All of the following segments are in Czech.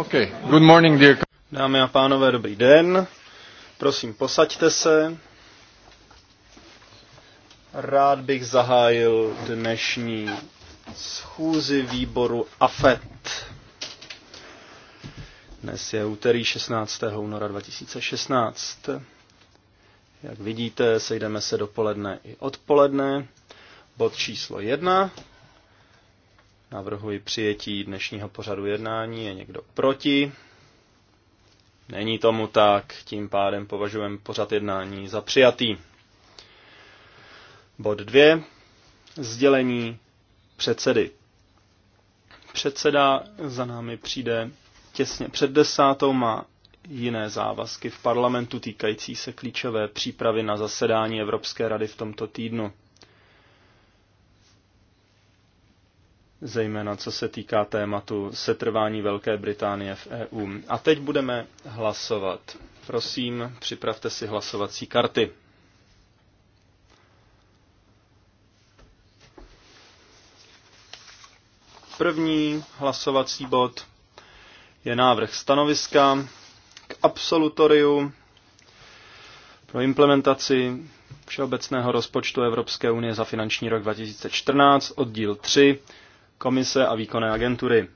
Okay. Good morning, dear... Dámy a pánové, dobrý den. Prosím, posaďte se. Rád bych zahájil dnešní schůzi výboru AFET. Dnes je úterý 16. února 2016. Jak vidíte, sejdeme se dopoledne i odpoledne. Bod číslo 1 Navrhuji přijetí dnešního pořadu jednání. Je někdo proti? Není tomu tak, tím pádem považujeme pořad jednání za přijatý. Bod 2. Sdělení předsedy. Předseda za námi přijde těsně před desátou, má jiné závazky v parlamentu týkající se klíčové přípravy na zasedání Evropské rady v tomto týdnu. zejména co se týká tématu setrvání Velké Británie v EU. A teď budeme hlasovat. Prosím, připravte si hlasovací karty. První hlasovací bod je návrh stanoviska k absolutoriu pro implementaci Všeobecného rozpočtu Evropské unie za finanční rok 2014, oddíl 3, komise a výkonné agentury.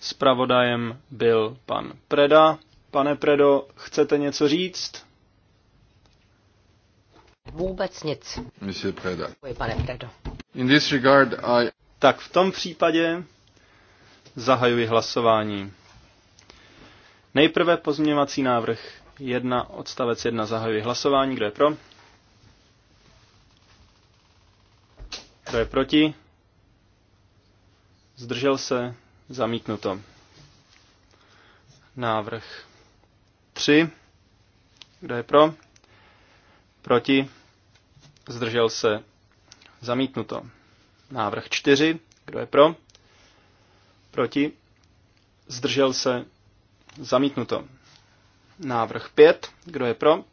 Spravodajem byl pan Preda. Pane Predo, chcete něco říct? Vůbec nic. Monsieur Preda. Děkuji, pane Predo. In this regard I... Tak v tom případě zahajuji hlasování. Nejprve pozměňovací návrh 1 odstavec 1 zahajuji hlasování. Kdo je pro? Kdo je proti? Zdržel se? Zamítnuto. Návrh 3. Kdo je pro? Proti? Zdržel se? Zamítnuto. Návrh 4. Kdo je pro? Proti? Zdržel se? Zamítnuto. Návrh 5. Kdo je pro?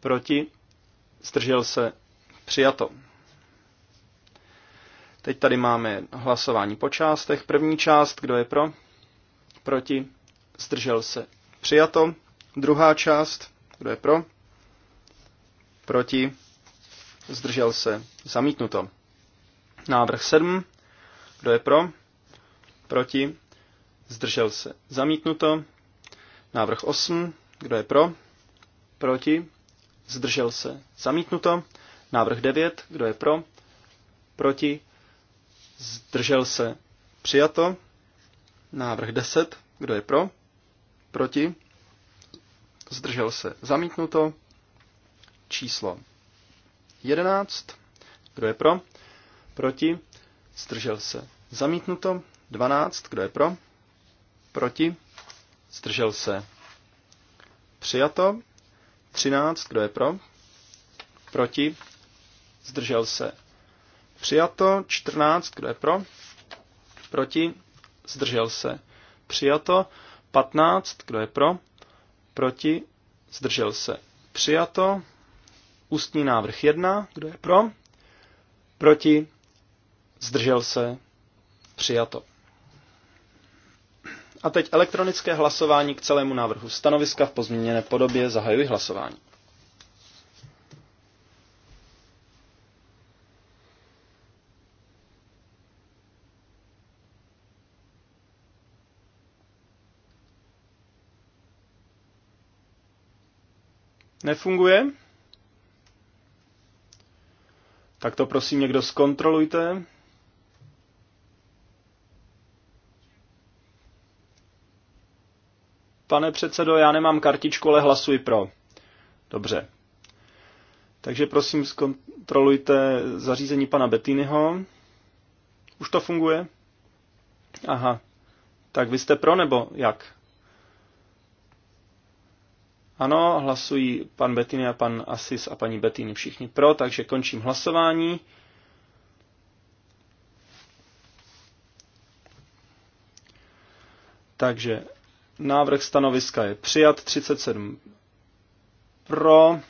Proti? Zdržel se? Přijato. Teď tady máme hlasování po částech. První část, kdo je pro? Proti? Zdržel se. Přijato. Druhá část, kdo je pro? Proti? Zdržel se. Zamítnuto. Návrh 7. Kdo je pro? Proti? Zdržel se. Zamítnuto. Návrh 8. Kdo je pro? Proti? Zdržel se. Zamítnuto. Návrh 9. Kdo je pro? Proti? zdržel se, přijato. Návrh 10, kdo je pro, proti, zdržel se, zamítnuto. Číslo 11, kdo je pro, proti, zdržel se, zamítnuto. 12, kdo je pro, proti, zdržel se, přijato. 13, kdo je pro, proti, zdržel se, Přijato 14, kdo je pro? Proti? Zdržel se. Přijato 15, kdo je pro? Proti? Zdržel se. Přijato. Ústní návrh 1, kdo je pro? Proti? Zdržel se. Přijato. A teď elektronické hlasování k celému návrhu stanoviska v pozměněné podobě. Zahajuji hlasování. Nefunguje? Tak to prosím někdo zkontrolujte. Pane předsedo, já nemám kartičku, ale hlasuji pro. Dobře. Takže prosím zkontrolujte zařízení pana Betýnyho. Už to funguje? Aha. Tak vy jste pro nebo jak? Ano, hlasují pan Betiny a pan Asis a paní Betiny všichni pro, takže končím hlasování. Takže návrh stanoviska je přijat, 37 pro,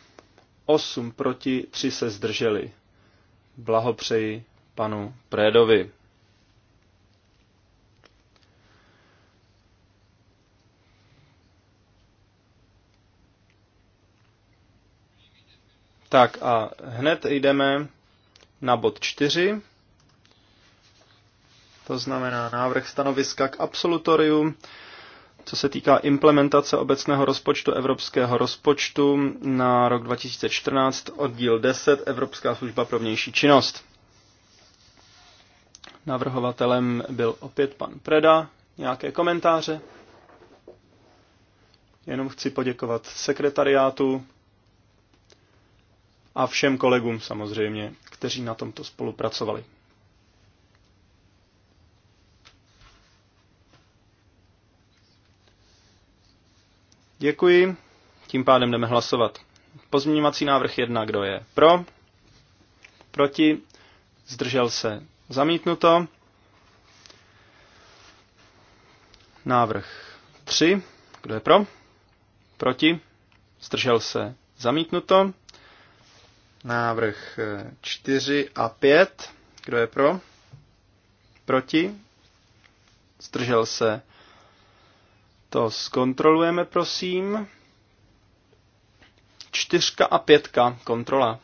8 proti, 3 se zdrželi. Blahopřeji panu Prédovi. Tak a hned jdeme na bod 4. To znamená návrh stanoviska k absolutoriu, co se týká implementace obecného rozpočtu evropského rozpočtu na rok 2014, oddíl 10, Evropská služba pro vnější činnost. Navrhovatelem byl opět pan Preda. Nějaké komentáře? Jenom chci poděkovat sekretariátu, a všem kolegům samozřejmě, kteří na tomto spolupracovali. Děkuji. Tím pádem jdeme hlasovat. Pozměňovací návrh 1, kdo je pro, proti, zdržel se, zamítnuto. Návrh 3, kdo je pro, proti, zdržel se, zamítnuto. Návrh 4 eh, a 5. Kdo je pro? Proti? Zdržel se. To zkontrolujeme, prosím. Čtyřka a pětka. Kontrola.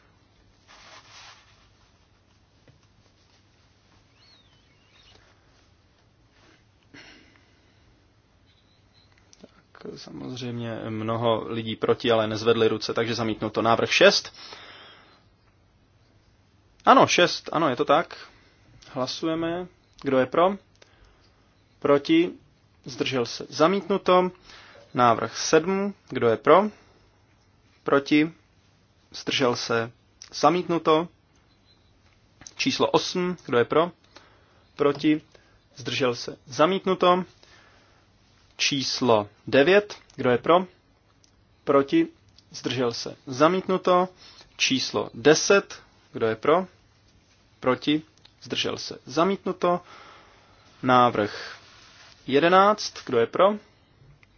samozřejmě mnoho lidí proti, ale nezvedli ruce, takže zamítnu to. Návrh 6. Ano, šest. ano, je to tak. Hlasujeme. Kdo je pro? Proti? Zdržel se. Zamítnuto. Návrh sedm. Kdo je pro? Proti? Zdržel se. Zamítnuto. Číslo osm. Kdo je pro? Proti? Zdržel se. Zamítnuto. Číslo devět. Kdo je pro? Proti? Zdržel se. Zamítnuto. Číslo deset. Kdo je pro? Proti? Zdržel se. Zamítnuto. Návrh 11. Kdo je pro?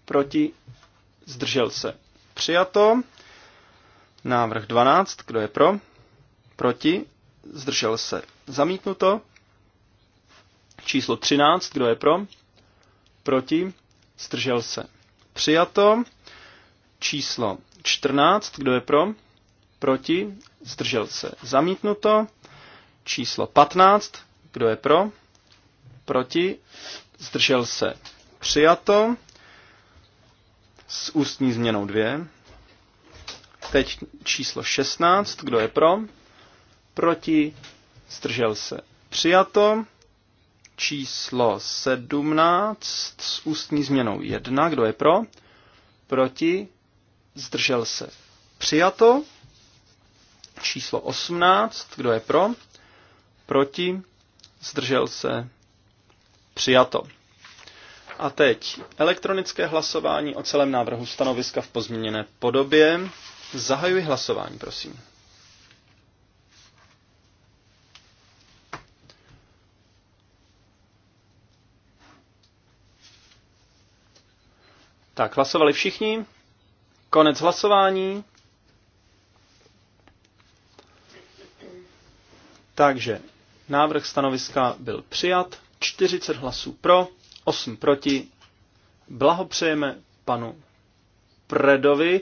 Proti? Zdržel se. Přijato. Návrh 12. Kdo je pro? Proti? Zdržel se. Zamítnuto. Číslo 13. Kdo je pro? Proti? Zdržel se. Přijato. Číslo 14. Kdo je pro? Proti? zdržel se zamítnuto. Číslo 15, kdo je pro, proti, zdržel se přijato s ústní změnou 2. Teď číslo 16, kdo je pro, proti, zdržel se přijato číslo 17 s ústní změnou 1. Kdo je pro? Proti? Zdržel se. Přijato číslo 18. Kdo je pro? Proti? Zdržel se? Přijato. A teď elektronické hlasování o celém návrhu stanoviska v pozměněné podobě. Zahajuji hlasování, prosím. Tak, hlasovali všichni. Konec hlasování. Takže návrh stanoviska byl přijat, 40 hlasů pro, 8 proti. Blahopřejeme panu Predovi.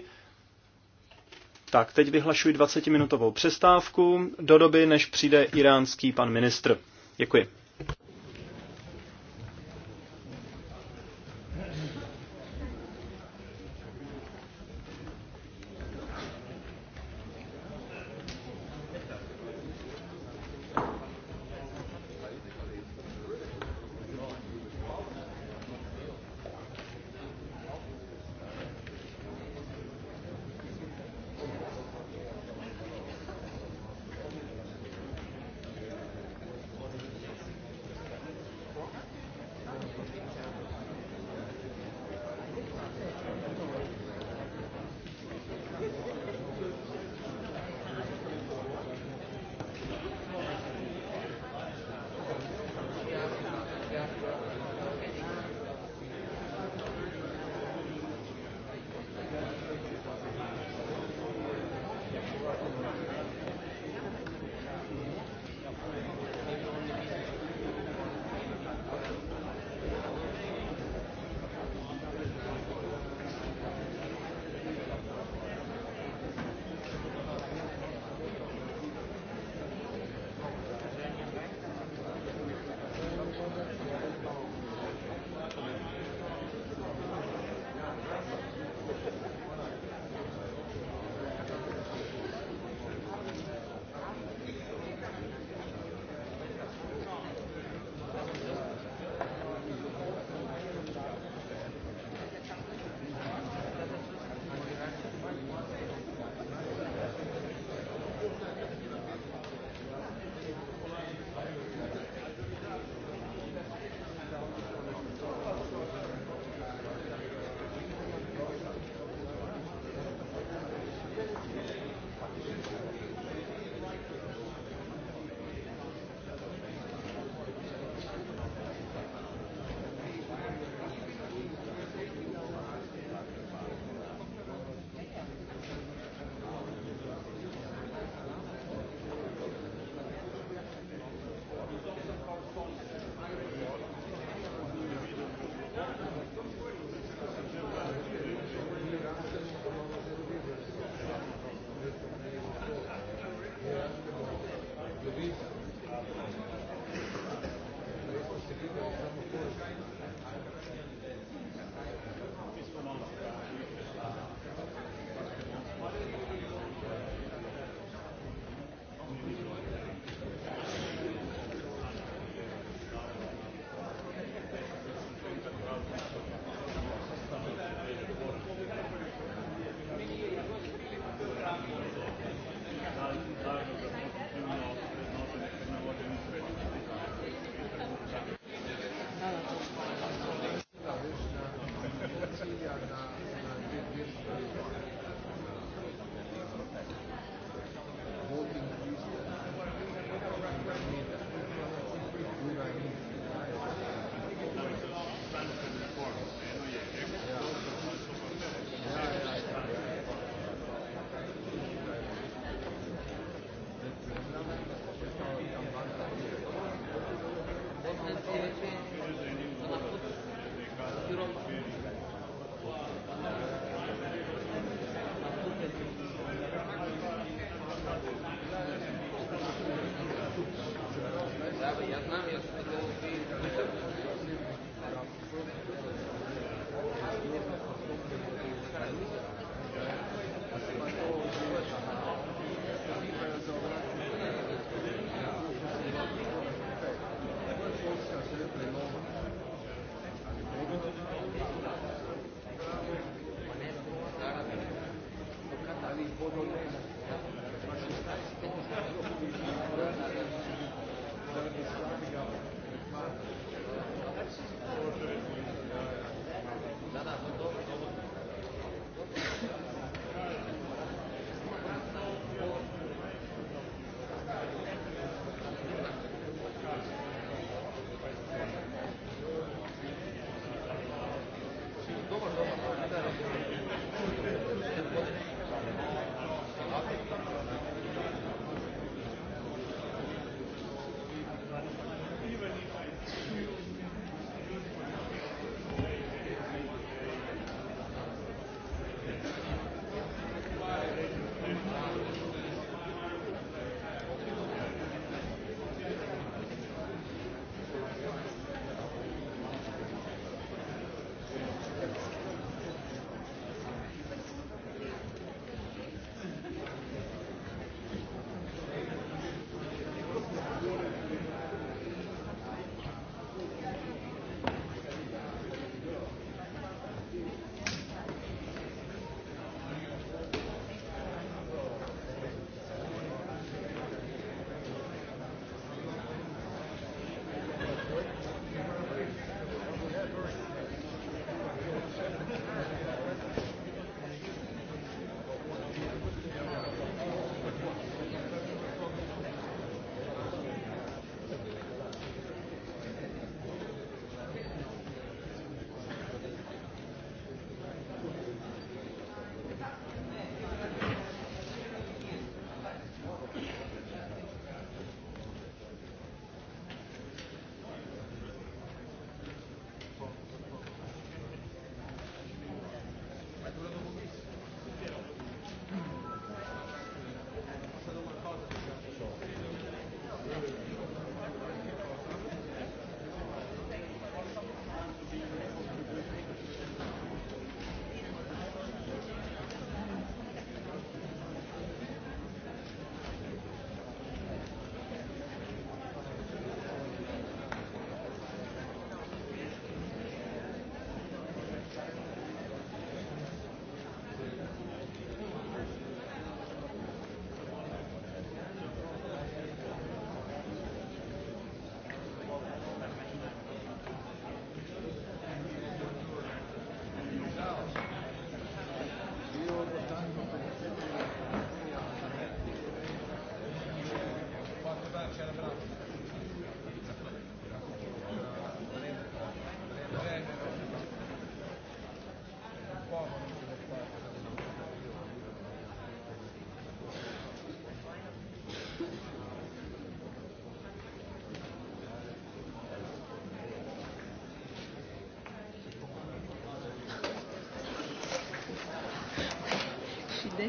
Tak, teď vyhlašuji 20-minutovou přestávku do doby, než přijde iránský pan ministr. Děkuji.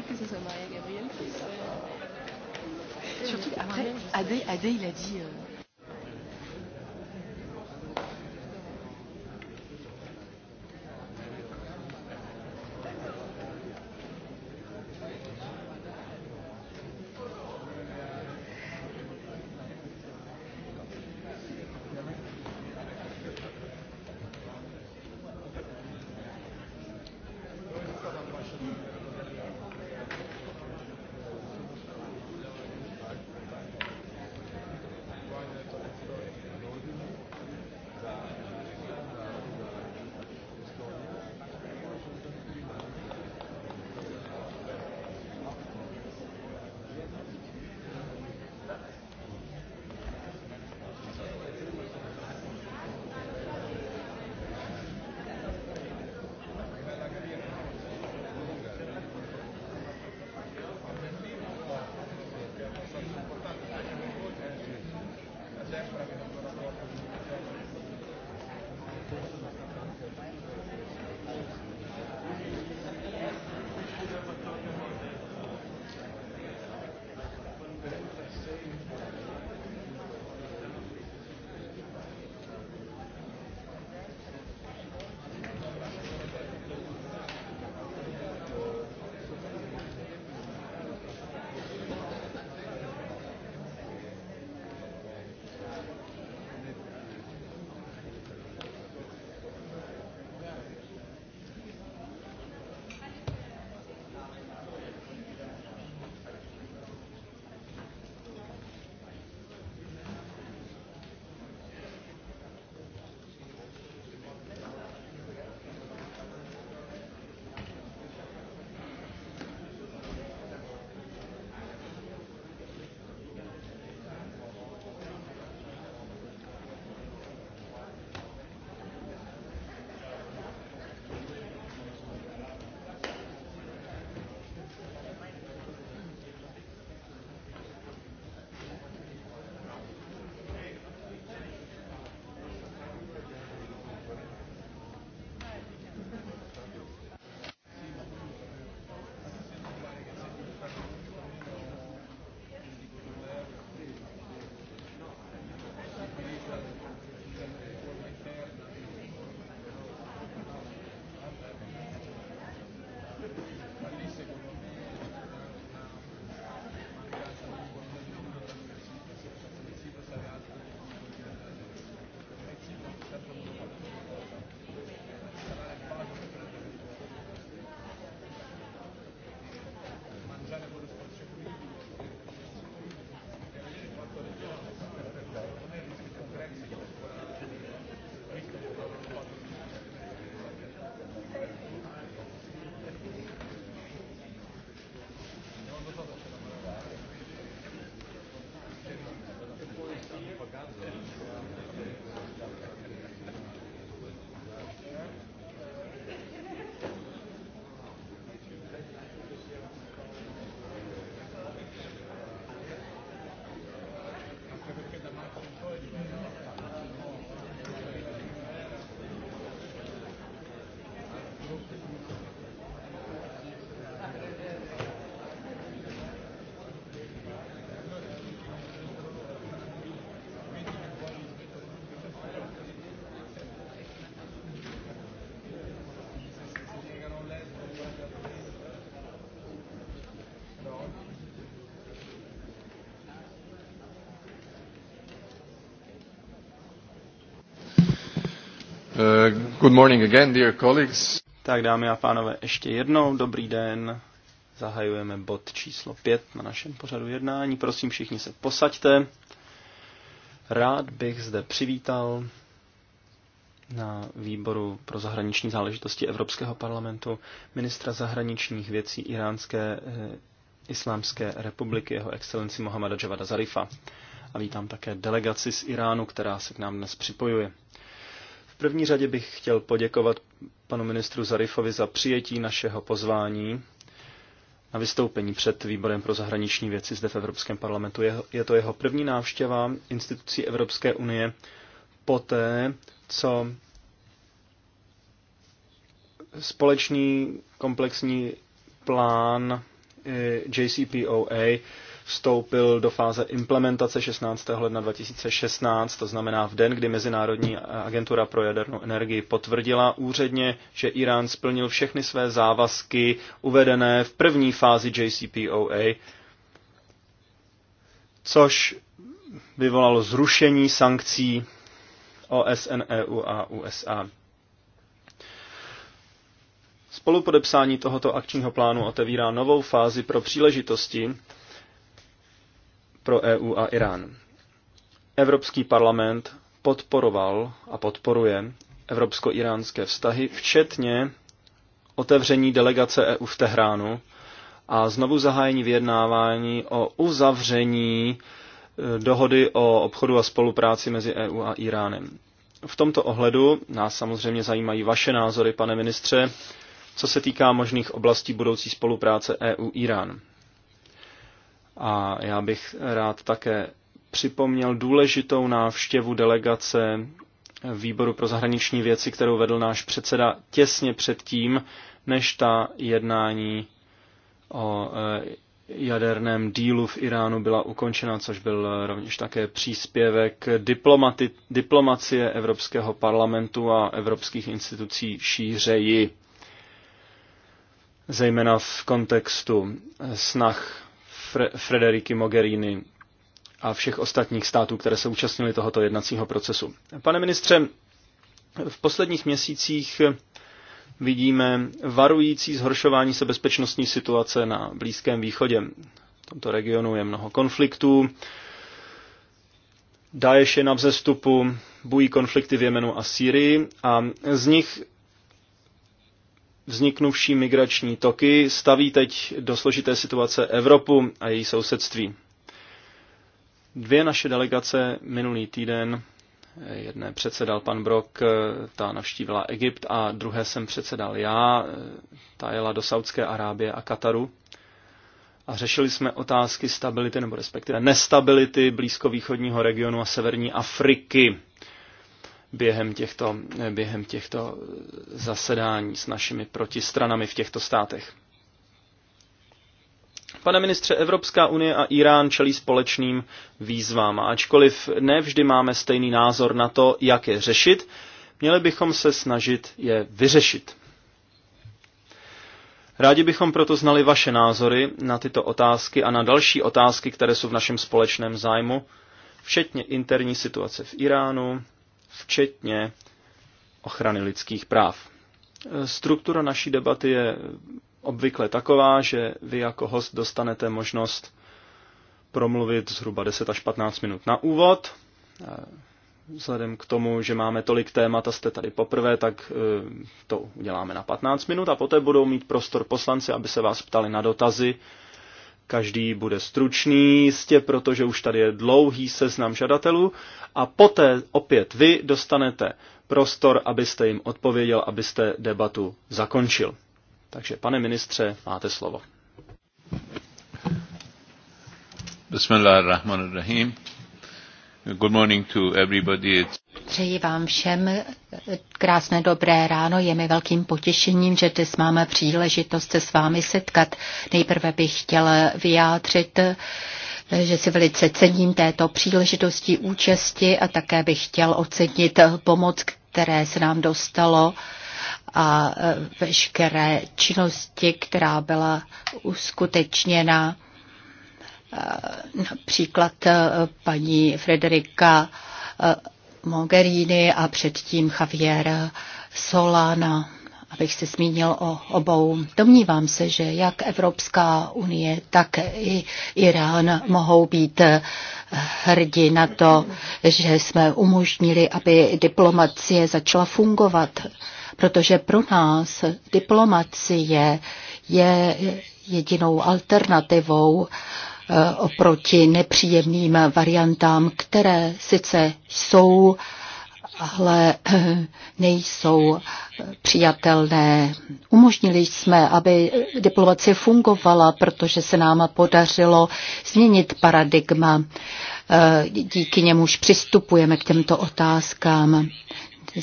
Gabriel, que ce soit Maria Gabriel, qui euh, Surtout après, Adé, Adé, il a dit. Euh, Good morning again, dear colleagues. Tak dámy a pánové, ještě jednou dobrý den. Zahajujeme bod číslo 5 na našem pořadu jednání. Prosím, všichni se posaďte. Rád bych zde přivítal na výboru pro zahraniční záležitosti Evropského parlamentu ministra zahraničních věcí Iránské e, islámské republiky, jeho excelenci Mohameda Javada Zarifa. A vítám také delegaci z Iránu, která se k nám dnes připojuje první řadě bych chtěl poděkovat panu ministru Zarifovi za přijetí našeho pozvání na vystoupení před výborem pro zahraniční věci zde v Evropském parlamentu. Je to jeho první návštěva institucí Evropské unie poté, co společný komplexní plán eh, JCPOA vstoupil do fáze implementace 16. ledna 2016, to znamená v den, kdy Mezinárodní agentura pro jadernou energii potvrdila úředně, že Irán splnil všechny své závazky uvedené v první fázi JCPOA, což vyvolalo zrušení sankcí OSN, EU a USA. Spolupodepsání tohoto akčního plánu otevírá novou fázi pro příležitosti, pro EU a Irán. Evropský parlament podporoval a podporuje evropsko-iránské vztahy, včetně otevření delegace EU v Tehránu a znovu zahájení vyjednávání o uzavření eh, dohody o obchodu a spolupráci mezi EU a Iránem. V tomto ohledu nás samozřejmě zajímají vaše názory, pane ministře, co se týká možných oblastí budoucí spolupráce EU-Irán. A já bych rád také připomněl důležitou návštěvu delegace výboru pro zahraniční věci, kterou vedl náš předseda těsně předtím, než ta jednání o eh, jaderném dílu v Iránu byla ukončena, což byl eh, rovněž také příspěvek diplomati- diplomacie Evropského parlamentu a evropských institucí šířeji, zejména v kontextu snah Fre- Frederiky Mogherini a všech ostatních států, které se účastnily tohoto jednacího procesu. Pane ministře, v posledních měsících vidíme varující zhoršování se bezpečnostní situace na Blízkém východě. V tomto regionu je mnoho konfliktů, Daesh je na vzestupu, bují konflikty v Jemenu a Sýrii a z nich vzniknuvší migrační toky staví teď do složité situace Evropu a její sousedství. Dvě naše delegace minulý týden, jedné předsedal pan Brok, ta navštívila Egypt a druhé jsem předsedal já, ta jela do Saudské Arábie a Kataru. A řešili jsme otázky stability, nebo respektive nestability blízkovýchodního regionu a severní Afriky během těchto, během těchto zasedání s našimi protistranami v těchto státech. Pane ministře, Evropská unie a Irán čelí společným výzvám, a ačkoliv nevždy vždy máme stejný názor na to, jak je řešit, měli bychom se snažit je vyřešit. Rádi bychom proto znali vaše názory na tyto otázky a na další otázky, které jsou v našem společném zájmu, včetně interní situace v Iránu, včetně ochrany lidských práv. Struktura naší debaty je obvykle taková, že vy jako host dostanete možnost promluvit zhruba 10 až 15 minut na úvod. Vzhledem k tomu, že máme tolik témat a jste tady poprvé, tak eh, to uděláme na 15 minut a poté budou mít prostor poslanci, aby se vás ptali na dotazy, Každý bude stručný jistě, protože už tady je dlouhý seznam žadatelů a poté opět vy dostanete prostor, abyste jim odpověděl, abyste debatu zakončil. Takže pane ministře, máte slovo. Bismillahirrahmanirrahim. Good morning to everybody. Přeji vám všem krásné dobré ráno. Je mi velkým potěšením, že dnes máme příležitost se s vámi setkat. Nejprve bych chtěla vyjádřit, že si velice cením této příležitosti účasti a také bych chtěl ocenit pomoc, které se nám dostalo a veškeré činnosti, která byla uskutečněna. Například paní Frederika Mogherini a předtím Javier Solana, abych se zmínil o obou. Domnívám se, že jak Evropská unie, tak i Irán mohou být hrdí na to, že jsme umožnili, aby diplomacie začala fungovat, protože pro nás diplomacie je jedinou alternativou Eh, oproti nepříjemným variantám, které sice jsou, ale nejsou přijatelné. Umožnili jsme, aby diplomacie fungovala, protože se nám podařilo změnit paradigma. Eh, díky němuž přistupujeme k těmto otázkám.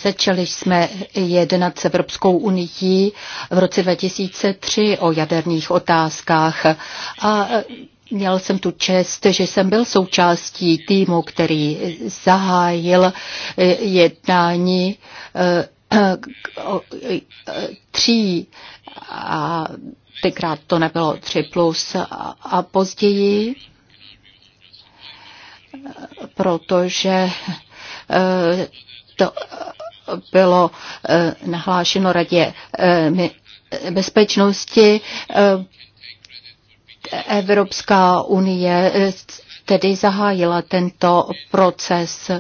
Začali jsme jednat s Evropskou unii v roce 2003 o jaderných otázkách a Měl jsem tu čest, že jsem byl součástí týmu, který zahájil eh, jednání eh, eh, tří a tenkrát to nebylo tři plus a později, protože to bylo nahlášeno radě bezpečnosti Evropská unie eh, tedy zahájila tento proces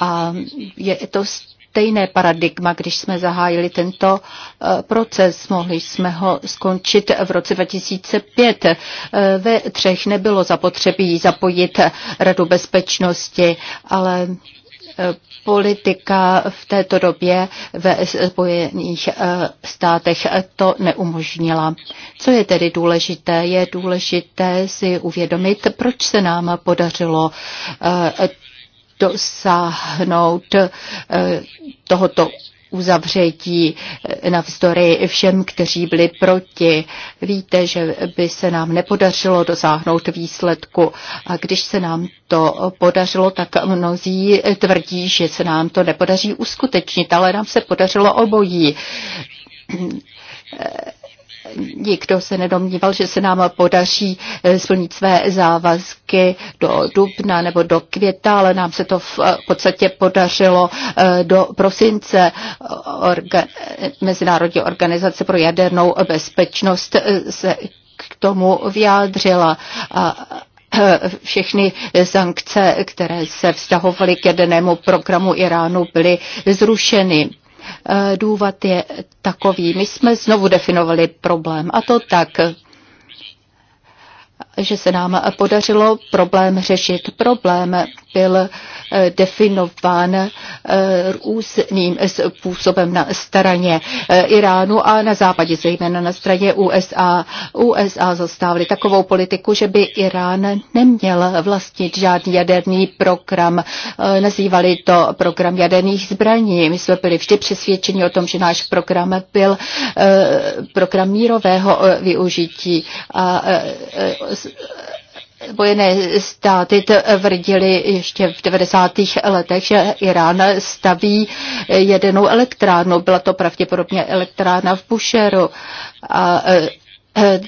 a je to stejné paradigma, když jsme zahájili tento eh, proces. Mohli jsme ho skončit v roce 2005. Eh, ve třech nebylo zapotřebí zapojit Radu bezpečnosti, ale politika v této době ve Spojených eh, státech to neumožnila. Co je tedy důležité? Je důležité si uvědomit, proč se nám podařilo eh, dosáhnout eh, tohoto uzavřetí eh, navzdory všem, kteří byli proti. Víte, že by se nám nepodařilo dosáhnout výsledku a když se nám to podařilo, tak mnozí tvrdí, že se nám to nepodaří uskutečnit, ale nám se podařilo obojí eh, nikdo se nedomníval, že se nám podaří eh, splnit své závazky do dubna nebo do květa, ale nám se to v eh, podstatě podařilo eh, do prosince. Orga, Mezinárodní organizace pro jadernou bezpečnost se k tomu vyjádřila. A, všechny sankce, které se vztahovaly k jednému programu Iránu, byly zrušeny. Eh, důvod je takový. My jsme znovu definovali problém a to tak, že se nám podařilo problém řešit. Problém byl eh, definován eh, různým způsobem na straně eh, Iránu a na západě, zejména na straně USA. USA zastávali takovou politiku, že by Irán neměl vlastnit žádný jaderný program. Nazývali to program jaderných zbraní. My jsme byli vždy přesvědčeni o tom, že náš program byl program mírového využití. A Spojené státy tvrdili ještě v 90. letech, že Irán staví jedenou elektrárnu. Byla to pravděpodobně elektrárna v Busheru. A eh,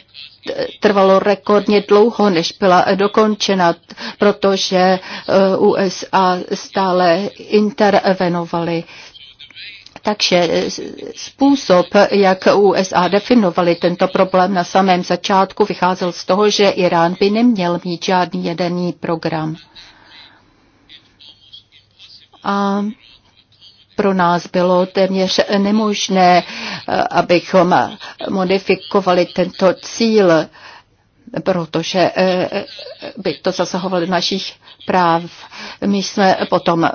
trvalo rekordně dlouho, než byla dokončena, protože eh, USA stále intervenovaly takže eh, způsob, jak USA definovali tento problém na samém začátku, vycházel z toho, že Irán by neměl mít žádný jedený program. A pro nás bylo téměř nemožné, eh, abychom modifikovali tento cíl, protože eh, by to zasahovalo do našich práv. My jsme potom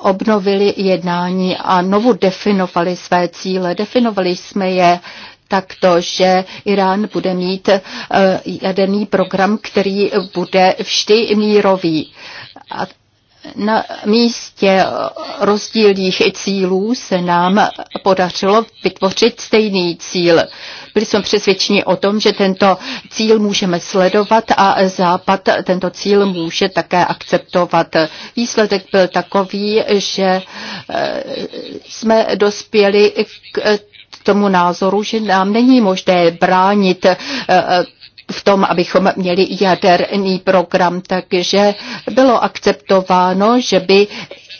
obnovili jednání a novu definovali své cíle. Definovali jsme je takto, že Irán bude mít eh, jaderný program, který bude vždy mírový. A na místě rozdílných cílů se nám podařilo vytvořit stejný cíl. Byli jsme přesvědčeni o tom, že tento cíl můžeme sledovat a Západ tento cíl může také akceptovat. Výsledek byl takový, že eh, jsme dospěli k tomu názoru, že nám není možné bránit eh, v tom, abychom měli jaderný program, takže bylo akceptováno, že by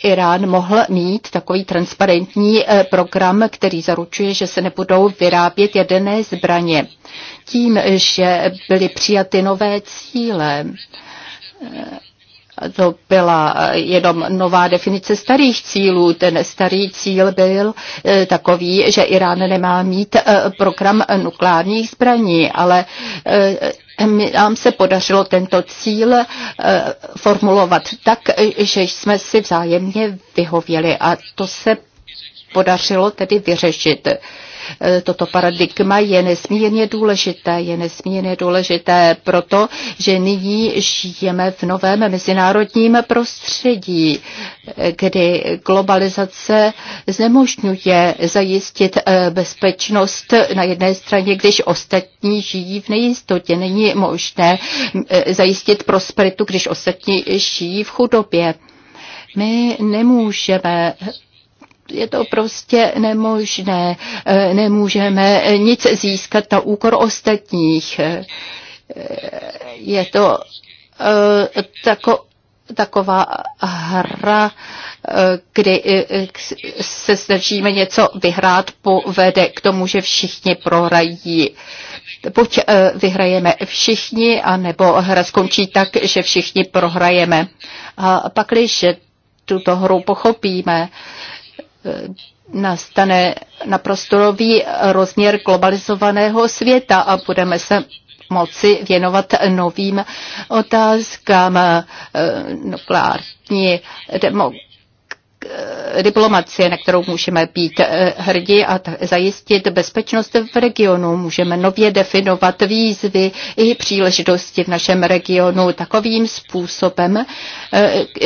Irán mohl mít takový transparentní eh, program, který zaručuje, že se nebudou vyrábět jaderné zbraně. Tím, že byly přijaty nové cíle, eh, to byla eh, jenom nová definice starých cílů. Ten starý cíl byl eh, takový, že Irán nemá mít eh, program nukleárních zbraní, ale nám se podařilo tento cíl formulovat tak, že jsme si vzájemně vyhověli a to se podařilo tedy vyřešit. Eh, toto paradigma je nesmírně důležité. Je nesmírně důležité proto, že nyní žijeme v novém mezinárodním prostředí, eh, kdy globalizace znemožňuje zajistit eh, bezpečnost na jedné straně, když ostatní žijí v nejistotě. Není možné zajistit prosperitu, když ostatní žijí v chudobě. My nemůžeme je to prostě nemožné. Eh, nemůžeme nic získat na úkor ostatních. Eh, je to eh, tako, taková hra, kdy se snažíme něco vyhrát, povede k tomu, že všichni prohrají. Buď vyhrajeme všichni, anebo hra skončí tak, že všichni prohrajeme. A pak, když tuto hru pochopíme, Eh, nastane naprosto nový rozměr globalizovaného světa a budeme se moci věnovat novým otázkám eh, nukleární eh, diplomacie, na kterou můžeme být hrdí a zajistit bezpečnost v regionu. Můžeme nově definovat výzvy i příležitosti v našem regionu takovým způsobem,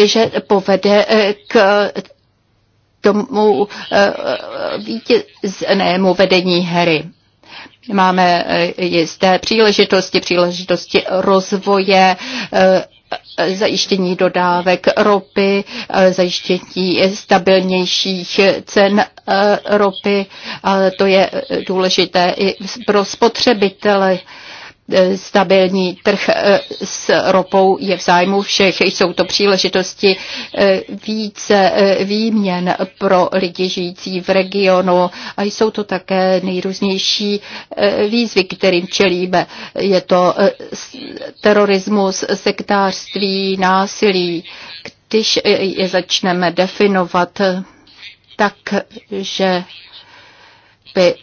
že povede k tomu eh, eh, vítěznému vedení hry. Máme eh, jisté příležitosti, příležitosti rozvoje zajištění dodávek ropy, zajištění stabilnějších cen ropy. to je důležité i pro spotřebitele. Eh, stabilní trh eh, s ropou je v zájmu všech. Jsou to příležitosti eh, více výměn pro lidi žijící v regionu a jsou to také nejrůznější výzvy, kterým čelíme. Je to terorismus, sektářství, násilí. Když je začneme definovat tak, že by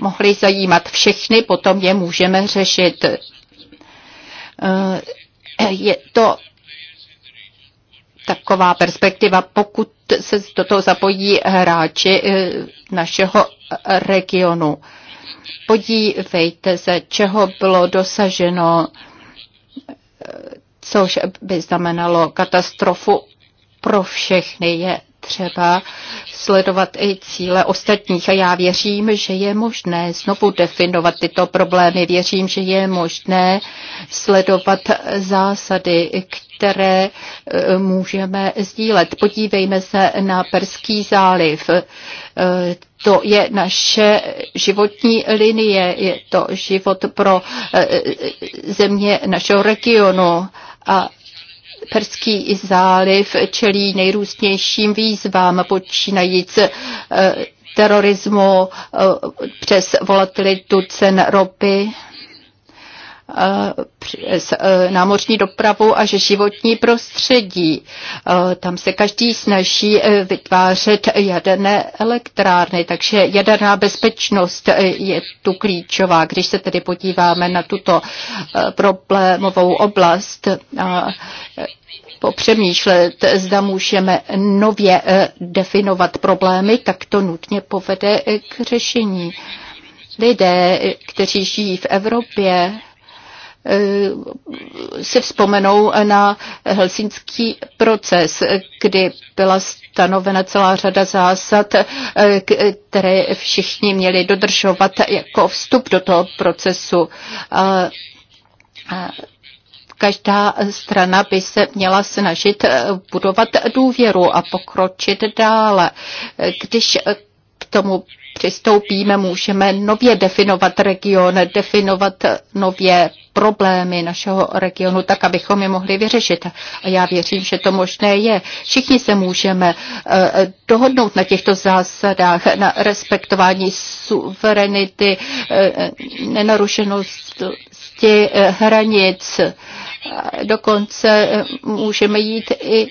mohly zajímat všechny, potom je můžeme řešit. Eh, je to taková perspektiva, pokud se do toho zapojí hráči eh, našeho regionu. Podívejte se, čeho bylo dosaženo, eh, což by znamenalo katastrofu pro všechny. Je třeba sledovat i cíle ostatních a já věřím, že je možné znovu definovat tyto problémy. Věřím, že je možné sledovat zásady, které e, můžeme sdílet. Podívejme se na Perský záliv. E, to je naše životní linie, je to život pro e, země našeho regionu a Perský záliv čelí nejrůznějším výzvám, počínajíc eh, terorismu eh, přes volatilitu cen ropy Eh, eh, námořní dopravu a že životní prostředí. Eh, tam se každý snaží vytvářet jaderné elektrárny, takže jaderná bezpečnost je tu klíčová. Když se tedy podíváme na tuto problémovou oblast, popřemýšlet, zda můžeme nově definovat problémy, tak to nutně povede k řešení. Lidé, kteří žijí v Evropě, Eh, si vzpomenou na helsinský proces, kdy byla stanovena celá řada zásad, eh, které všichni měli dodržovat jako vstup do toho procesu. Každá strana by se měla snažit eh, budovat důvěru a pokročit dále. Když tomu přistoupíme, můžeme nově definovat region, definovat nově problémy našeho regionu, tak abychom je mohli vyřešit. A já věřím, že to možné je. Všichni se můžeme eh, dohodnout na těchto zásadách, na respektování suverenity, eh, nenarušenosti eh, hranic. Dokonce můžeme jít i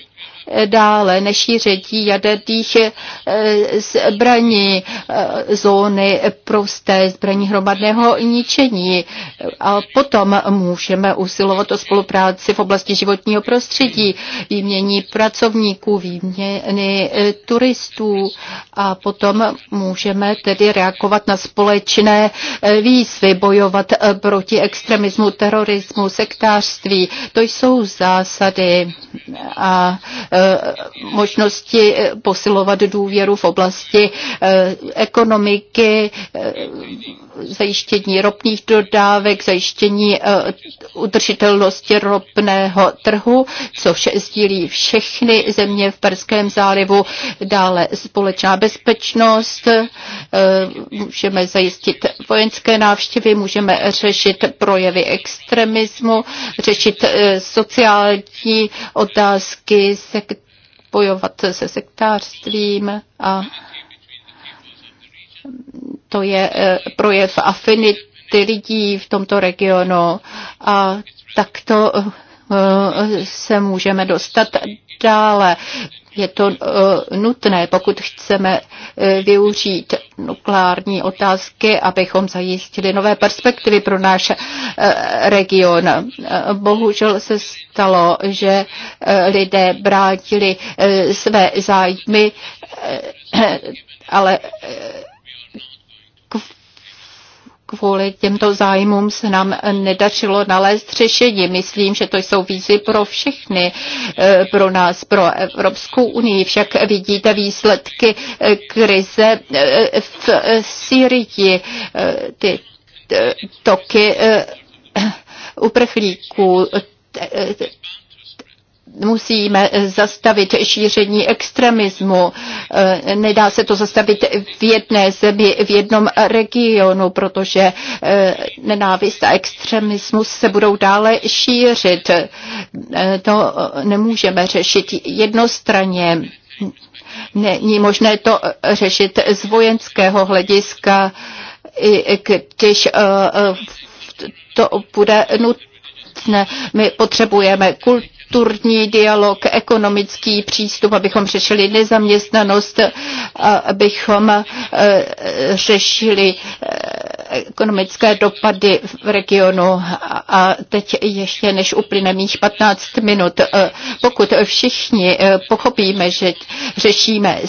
dále, nešíření jaderných eh, zbraní, eh, zóny prosté zbraní hromadného ničení. A potom můžeme usilovat o spolupráci v oblasti životního prostředí, výmění pracovníků, výměny eh, turistů a potom můžeme tedy reagovat na společné výzvy, bojovat proti extremismu, terorismu, sektářství. To jsou zásady a Eh, možnosti eh, posilovat důvěru v oblasti eh, ekonomiky, zajištění ropných dodávek, zajištění udržitelnosti ropného trhu, což sdílí všechny země v Perském zálivu, dále společná bezpečnost, můžeme zajistit vojenské návštěvy, můžeme řešit projevy extremismu, řešit sociální otázky, se bojovat se sektářstvím a to je eh, projev afinity lidí v tomto regionu a takto eh, Eh, se můžeme dostat dále. Je to eh, nutné, pokud chceme eh, využít nukleární otázky, abychom zajistili nové perspektivy pro náš region. Bohužel se stalo, že lidé brátili své zájmy, ale kvůli těmto zájmům se nám nedačilo nalézt řešení. Myslím, že to jsou výzvy pro všechny, eh, pro nás, pro Evropskou unii. Však vidíte výsledky eh, krize eh, v Syrii, ty toky uprchlíků musíme zastavit šíření extremismu. Eh, nedá se to zastavit v jedné zemi, v jednom regionu, protože eh, nenávist a extremismus se budou dále šířit. Eh, to nemůžeme řešit jednostranně. Není možné to řešit z vojenského hlediska, když to bude nutné. My potřebujeme kulturu kulturní dialog, ekonomický přístup, abychom řešili nezaměstnanost, abychom eh, řešili eh, ekonomické dopady v regionu. A teď ještě než uplyne mých 15 minut, eh, pokud všichni eh, pochopíme, že řešíme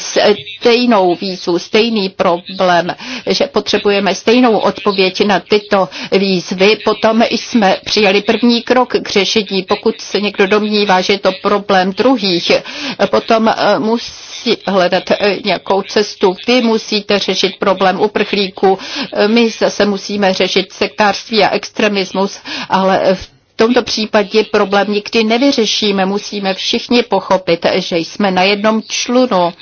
stejnou výzvu, stejný problém, že potřebujeme stejnou odpověď na tyto výzvy, potom jsme přijali první krok k řešení. Pokud se někdo domnívá, že je to problém druhých, eh, potom musí musí hledat eh, nějakou cestu. Vy musíte řešit problém uprchlíků, eh, my zase musíme řešit sektářství a extremismus, ale v v tomto případě problém nikdy nevyřešíme. Musíme všichni pochopit, že jsme na jednom člunu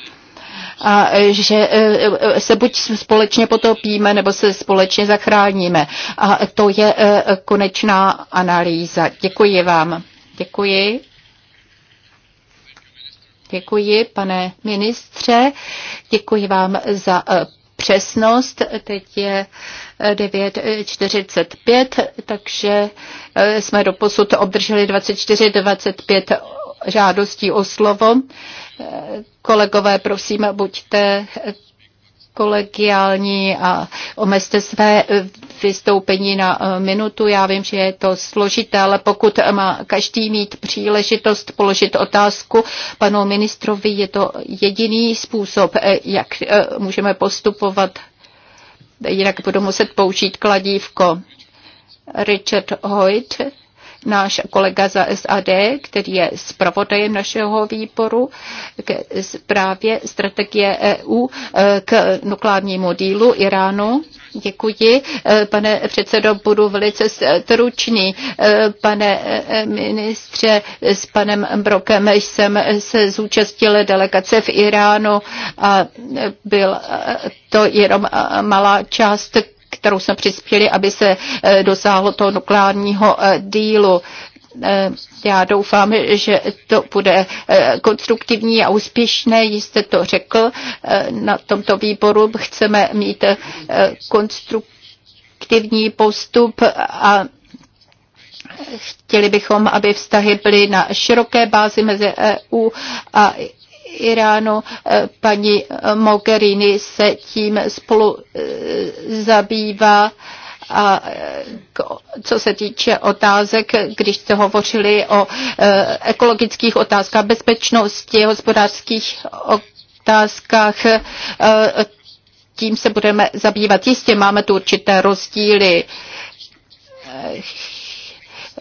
a že eh, se buď společně potopíme, nebo se společně zachráníme. A to je konečná analýza. Děkuji vám. Děkuji. Děkuji, pane ministře. Děkuji vám za e, přesnost. Teď je 9.45, e, takže e, jsme do posud obdrželi 24-25 žádostí o slovo. Kolegové, prosím, buďte kolegiální a omezte své eh, vystoupení na eh, minutu. Já vím, že je to složité, ale pokud má každý mít příležitost položit otázku panu ministrovi, je to jediný způsob, eh, jak můžeme postupovat. Jinak budu muset použít kladívko. Richard Hoyt náš kolega za SAD, který je zpravodajem našeho výboru k zprávě strategie EU eh, k nukleárnímu dílu Iránu. Děkuji. Eh, pane předsedo, budu velice stručný. Eh, pane ministře, s panem Brokem jsem se zúčastnil delegace v Iránu a byl to jenom malá část kterou jsme přispěli, aby se eh, dosáhlo toho nukleárního eh, dílu. Eh, já doufám, že to bude konstruktivní a úspěšné, jste to řekl. Na tomto výboru chceme mít konstruktivní postup a Chtěli bychom, aby vztahy byly na široké bázi mezi EU a Iránu. E, paní Mogherini se tím spolu e, zabývá. A e, co se týče otázek, když jste hovořili o ekologických otázkách, bezpečnosti, hospodářských otázkách, tím se budeme zabývat. Jistě máme tu určité rozdíly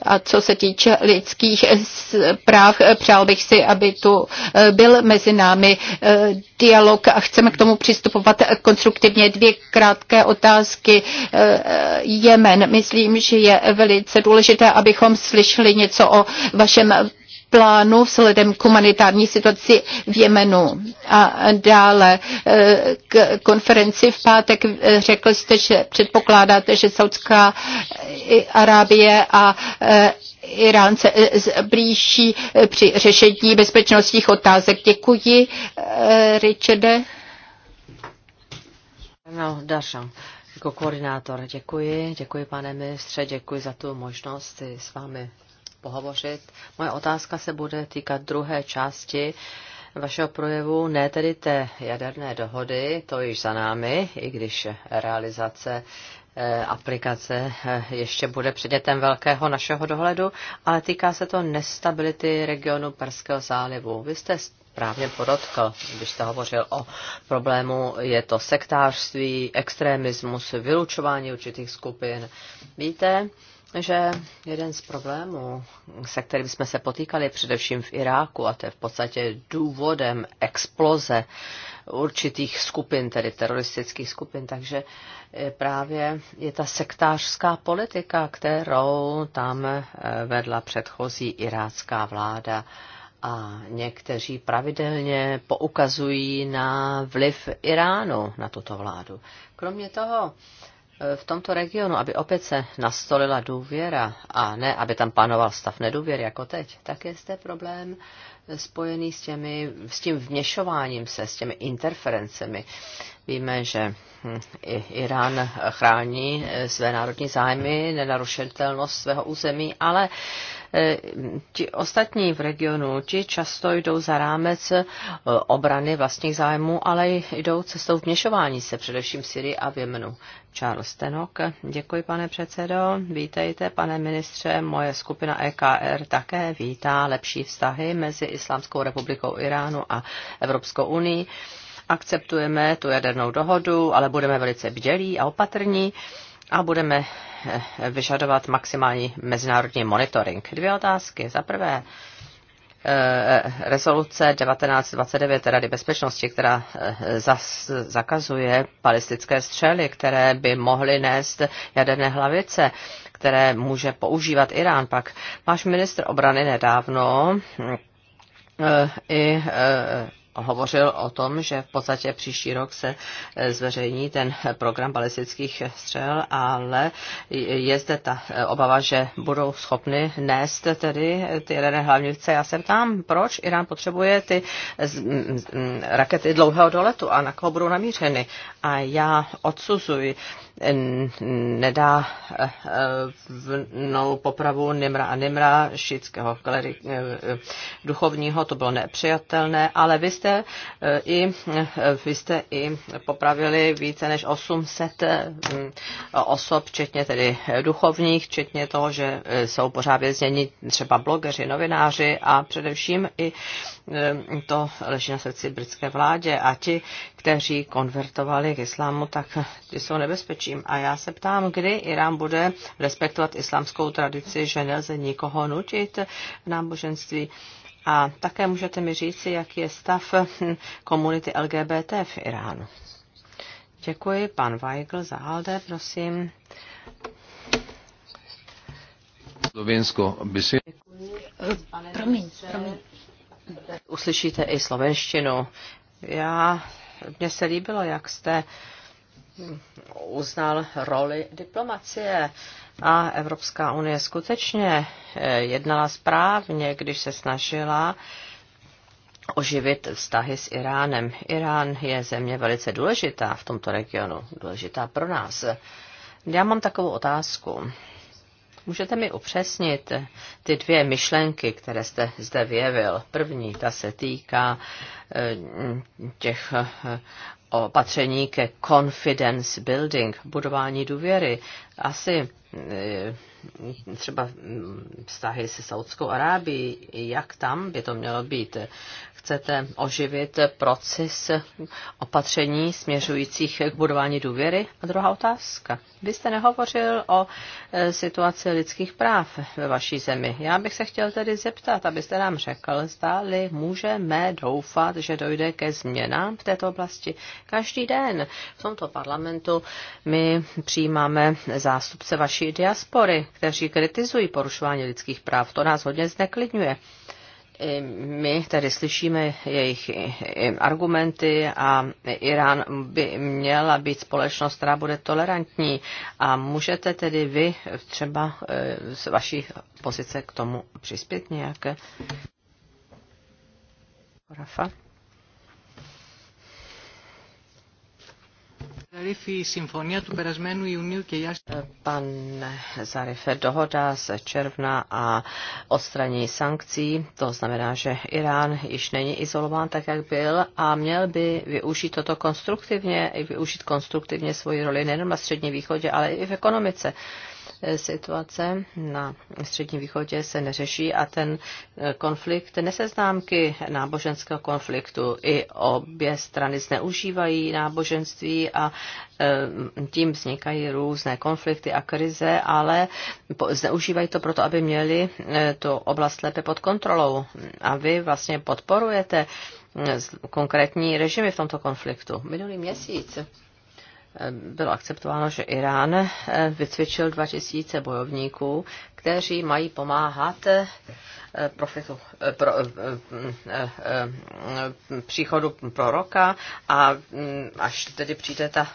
a co se týče lidských eh, práv, eh, přál bych si, aby tu eh, byl mezi námi dialog a chceme k tomu přistupovat konstruktivně. Dvě krátké otázky. Jemen. Myslím, že je velice důležité, abychom slyšeli něco o vašem plánu vzhledem k humanitární situaci v Jemenu. A dále eh, k konferenci v pátek eh, řekl jste, že předpokládáte, že Saudská eh, Arábie a Irán se blíží při řešení bezpečnostních otázek. Děkuji, Richarde. No, Daša, jako koordinátor děkuji, děkuji pane ministře, děkuji za tu možnost s vámi pohovořit. Moje otázka se bude týkat druhé části vašeho projevu, ne tedy té jaderné dohody, to již za námi, i když realizace eh, aplikace eh, ještě bude předmětem velkého našeho dohledu, ale týká se to nestability regionu Perského zálivu. Vy jste správně podotkl, když jste hovořil o problému, je to sektářství, extremismus, vylučování určitých skupin. Víte, že jeden z problémů, se kterým jsme se potýkali především v Iráku, a to je v podstatě důvodem exploze určitých skupin, tedy teroristických skupin, takže právě je ta sektářská politika, kterou tam eh, vedla předchozí irácká vláda. A někteří pravidelně poukazují na vliv Iránu na tuto vládu. Kromě toho, v tomto regionu, aby opět se nastolila důvěra a ne, aby tam panoval stav nedůvěry jako teď, tak je zde problém spojený s, těmi, s tím vměšováním se, s těmi interferencemi Víme, že hm, Irán chrání eh, své národní zájmy, nenarušitelnost svého území, ale eh, ti ostatní v regionu, ti často jdou za rámec eh, obrany vlastních zájmů, ale jdou cestou vměšování se, především v Syrii a v Jemenu. Charles Tenok, děkuji pane předsedo, vítejte pane ministře, moje skupina EKR také vítá lepší vztahy mezi Islámskou republikou Iránu a Evropskou unii akceptujeme tu jadernou dohodu, ale budeme velice bdělí a opatrní a budeme eh, vyžadovat maximální mezinárodní monitoring. Dvě otázky. Za prvé, eh, eh, rezoluce 1929 Rady bezpečnosti, která zakazuje balistické střely, které by mohly nést jaderné hlavice, které může používat Irán. Pak máš ministr obrany nedávno hm, i hovořil o tom, že v podstatě příští rok se eh, zveřejní ten eh, program balistických střel, ale je zde ta eh, obava, že budou schopny nést tedy ty jaderné hlavnice. Já jsem tam, proč Irán potřebuje ty rakety dlouhého doletu a na koho budou namířeny. A já odsuzuji nedá eh, eh, vnou popravu Nimra a Nimra, šítského eh, duchovního, to bylo nepřijatelné, ale vy jste i, vy jste i popravili více než 800 osob, včetně tedy duchovních, včetně toho, že jsou pořád vězněni třeba blogeři, novináři a především i to leží na srdci britské vládě a ti, kteří konvertovali k islámu, tak ti jsou nebezpečím. A já se ptám, kdy Irán bude respektovat islámskou tradici, že nelze nikoho nutit v náboženství. A také můžete mi říci, jaký je stav hm, komunity LGBT v Iránu. Děkuji, pan Weigl za Alde, prosím. Slovensko by si... Eh, promiň, promiň uslyšíte i slovenštinu. Já, mně se líbilo, jak jste uznal roli diplomacie a Evropská unie skutečně eh, jednala správně, když se snažila oživit vztahy s Iránem. Irán je země velice důležitá v tomto regionu, důležitá pro nás. Já mám takovou otázku. Můžete mi upřesnit ty dvě myšlenky, které jste zde vyjevil. První, ta se týká eh, těch eh, opatření ke confidence building, budování důvěry. Asi eh, třeba mm, vztahy se Saudskou Arábií, jak tam by to mělo být chcete oživit proces opatření směřujících k budování důvěry? A druhá otázka. Vy jste nehovořil o e, situaci lidských práv ve vaší zemi. Já bych se chtěl tedy zeptat, abyste nám řekl, zda-li můžeme doufat, že dojde ke změnám v této oblasti. Každý den v tomto parlamentu my přijímáme zástupce vaší diaspory, kteří kritizují porušování lidských práv. To nás hodně zneklidňuje my tedy slyšíme jejich argumenty a Irán by měla být společnost, která bude tolerantní. A můžete tedy vy třeba e, z vaší pozice k tomu přispět nějak? Rafa? Pan Zarif, dohoda z června a odstranění sankcí, to znamená, že Irán již není izolován tak, jak byl a měl by využít toto konstruktivně, i využít konstruktivně svoji roli nejen na Středním východě, ale i v ekonomice situace na Středním východě se neřeší a ten eh, konflikt, neseznámky náboženského konfliktu, i obě strany zneužívají náboženství a eh, tím vznikají různé konflikty a krize, ale zneužívají to proto, aby měli eh, tu oblast lépe pod kontrolou. A vy vlastně podporujete konkrétní režimy v tomto konfliktu. Minulý měsíc bylo akceptováno, že Irán eh, vycvičil 2000 bojovníků, kteří mají pomáhat eh, profetu, eh, pro, příchodu proroka a mm, až tedy přijde ta,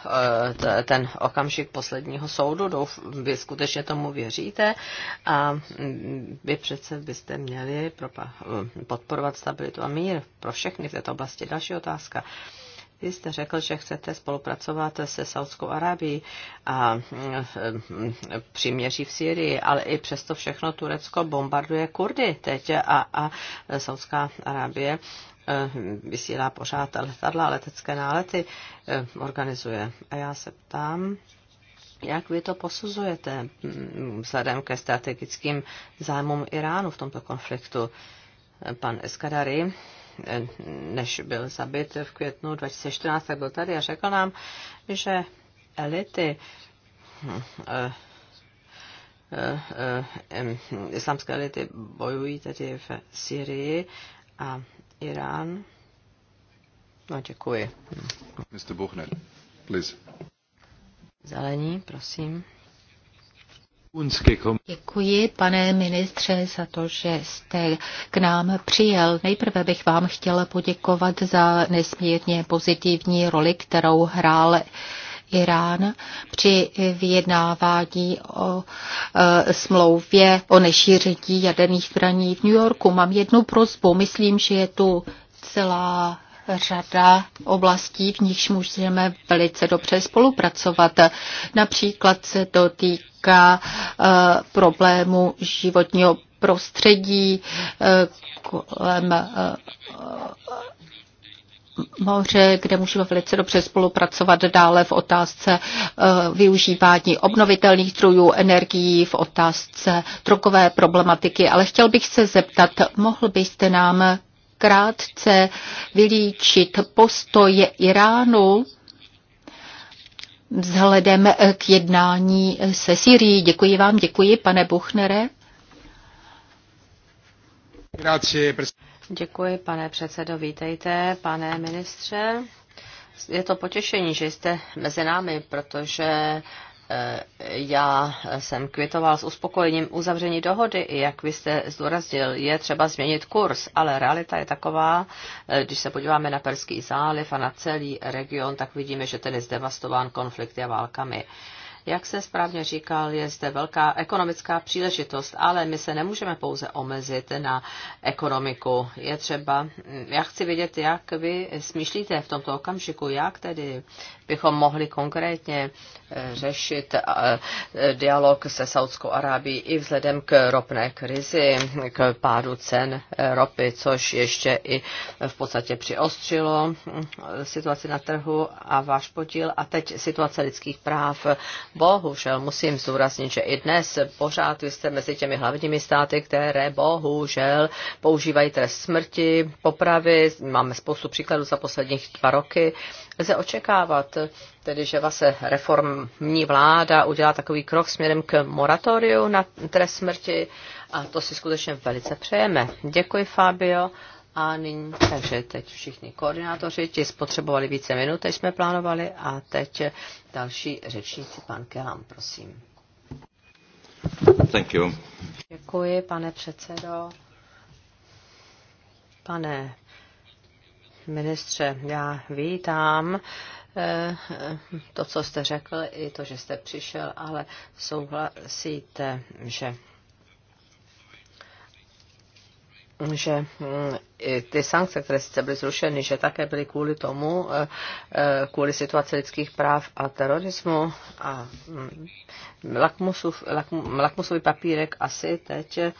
ten okamžik posledního soudu, douf, vy skutečně tomu věříte a mm, vy přece byste měli podporovat stabilitu a mír pro všechny v této oblasti. Další otázka. Vy jste řekl, že chcete spolupracovat se Saudskou Arábií a eh, příměří v Syrii, ale i přesto všechno Turecko bombarduje Kurdy teď a, a Saudská Arábie eh, vysílá pořád letadla, letecké nálety eh, organizuje. A já se ptám, jak vy to posuzujete hm, vzhledem ke strategickým zájmům Iránu v tomto konfliktu? Pan Eskadari než byl zabit v květnu 2014, tak byl tady a řekl nám, že elity hm, eh, eh, eh, hm, islámské elity bojují tedy v Syrii a Irán. No, děkuji. Mr. Buchner, please. Zelení, prosím. Děkuji, pane ministře, za to, že jste k nám přijel. Nejprve bych vám chtěla poděkovat za nesmírně pozitivní roli, kterou hrál Irán při vyjednávání o e, smlouvě o nešíření jaderných zbraní v New Yorku. Mám jednu prozbu. Myslím, že je tu celá řada oblastí, v nichž můžeme velice dobře spolupracovat. Například se to týká týká eh, problému životního prostředí eh, kolem eh, moře, kde můžeme velice dobře spolupracovat dále v otázce využívání obnovitelných zdrojů energií, v otázce drogové problematiky. Ale chtěl bych se zeptat, mohl byste nám krátce vylíčit postoje Iránu vzhledem k jednání se Syrií. Děkuji vám, děkuji, pane Buchnere. Děkuji, pane předsedo, vítejte, pane ministře. Je to potěšení, že jste mezi námi, protože Eh, já jsem kvitoval s uspokojením uzavření dohody, i jak vy jste zdůraznil, je třeba změnit kurz, ale realita je taková, eh, když se podíváme na Perský záliv a na celý region, tak vidíme, že ten je zdevastován konflikty a válkami. Jak se správně říkal, je zde velká ekonomická příležitost, ale my se nemůžeme pouze omezit na ekonomiku. Je třeba, hm, já chci vědět, jak vy smýšlíte v tomto okamžiku, jak tedy bychom mohli konkrétně eh, řešit eh, dialog se Saudskou Arábií i vzhledem k ropné krizi, k pádu cen eh, ropy, což ještě i v podstatě přiostřilo situaci na trhu a váš podíl. A teď situace lidských práv. Bohužel musím zdůraznit, že i dnes pořád jste mezi těmi hlavními státy, které bohužel používají trest smrti, popravy. Máme spoustu příkladů za posledních dva roky lze očekávat, tedy že vlastně reformní vláda udělá takový krok směrem k moratoriu na trest smrti a to si skutečně velice přejeme. Děkuji, Fabio. A nyní, takže teď všichni koordinátoři, ti spotřebovali více minut, než jsme plánovali, a teď další řečníci, pan Kelam, prosím. Thank you. Děkuji, pane předsedo. Pane ministře, já vítám eh, eh, to, co jste řekl, i to, že jste přišel, ale souhlasíte, že že mm, ty sankce, které sice byly zrušeny, že také byly kvůli tomu, eh, eh, kvůli situaci lidských práv a terorismu a mm, lakmusov, lakmusový papírek asi teď eh,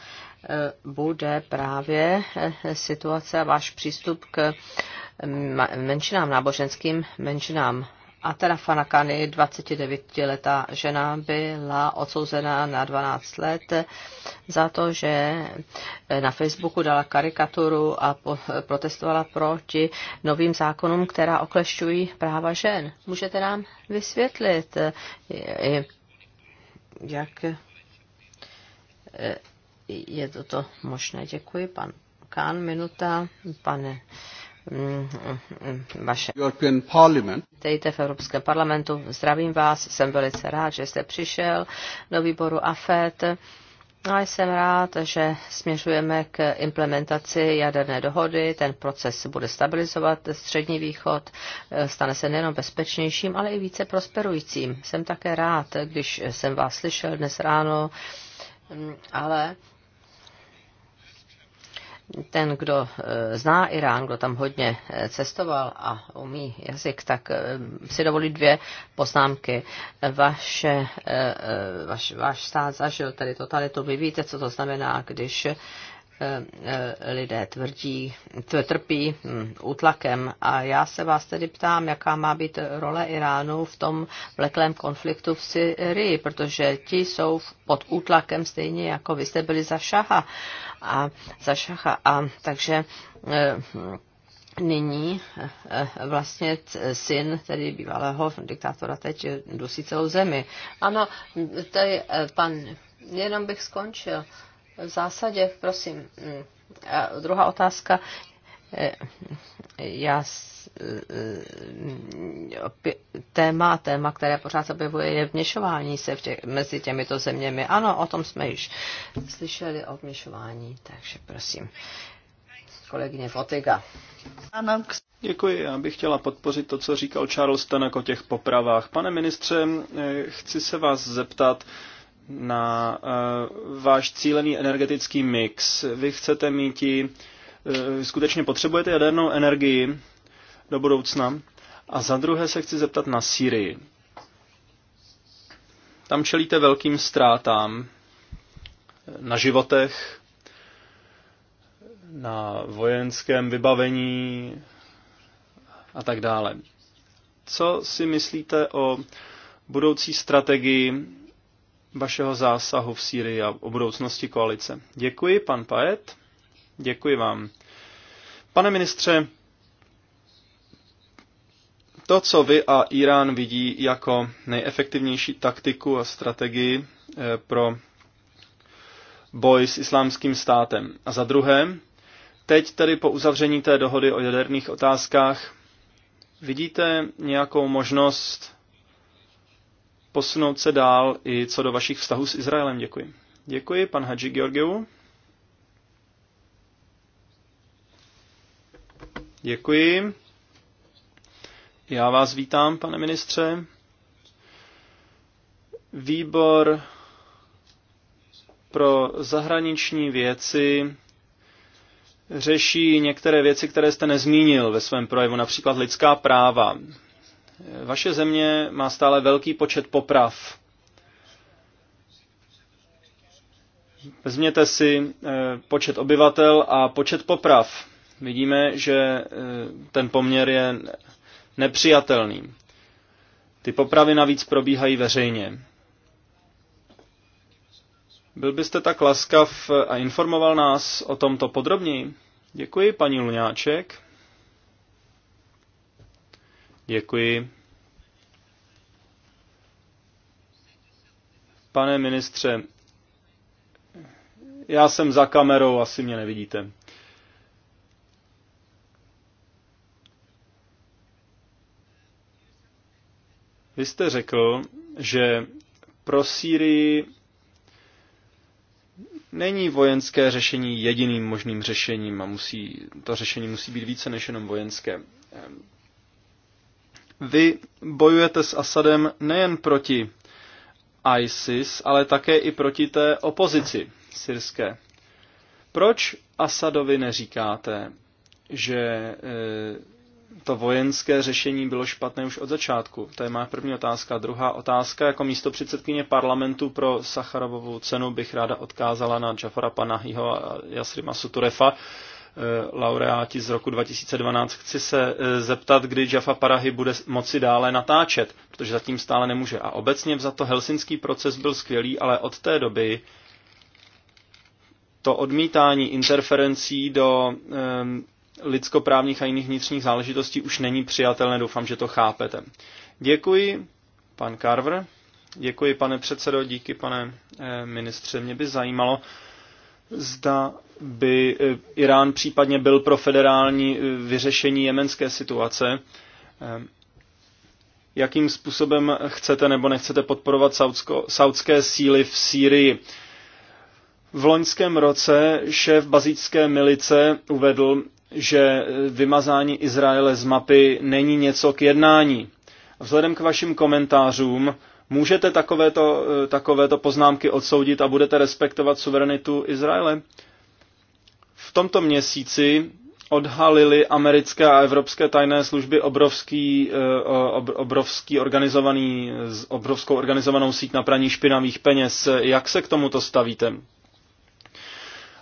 bude právě situace a váš přístup k mm, menšinám, náboženským menšinám. A teda Fanakany, 29-letá žena, byla odsouzená na 12 let za to, že na Facebooku dala karikaturu a protestovala proti novým zákonům, která oklešťují práva žen. Můžete nám vysvětlit, jak je toto možné? Děkuji, pan Kán, minuta, pane vaše. European Parliament. Tejte v Evropském parlamentu. Zdravím vás, jsem velice rád, že jste přišel do výboru AFET. A jsem rád, že směřujeme k implementaci jaderné dohody. Ten proces bude stabilizovat Střední východ, stane se nejenom bezpečnějším, ale i více prosperujícím. Jsem také rád, když jsem vás slyšel dnes ráno, ale ten, kdo eh, zná Irán, kdo tam hodně eh, cestoval a umí jazyk, tak eh, si dovolí dvě poznámky. Vaše, vaš, váš stát zažil tady totalitu. Vy víte, co to znamená, když Eh, eh, lidé tvrdí, trpí hm, útlakem. A já se vás tedy ptám, jaká má být role Iránu v tom vleklém konfliktu v Syrii, protože ti jsou pod útlakem stejně jako vy jste byli za šaha. A, za šaha. A takže eh, hm, nyní vlastně syn tedy bývalého diktátora teď dusí celou zemi. Ano, tady pan, jenom bych skončil v zásadě, prosím, mm, a druhá otázka, eh, já eh, téma, téma, které pořád objevuje, je vměšování se v tě, mezi těmito zeměmi. Ano, o tom jsme již slyšeli o vměšování, takže prosím. Kolegyně Fotiga. Ano. Děkuji, já bych chtěla podpořit to, co říkal Charles Tanak o těch popravách. Pane ministře, eh, chci se vás zeptat, na uh, váš cílený energetický mix. Vy chcete mít uh, skutečně potřebujete jadernou energii do budoucna. A za druhé se chci zeptat na Syrii. Tam čelíte velkým ztrátám na životech, na vojenském vybavení a tak dále. Co si myslíte o budoucí strategii vašeho zásahu v Sýrii a o budoucnosti koalice. Děkuji, pan Paet. Děkuji vám. Pane ministře, to, co vy a Irán vidí jako nejefektivnější taktiku a strategii eh, pro boj s islámským státem. A za druhé, teď tedy po uzavření té dohody o jaderných otázkách, vidíte nějakou možnost posunout se dál i co do vašich vztahů s Izraelem. Děkuji. Děkuji, pan Hadži Georgiou. Děkuji. Já vás vítám, pane ministře. Výbor pro zahraniční věci řeší některé věci, které jste nezmínil ve svém projevu, například lidská práva. Vaše země má stále velký počet poprav. Vezměte si eh, počet obyvatel a počet poprav. Vidíme, že eh, ten poměr je nepřijatelný. Ty popravy navíc probíhají veřejně. Byl byste tak laskav a informoval nás o tomto podrobněji? Děkuji, paní Luňáček. Děkuji. Pane ministře, já jsem za kamerou, asi mě nevidíte. Vy jste řekl, že pro Sýrii není vojenské řešení jediným možným řešením a musí, to řešení musí být více než jenom vojenské. Vy bojujete s Asadem nejen proti ISIS, ale také i proti té opozici syrské. Proč Asadovi neříkáte, že eh, to vojenské řešení bylo špatné už od začátku? To je má první otázka. Druhá otázka, jako místo předsedkyně parlamentu pro Sacharovou cenu bych ráda odkázala na Jafara Panahiho a Jasrima Suturefa, Eh, laureáti z roku 2012. Chci se eh, zeptat, kdy Jaffa Parahy bude moci dále natáčet, protože zatím stále nemůže. A obecně za to helsinský proces byl skvělý, ale od té doby to odmítání interferencí do um, lidskoprávních a jiných vnitřních záležitostí už není přijatelné. Doufám, že to chápete. Děkuji, pan Carver. Děkuji, pane předsedo, díky, pane ministře. Mě by zajímalo, zda by eh, Irán případně byl pro federální eh, vyřešení jemenské situace. Eh, jakým způsobem chcete nebo nechcete podporovat saudsko, saudské síly v Sýrii? V loňském roce šéf bazické milice uvedl, že vymazání Izraele z mapy není něco k jednání. Vzhledem k vašim komentářům Můžete takovéto, eh, takovéto poznámky odsoudit a budete respektovat suverenitu Izraele? V tomto měsíci odhalili americké a evropské tajné služby obrovský, eh, obrovský organizovaný, obrovskou organizovanou síť na praní špinavých peněz. Jak se k tomuto stavíte?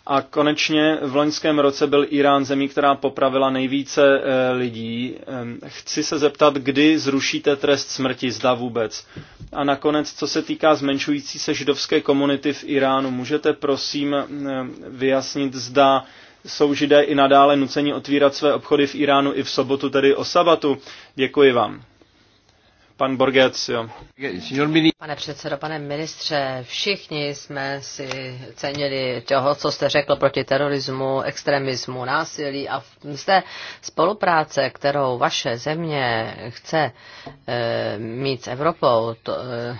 A konečně v loňském roce byl Irán zemí, která popravila nejvíce eh, lidí. Ehm, chci se zeptat, kdy zrušíte trest smrti, zda vůbec. A nakonec, co se týká zmenšující se židovské komunity v Iránu, můžete prosím ehm, vyjasnit, zda jsou židé i nadále nuceni otvírat své obchody v Iránu i v sobotu, tedy o sabatu. Děkuji vám. Pan Pane předsedo, pane ministře, všichni jsme si cenili toho, co jste řekl proti terorismu, extremismu, násilí a zde spolupráce, kterou vaše země chce e, mít s Evropou, to, e,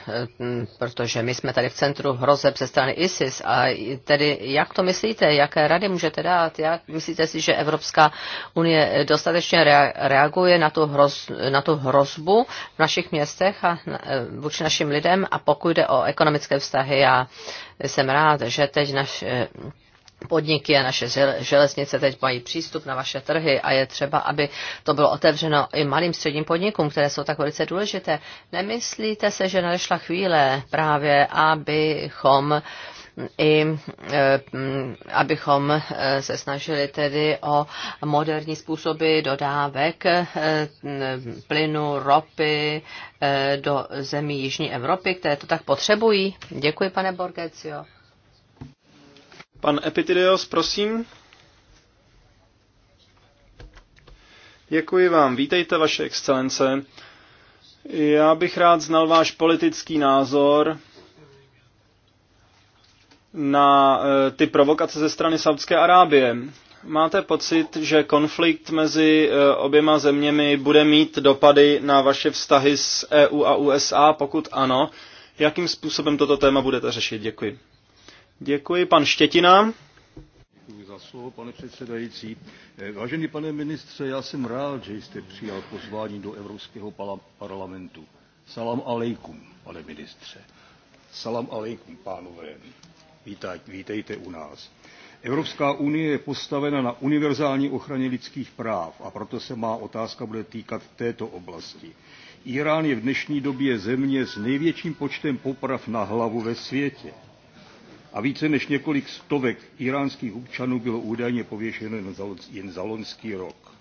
protože my jsme tady v centru hrozeb ze strany ISIS. A tedy jak to myslíte, jaké rady můžete dát? Jak myslíte si, že Evropská unie dostatečně reaguje na tu, hroz, na tu hrozbu v našich našich městech a e, vůči našim lidem. A pokud jde o ekonomické vztahy, já jsem rád, že teď naše podniky a naše železnice teď mají přístup na vaše trhy a je třeba, aby to bylo otevřeno i malým středním podnikům, které jsou tak velice důležité. Nemyslíte se, že nadešla chvíle právě, abychom i e, abychom e, se snažili tedy o moderní způsoby dodávek e, plynu, ropy do zemí Jižní Evropy, které to tak potřebují. Děkuji, pane Borgecio. Pan Epitidios, prosím. Děkuji vám. Vítejte, vaše excelence. Já bych rád znal váš politický názor na eh, ty provokace ze strany Saudské Arábie. Máte pocit, že konflikt mezi eh, oběma zeměmi bude mít dopady na vaše vztahy s EU a USA? Pokud ano, jakým způsobem toto téma budete řešit? Děkuji. Děkuji, pan Štětina. Děkuji za slovo, pane předsedající. Eh, vážený pane ministře, já jsem rád, že jste přijal pozvání do Evropského parlamentu. Salam aleikum, pane ministře. Salam aleikum, pánové vítejte u nás. Evropská unie je postavena na univerzální ochraně lidských práv a proto se má otázka bude týkat této oblasti. Irán je v dnešní době země s největším počtem poprav na hlavu ve světě. A více než několik stovek iránských občanů bylo údajně pověšeno jen za loňský rok.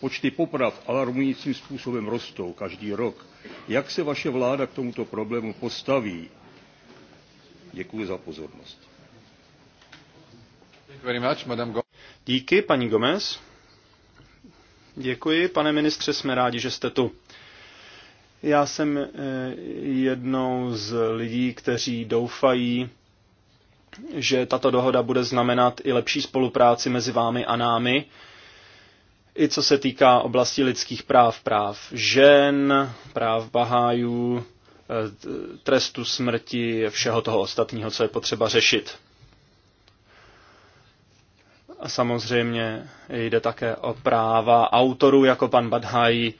Počty poprav alarmujícím způsobem rostou každý rok. Jak se vaše vláda k tomuto problému postaví? Děkuji za pozornost. Díky, paní Gomez. Děkuji, pane ministře, jsme rádi, že jste tu. Já jsem eh, jednou z lidí, kteří doufají, že tato dohoda bude znamenat i lepší spolupráci mezi vámi a námi, i co se týká oblasti lidských práv, práv žen, práv bahájů, Eh, trestu smrti, všeho toho ostatního, co je potřeba řešit. A samozřejmě jde také o práva autorů, jako pan Badhají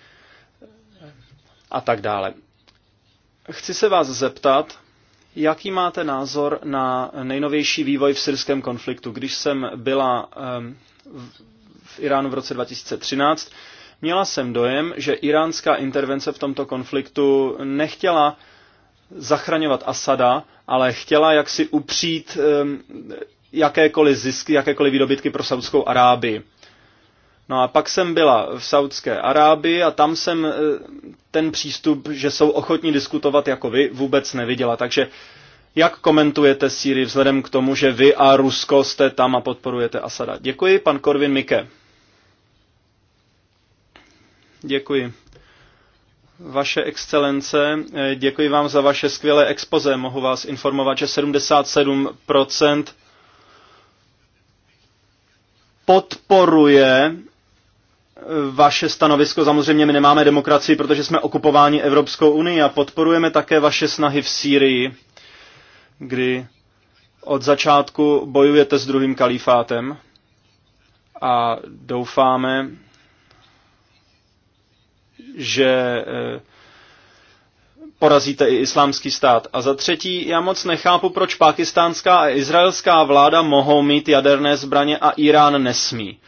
a tak dále. Chci se vás zeptat, jaký máte názor na nejnovější vývoj v syrském konfliktu. Když jsem byla eh, v Iránu v roce 2013, Měla jsem dojem, že iránská intervence v tomto konfliktu nechtěla zachraňovat Asada, ale chtěla jaksi upřít jakékoliv zisky, jakékoliv výdobytky pro Saudskou Arábii. No a pak jsem byla v Saudské Arábii a tam jsem eh, ten přístup, že jsou ochotní diskutovat jako vy, vůbec neviděla. Takže jak komentujete Sýrii vzhledem k tomu, že vy a Rusko jste tam a podporujete Asada? Děkuji, pan Korvin Mike. Děkuji. Vaše excelence, eh, děkuji vám za vaše skvělé expoze. Mohu vás informovat, že 77% podporuje eh, vaše stanovisko. Samozřejmě my nemáme demokracii, protože jsme okupováni Evropskou unii a podporujeme také vaše snahy v Sýrii, kdy od začátku bojujete s druhým kalifátem a doufáme, že eh, porazíte i islámský stát. A za třetí, já moc nechápu, proč pakistánská a izraelská vláda mohou mít jaderné zbraně a Irán nesmí.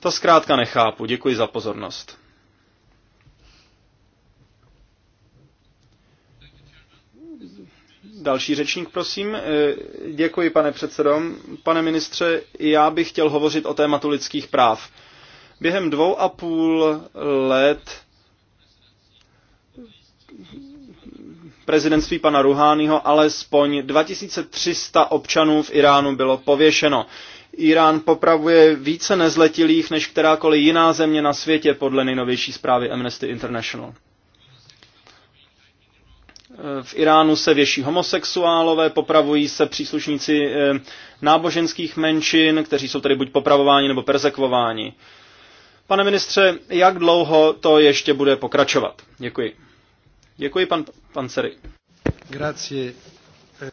To zkrátka nechápu. Děkuji za pozornost. Další řečník, prosím. Eh, děkuji, pane předsedo. Pane ministře, já bych chtěl hovořit o tématu lidských práv. Během dvou a půl let prezidentství pana Ruháního alespoň 2300 občanů v Iránu bylo pověšeno. Irán popravuje více nezletilých než kterákoliv jiná země na světě podle nejnovější zprávy Amnesty International. V Iránu se věší homosexuálové, popravují se příslušníci eh, náboženských menšin, kteří jsou tedy buď popravováni nebo persekvováni. Pane ministře, jak dlouho to ještě bude pokračovat? Děkuji. Děkuji, pan Pancery. Grazie.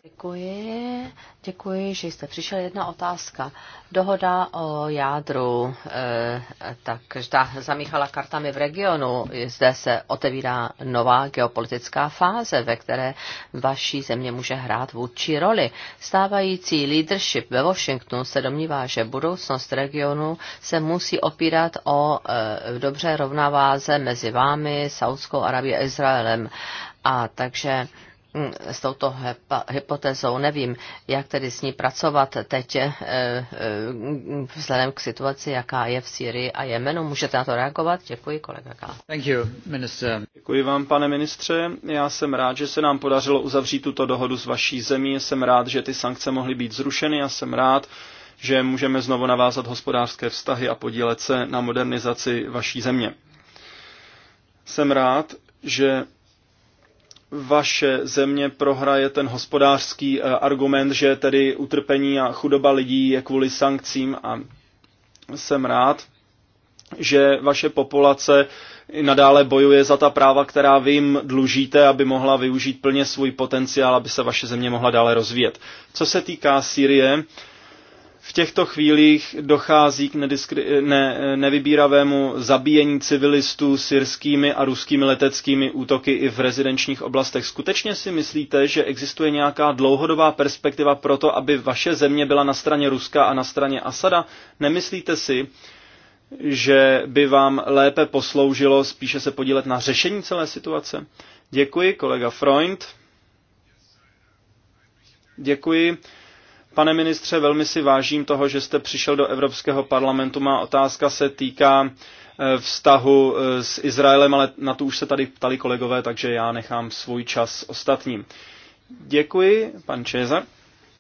Děkuji, děkuji, že jste přišel. Jedna otázka. Dohoda o jádru, e, tak ta zamíchala kartami v regionu. Zde se otevírá nová geopolitická fáze, ve které vaší země může hrát vůdčí roli. Stávající leadership ve Washingtonu se domnívá, že budoucnost regionu se musí opírat o e, dobře rovnaváze mezi vámi, Saudskou Arabií a Izraelem. A takže Mm, s touto hypotézou. Nevím, jak tedy s ní pracovat teď eh, eh, vzhledem k situaci, jaká je v Syrii a Jemenu. Můžete na to reagovat? Děkuji, kolega K. Thank you, minister. Děkuji vám, pane ministře. Já jsem rád, že se nám podařilo uzavřít tuto dohodu s vaší zemí. Jsem rád, že ty sankce mohly být zrušeny a jsem rád, že můžeme znovu navázat hospodářské vztahy a podílet se na modernizaci vaší země. Jsem rád, že vaše země prohraje ten hospodářský eh, argument, že tedy utrpení a chudoba lidí je kvůli sankcím a jsem rád, že vaše populace i nadále bojuje za ta práva, která vy jim dlužíte, aby mohla využít plně svůj potenciál, aby se vaše země mohla dále rozvíjet. Co se týká Sýrie, v těchto chvílích dochází k nediskri- ne, nevybíravému zabíjení civilistů syrskými a ruskými leteckými útoky i v rezidenčních oblastech. Skutečně si myslíte, že existuje nějaká dlouhodobá perspektiva pro to, aby vaše země byla na straně Ruska a na straně Asada? Nemyslíte si, že by vám lépe posloužilo spíše se podílet na řešení celé situace? Děkuji, kolega Freund. Děkuji. Pane ministře, velmi si vážím toho, že jste přišel do Evropského parlamentu. Má otázka se týká e, vztahu e, s Izraelem, ale na to už se tady ptali kolegové, takže já nechám svůj čas ostatním. Děkuji, pan Čezar.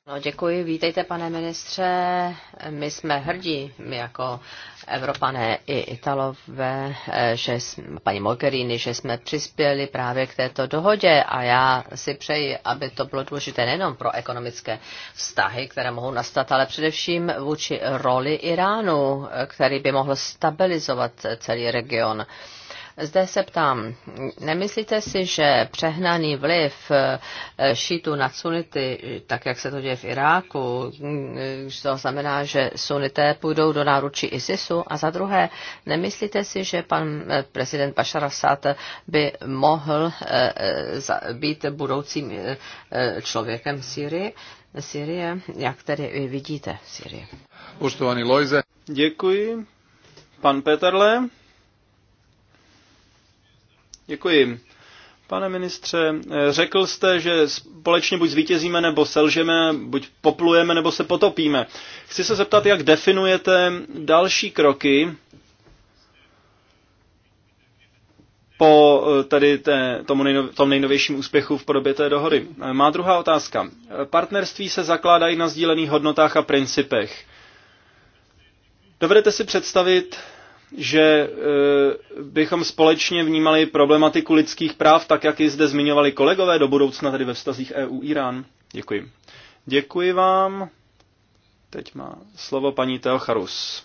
No, děkuji, vítejte, pane ministře. My jsme hrdí, my jako Evropané i Italové, eh, že jsme, paní Mogherini, že jsme přispěli právě k této dohodě a já si přeji, aby to bylo důležité nejenom pro ekonomické vztahy, které mohou nastat, ale především vůči roli Iránu, eh, který by mohl stabilizovat eh, celý region. Zde se ptám, nemyslíte si, že přehnaný vliv eh, šítu na sunity, tak jak se to děje v Iráku, mm, to znamená, že sunité půjdou do náručí ISISu? A za druhé, nemyslíte si, že pan eh, prezident Bashar Assad by mohl eh, být budoucím člověkem Syrie? Syrie, jak tedy vidíte Syrie? Poštovaný Lojze. Děkuji. Pan Peterle. Děkuji. Pane ministře, eh, řekl jste, že společně buď zvítězíme, nebo selžeme, buď poplujeme, nebo se potopíme. Chci se zeptat, jak definujete další kroky po eh, tady té, tomu nejno, tom nejnovějším úspěchu v podobě té dohody. Eh, má druhá otázka. Partnerství se zakládají na sdílených hodnotách a principech. Dovedete si představit, že e, bychom společně vnímali problematiku lidských práv, tak jak ji zde zmiňovali kolegové do budoucna, tady ve vztazích EU-Irán? Děkuji. Děkuji vám. Teď má slovo paní Teocharus.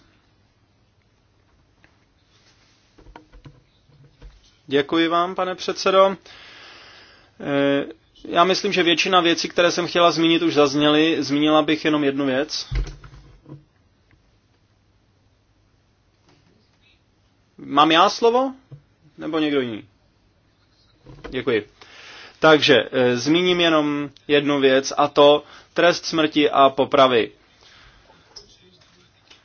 Děkuji vám, pane předsedo. E, já myslím, že většina věcí, které jsem chtěla zmínit, už zazněly. Zmínila bych jenom jednu věc. Mám já slovo? Nebo někdo jiný? Děkuji. Takže e, zmíním jenom jednu věc a to trest smrti a popravy.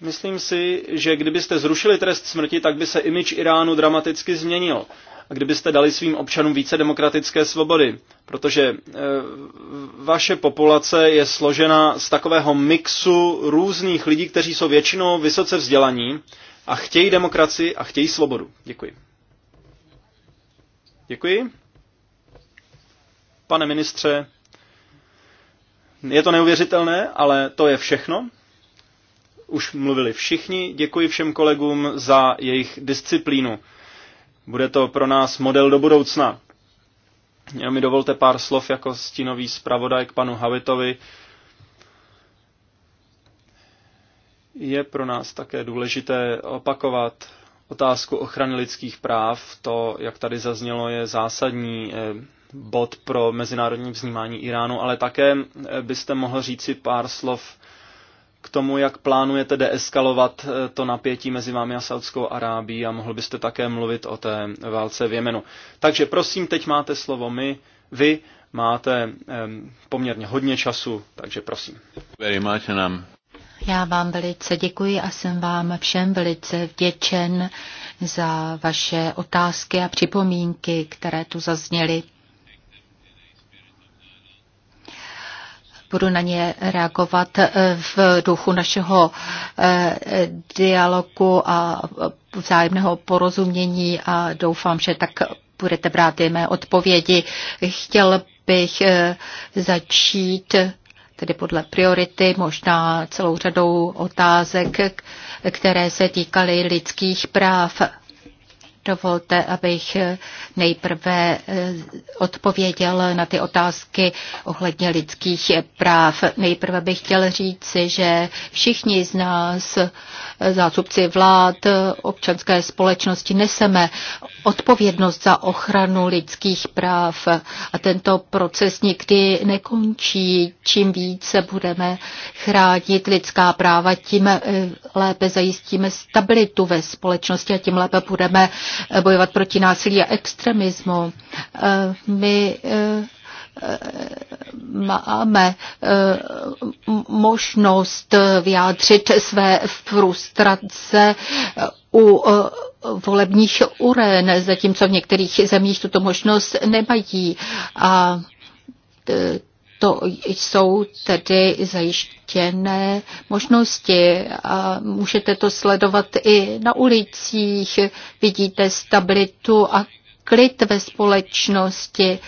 Myslím si, že kdybyste zrušili trest smrti, tak by se imič Iránu dramaticky změnil. A kdybyste dali svým občanům více demokratické svobody, protože e, vaše populace je složena z takového mixu různých lidí, kteří jsou většinou vysoce vzdělaní, a chtějí demokracii a chtějí svobodu. Děkuji. Děkuji. Pane ministře, je to neuvěřitelné, ale to je všechno. Už mluvili všichni. Děkuji všem kolegům za jejich disciplínu. Bude to pro nás model do budoucna. Jenom mi dovolte pár slov jako stínový zpravodaj k panu Havitovi Je pro nás také důležité opakovat otázku ochrany lidských práv. To, jak tady zaznělo, je zásadní eh, bod pro mezinárodní vznímání Iránu, ale také eh, byste mohl říci pár slov k tomu, jak plánujete deeskalovat eh, to napětí mezi vámi a Saudskou Arábií a mohl byste také mluvit o té válce v Jemenu. Takže prosím, teď máte slovo my, vy máte poměrně hodně času, takže prosím. Very much and I'm já vám velice děkuji a jsem vám všem velice vděčen za vaše otázky a připomínky, které tu zazněly. budu na ně reagovat eh, v duchu našeho eh, dialogu a vzájemného porozumění a doufám, že tak budete brát i mé odpovědi. Chtěl bych eh, začít tedy podle priority, možná celou řadou otázek, které se týkaly lidských práv Dovolte, abych nejprve eh, odpověděl na ty otázky ohledně lidských práv. Nejprve bych chtěl říci, že všichni z nás, eh, zástupci vlád, občanské společnosti, neseme odpovědnost za ochranu lidských práv a tento proces nikdy nekončí. Čím více budeme chránit lidská práva, tím eh, lépe zajistíme stabilitu ve společnosti a tím lépe budeme Eh, bojovat proti násilí a extremismu. Eh, my eh, máme možnost vyjádřit své frustrace u volebních uren, zatímco v některých zemích tuto možnost nemají. A to jsou tedy zajištěné možnosti a můžete to sledovat i na ulicích. Vidíte stabilitu a klid ve společnosti.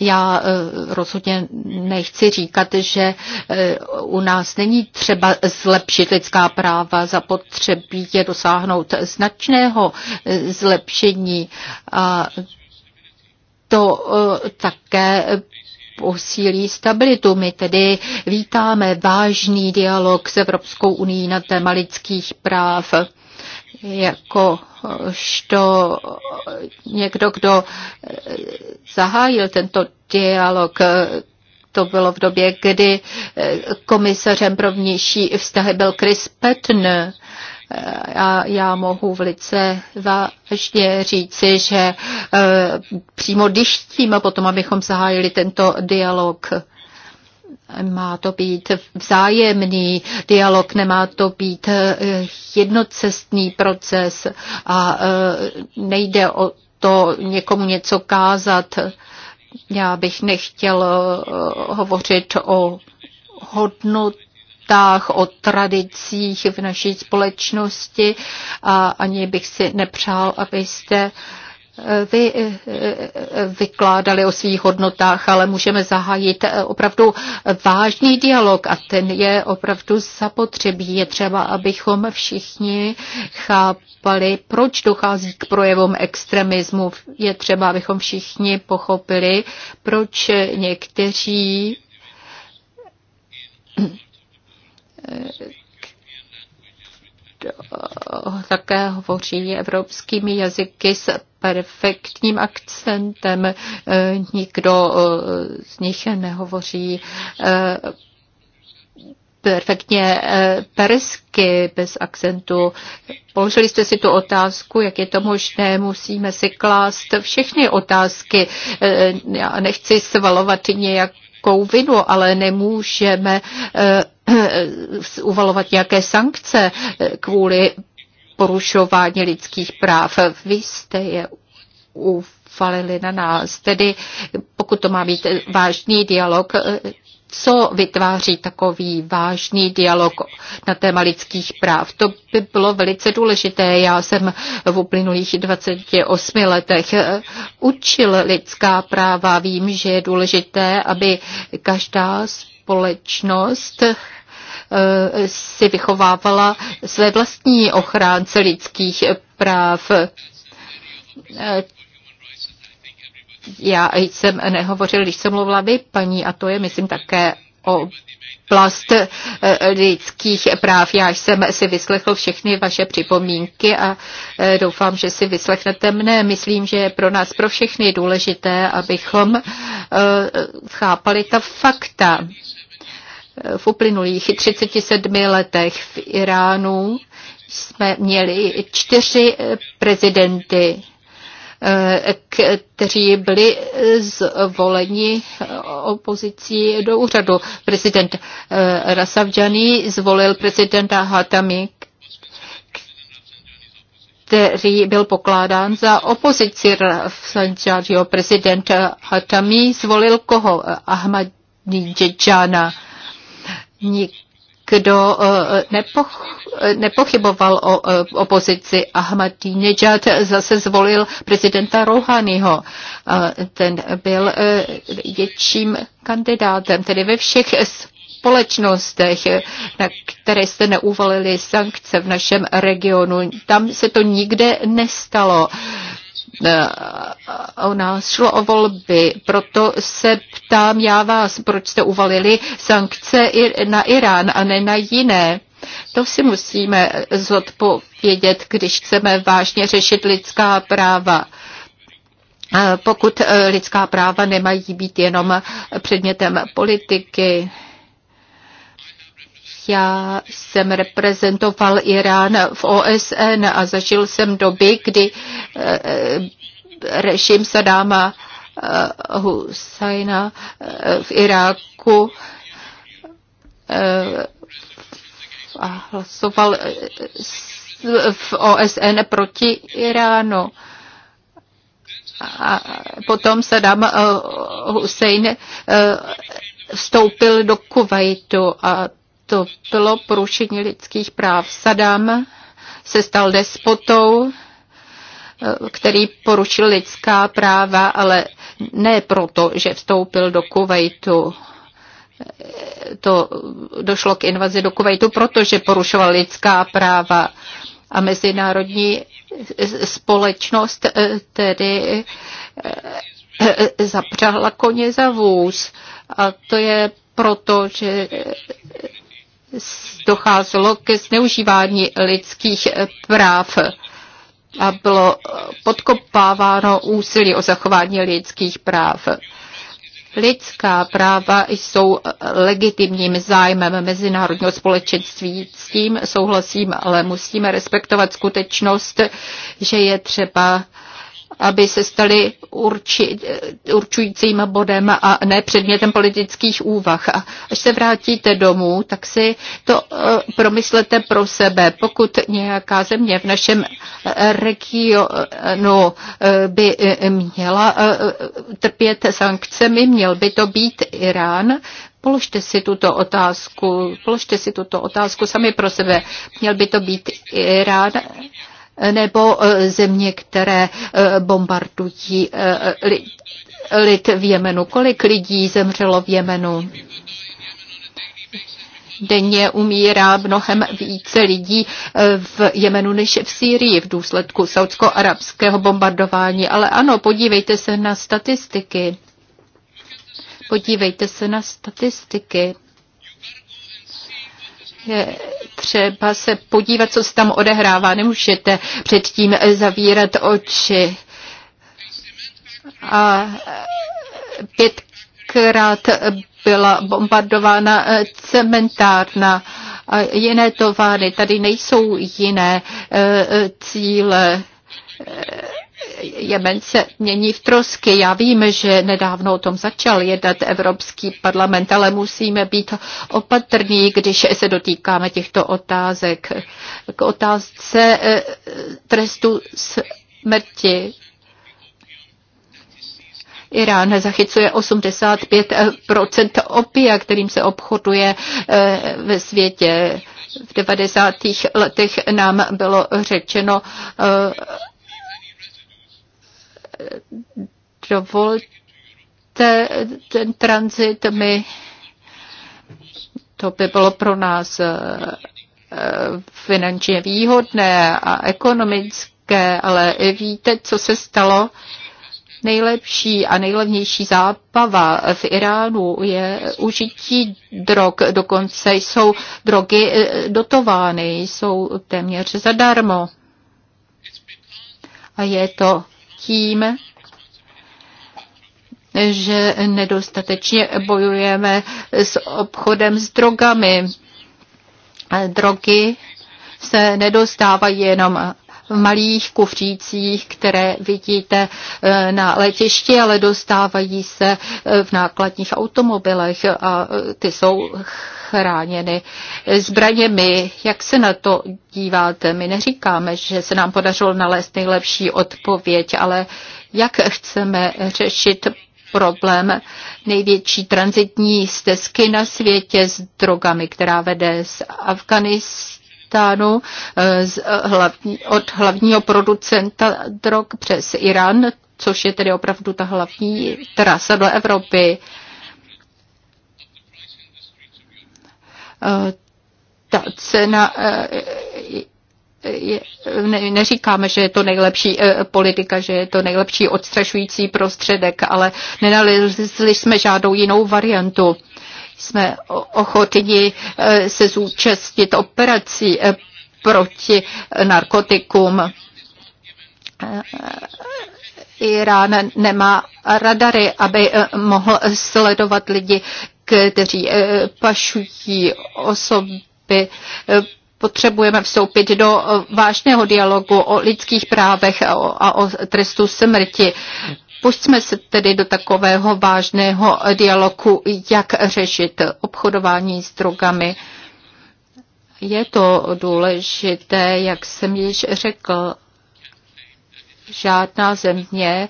Já eh, rozhodně nechci říkat, že eh, u nás není třeba zlepšit lidská práva, zapotřebí je dosáhnout značného eh, zlepšení. A to také posílí stabilitu. My tedy vítáme vážný dialog s Evropskou unii na téma lidských práv jako to někdo, kdo eh, zahájil tento dialog, to bylo v době, kdy eh, komisařem pro vnější vztahy byl Chris Patton já, já mohu velice vážně říci, že e, přímo tím a potom, abychom zahájili tento dialog. Má to být vzájemný dialog, nemá to být e, jednocestný proces a e, nejde o to někomu něco kázat. Já bych nechtěl hovořit o hodnot hodnotách, o tradicích v naší společnosti a ani bych si nepřál, abyste eh, vy eh, eh, vykládali o svých hodnotách, ale můžeme zahájit opravdu vážný dialog a ten je opravdu zapotřebí. Je třeba, abychom všichni chápali, proč dochází k projevům extremismu. Je třeba, abychom všichni pochopili, proč někteří Eh, také hovoří evropskými jazyky s perfektním akcentem. Eh, nikdo eh, z nich nehovoří perfektně persky bez akcentu. Položili jste si tu otázku, jak je to možné, musíme si klást všechny otázky. Já nechci svalovat nějakou vinu, ale nemůžeme Eh, uvalovat nějaké sankce eh, kvůli porušování lidských práv. Vy jste je uvalili na nás. Tedy pokud to má být vážný dialog, eh, co vytváří takový vážný dialog na téma lidských práv. To by bylo velice důležité. Já jsem v uplynulých 28 letech učil lidská práva. Vím, že je důležité, aby každá z společnost eh, si vychovávala své vlastní ochránce lidských práv. Eh, já jsem nehovořil, když jsem mluvila vy, paní, a to je, myslím, také o plast eh, lidských práv. Já jsem si vyslechl všechny vaše připomínky a doufám, že si vyslechnete mne. Myslím, že je pro nás, pro všechny důležité, abychom chápali ta fakta v uplynulých 37 letech v Iránu jsme měli čtyři prezidenty, eh, kteří byli zvoleni opozicí do úřadu. Prezident eh, Rasavdžani zvolil prezidenta Hatami, který byl pokládán za opozici Sanjariho. Prezident Hatami zvolil koho? Ahmadinejad. Nikdo eh, nepoch, nepochyboval o eh, opozici. Ahmadinejad zase zvolil prezidenta Rouhaniho. Ten byl eh, větším kandidátem, tedy ve všech společnostech, na které jste neuvalili sankce v našem regionu. Tam se to nikde nestalo. Eh, o nás šlo o volby, proto se ptám já vás, proč jste uvalili sankce na Irán a ne na jiné. To si musíme zodpovědět, když chceme vážně řešit lidská práva eh, pokud eh, lidská práva nemají být jenom předmětem politiky. Já jsem reprezentoval Irán v OSN a zažil jsem doby, kdy eh, režim Sadáma eh, Husajna eh, v Iráku a hlasoval v OSN proti Iránu. A potom Saddam Hussein vstoupil do Kuwaitu a to bylo porušení lidských práv. Sadam se stal despotou, který porušil lidská práva, ale ne proto, že vstoupil do Kuwaitu. To došlo k invazi do Kuwaitu, protože porušoval lidská práva a mezinárodní společnost eh, tedy eh, zapřahla koně za vůz. A to je proto, že docházelo ke zneužívání lidských práv a bylo podkopáváno úsilí o zachování lidských práv. Lidská práva jsou legitimním zájmem mezinárodního společenství. S tím souhlasím, ale musíme respektovat skutečnost, že je třeba aby se staly urči, určujícím bodem a ne předmětem politických úvah. A až se vrátíte domů, tak si to eh, promyslete pro sebe. Pokud nějaká země v našem regionu eh, by eh, měla trpět sankcemi, měl by to být Irán, Položte si tuto otázku, položte si tuto otázku sami pro sebe. Měl by to být Irán, nebo e, země, které e, bombardují e, lid v Jemenu. Kolik lidí zemřelo v Jemenu? denně umírá mnohem více lidí v Jemenu než v Sýrii v důsledku saudsko-arabského bombardování. Ale ano, podívejte se na statistiky. Podívejte se na statistiky. Je třeba se podívat, co se tam odehrává. Nemůžete předtím zavírat oči. A pětkrát byla bombardována cementárna a jiné továrny. Tady nejsou jiné eh, cíle Jemen se mění v trosky. Já vím, že nedávno o tom začal jednat Evropský parlament, ale musíme být opatrní, když se dotýkáme těchto otázek. K otázce eh, trestu smrti. Irán zachycuje 85 opia, kterým se obchoduje eh, ve světě. V 90. letech nám bylo řečeno, eh, dovolte ten tranzit, my to by bylo pro nás eh, finančně výhodné a ekonomické, ale víte, co se stalo? Nejlepší a nejlevnější zábava v Iránu je užití drog. Dokonce jsou drogy eh, dotovány, jsou téměř zadarmo. A je to tím, že nedostatečně bojujeme s obchodem s drogami. Drogy se nedostávají jenom v malých kufřících, které vidíte eh, na letišti, ale dostávají se eh, v nákladních automobilech a eh, ty jsou chráněny zbraněmi. Jak se na to díváte? My neříkáme, že se nám podařilo nalézt nejlepší odpověď, ale jak chceme řešit problém největší transitní stezky na světě s drogami, která vede z Afganistánu Pákistánu eh, z eh, hlavní, od hlavního producenta drog přes Irán, což je tedy opravdu ta hlavní trasa do Evropy. Eh, ta cena je, ne, neříkáme, že je to nejlepší politika, že je to nejlepší odstrašující prostředek, ale nenalezli jsme žádnou jinou variantu jsme ochotni eh, se zúčastnit operací eh, proti narkotikům. Eh, Irán nemá radary, aby mohl sledovat lidi, kteří pašují osoby. Potřebujeme vstoupit do vážného dialogu o lidských právech a o trestu smrti. Pustíme se tedy do takového vážného dialogu, jak řešit obchodování s drogami. Je to důležité, jak jsem již řekl, žádná země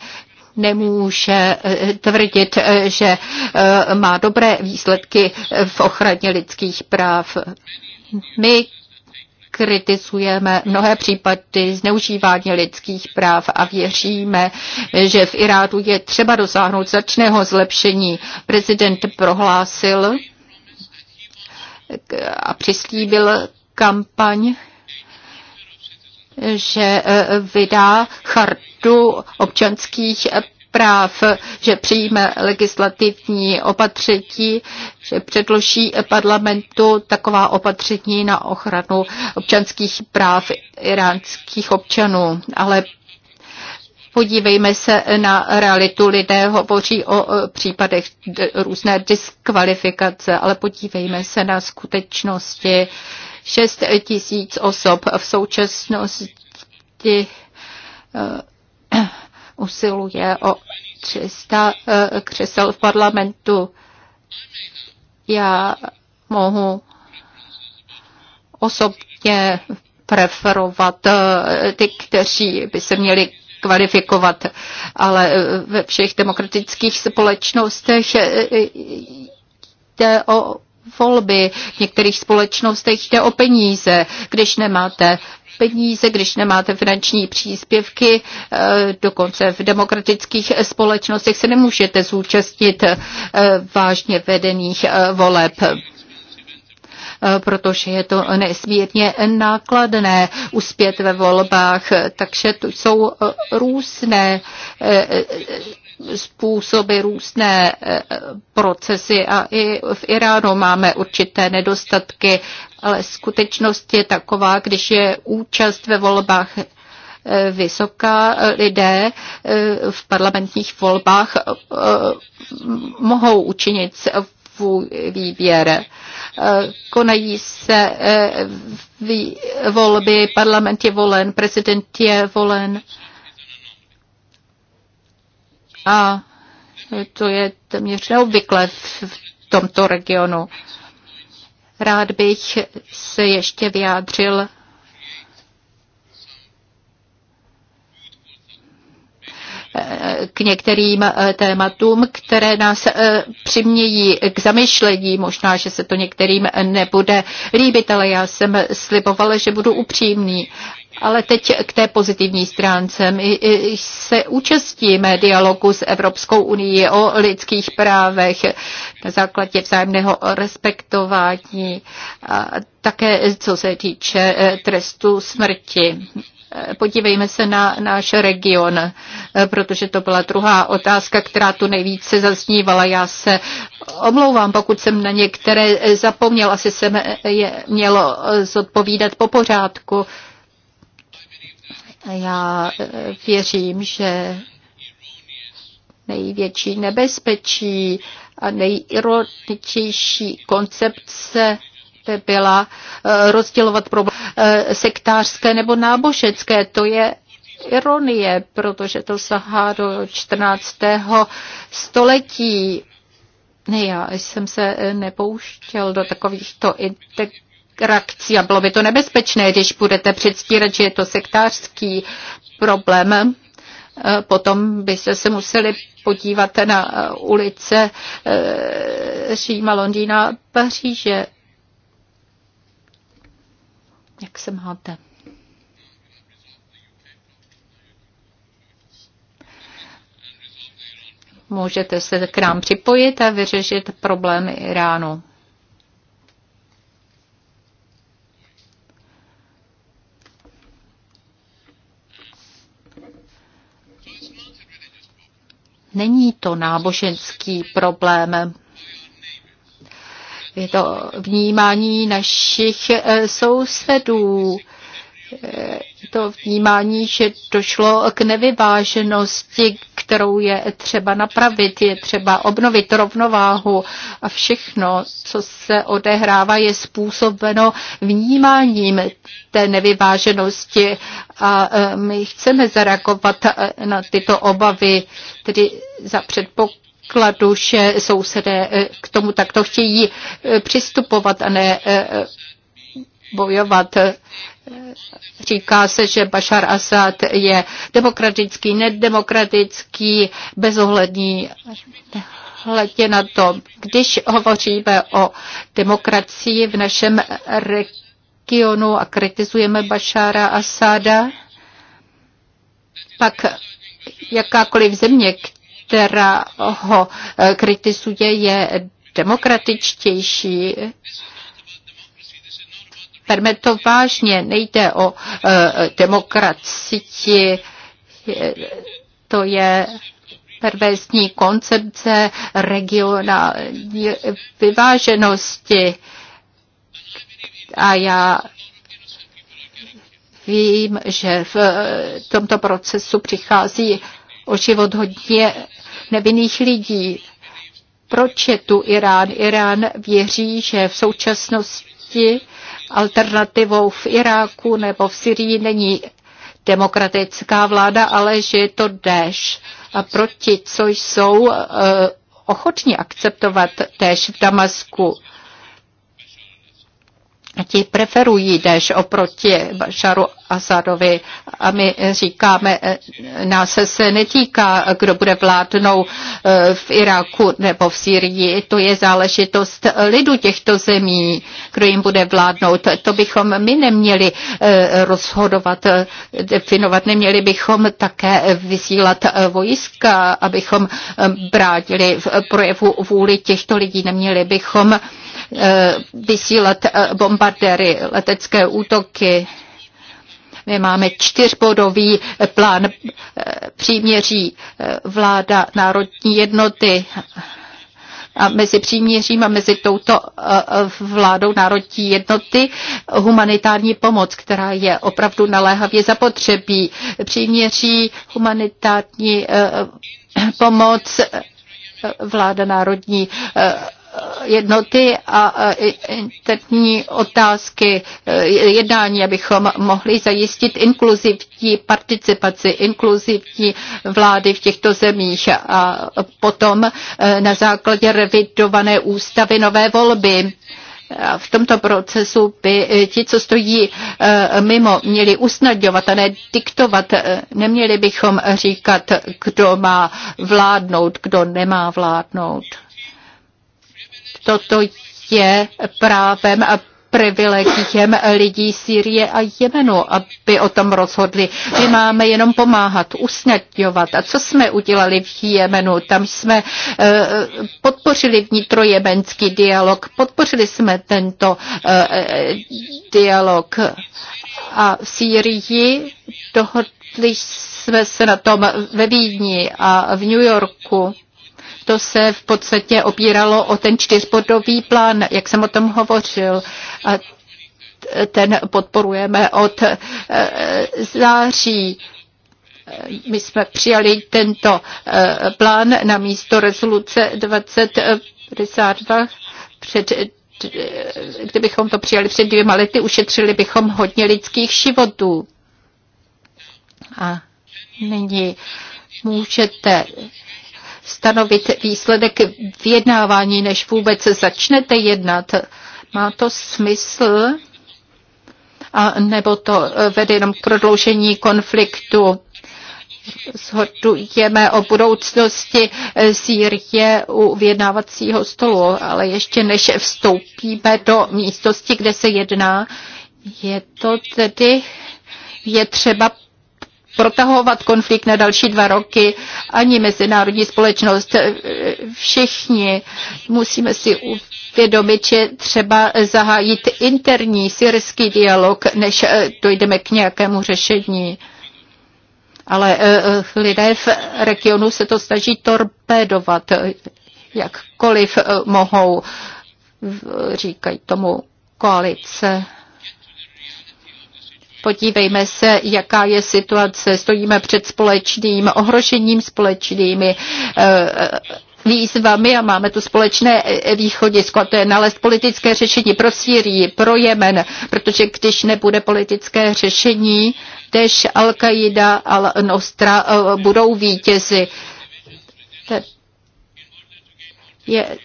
nemůže eh, tvrdit, eh, že eh, má dobré výsledky v ochraně lidských práv. My kritizujeme mnohé případy zneužívání lidských práv a věříme, že v Iráku je třeba dosáhnout začného zlepšení. Prezident prohlásil a přislíbil kampaň, že eh, vydá chartu občanských práv, že přijme legislativní opatření, že předloží parlamentu taková opatření na ochranu občanských práv iránských občanů. Ale Podívejme se na realitu. Lidé hovoří o případech různé diskvalifikace, ale podívejme se na skutečnosti. 6 tisíc osob v současnosti eh, usiluje o 300 e, křesel v parlamentu. Já mohu osobně preferovat e, ty, kteří by se měli kvalifikovat, ale e, ve všech demokratických společnostech jde o volby, v některých společnostech jde o peníze. Když nemáte peníze, když nemáte finanční příspěvky, eh, dokonce v demokratických společnostech se nemůžete zúčastnit eh, vážně vedených eh, voleb protože je to nesmírně nákladné uspět ve volbách. Takže tu jsou různé způsoby různé e, procesy a i v Iránu máme určité nedostatky, ale skutečnost je taková, když je účast ve volbách e, vysoká, lidé e, v parlamentních volbách mohou učinit svůj výběr. Konají se volby, parlament je volen, prezident je volen a to je téměř neobvykle v, v tomto regionu. Rád bych se ještě vyjádřil k některým eh, tématům, které nás eh, přimějí k zamyšlení. Možná, že se to některým nebude líbit, ale já jsem slibovala, že budu upřímný. Ale teď k té pozitivní stránce. My se účastníme dialogu s Evropskou unii o lidských právech na základě vzájemného respektování, také co se týče e, trestu smrti. E, podívejme se na náš region, e, protože to byla druhá otázka, která tu nejvíce zaznívala. Já se omlouvám, pokud jsem na některé zapomněla, asi jsem je mělo zodpovídat po pořádku. Já e, věřím, že největší nebezpečí a nejironičnější koncepce by byla e, rozdělovat problém e, sektářské nebo náboženské. To je ironie, protože to sahá do 14. století. Já jsem se nepouštěl do takovýchto reakcí a bylo by to nebezpečné, když budete předstírat, že je to sektářský problém. Eh, potom byste se museli podívat na eh, ulice eh, Říma, Londýna, Paříže. Jak se máte? Můžete se k nám připojit a vyřešit problémy Iránu. Není to náboženský problém. Je to vnímání našich eh, sousedů eh, to vnímání, že došlo k nevyváženosti, kterou je třeba napravit, je třeba obnovit rovnováhu a všechno, co se odehrává, je způsobeno vnímáním té nevyváženosti a e, my chceme zareagovat e, na tyto obavy, tedy za předpokladu, kladu, že sousedé e, k tomu takto chtějí přistupovat a ne bojovat. Říká se, že Bashar Assad je demokratický, nedemokratický, bezohlední hledě na to, když hovoříme o demokracii v našem regionu a kritizujeme Bashara Asada, pak jakákoliv země, která ho kritizuje, je demokratičtější Berme to vážně, nejde o e, demokracii, to je perverzní koncepce regionální vyváženosti. A já vím, že v e, tomto procesu přichází o život hodně nevinných lidí. Proč je tu Irán? Irán věří, že v současnosti alternativou v Iráku nebo v Syrii není demokratická vláda, ale že je to déš. A proti, co jsou eh, ochotni akceptovat též v Damasku ti preferují Deš oproti Bašaru Asadovi a my říkáme, e, nás se netýká, kdo bude vládnou e, v Iráku nebo v Syrii. To je záležitost lidu těchto zemí, kdo jim bude vládnout. To bychom my neměli e, rozhodovat, definovat. Neměli bychom také vysílat vojska, abychom bránili v projevu vůli těchto lidí. Neměli bychom Eh, vysílat eh, bombardéry, letecké útoky. My máme čtyřbodový eh, plán příměří vláda národní jednoty a mezi příměřím a mezi touto vládou národní jednoty humanitární pomoc, která je opravdu naléhavě zapotřebí. Příměří humanitární pomoc vláda národní jednoty a interní otázky eh, jednání, abychom mohli zajistit inkluzivní participaci, inkluzivní vlády v těchto zemích a potom eh, na základě revidované ústavy nové volby. V tomto procesu by eh, ti, co stojí mimo, měli usnadňovat a ne diktovat. Neměli bychom říkat, kdo má vládnout, kdo nemá vládnout. Toto je právem a privilegiem lidí Sýrie a Jemenu, aby o tom rozhodli. My máme jenom pomáhat, usnadňovat. A co jsme udělali v Jemenu? Tam jsme eh, podpořili vnitrojemenský dialog, podpořili jsme tento eh, dialog. A v Sýrii dohodli jsme se na tom ve Vídni a v New Yorku to se v podstatě opíralo o ten čtyřbodový plán, jak jsem o tom hovořil. A ten podporujeme od eh, září. My jsme přijali tento eh, plán na místo rezoluce 2052 před kdybychom to přijali před dvěma lety, ušetřili bychom hodně lidských životů. A nyní můžete stanovit výsledek vyjednávání, než vůbec začnete jednat. Má to smysl? A nebo to vede jenom k prodloužení konfliktu? Zhodujeme o budoucnosti Sýrie u vyjednávacího stolu, ale ještě než vstoupíme do místnosti, kde se jedná, je to tedy je třeba protahovat konflikt na další dva roky, ani mezinárodní společnost. Eh, všichni musíme si uvědomit, že třeba zahájit interní syrský dialog, než eh, dojdeme k nějakému řešení. Ale eh, lidé v regionu se to snaží torpédovat, jakkoliv mohou, říkají tomu koalice. Podívejme se, jaká je situace. Stojíme před společným ohrožením, společnými eh, výzvami a máme tu společné eh, východisko a to je nalézt politické řešení pro Sýrii, pro Jemen, protože když nebude politické řešení, tež Al-Qaida, Al-Nostra eh, budou vítězi. Je,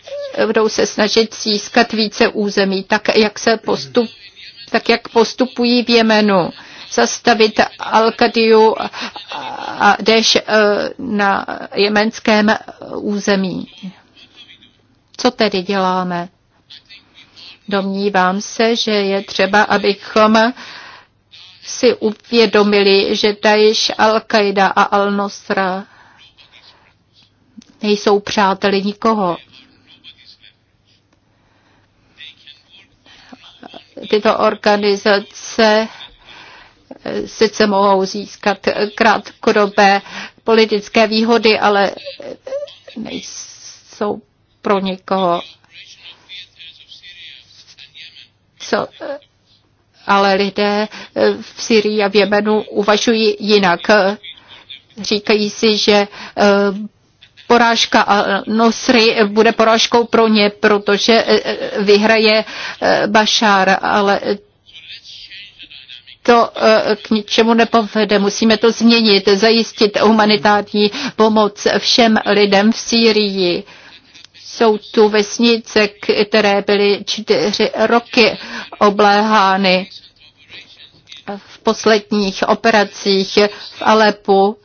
budou se snažit získat více území, tak jak se postupuje tak jak postupují v Jemenu. Zastavit Al-Qadiu a Deš eh, na jemenském území. Co tedy děláme? Domnívám se, že je třeba, abychom si uvědomili, že Daesh, Al-Qaida a Al-Nosra nejsou přáteli nikoho. tyto organizace eh, sice mohou získat krátkodobé politické výhody, ale eh, nejsou pro někoho. Co, eh, ale lidé v Syrii a v Jemenu uvažují jinak. Říkají si, že porážka Nosry bude porážkou pro ně, protože e, e, vyhraje e, Bašár, ale to k ničemu nepovede. Musíme to změnit, zajistit humanitární pomoc všem lidem v Sýrii. Jsou tu vesnice, které byly čtyři roky obléhány v posledních operacích v Alepu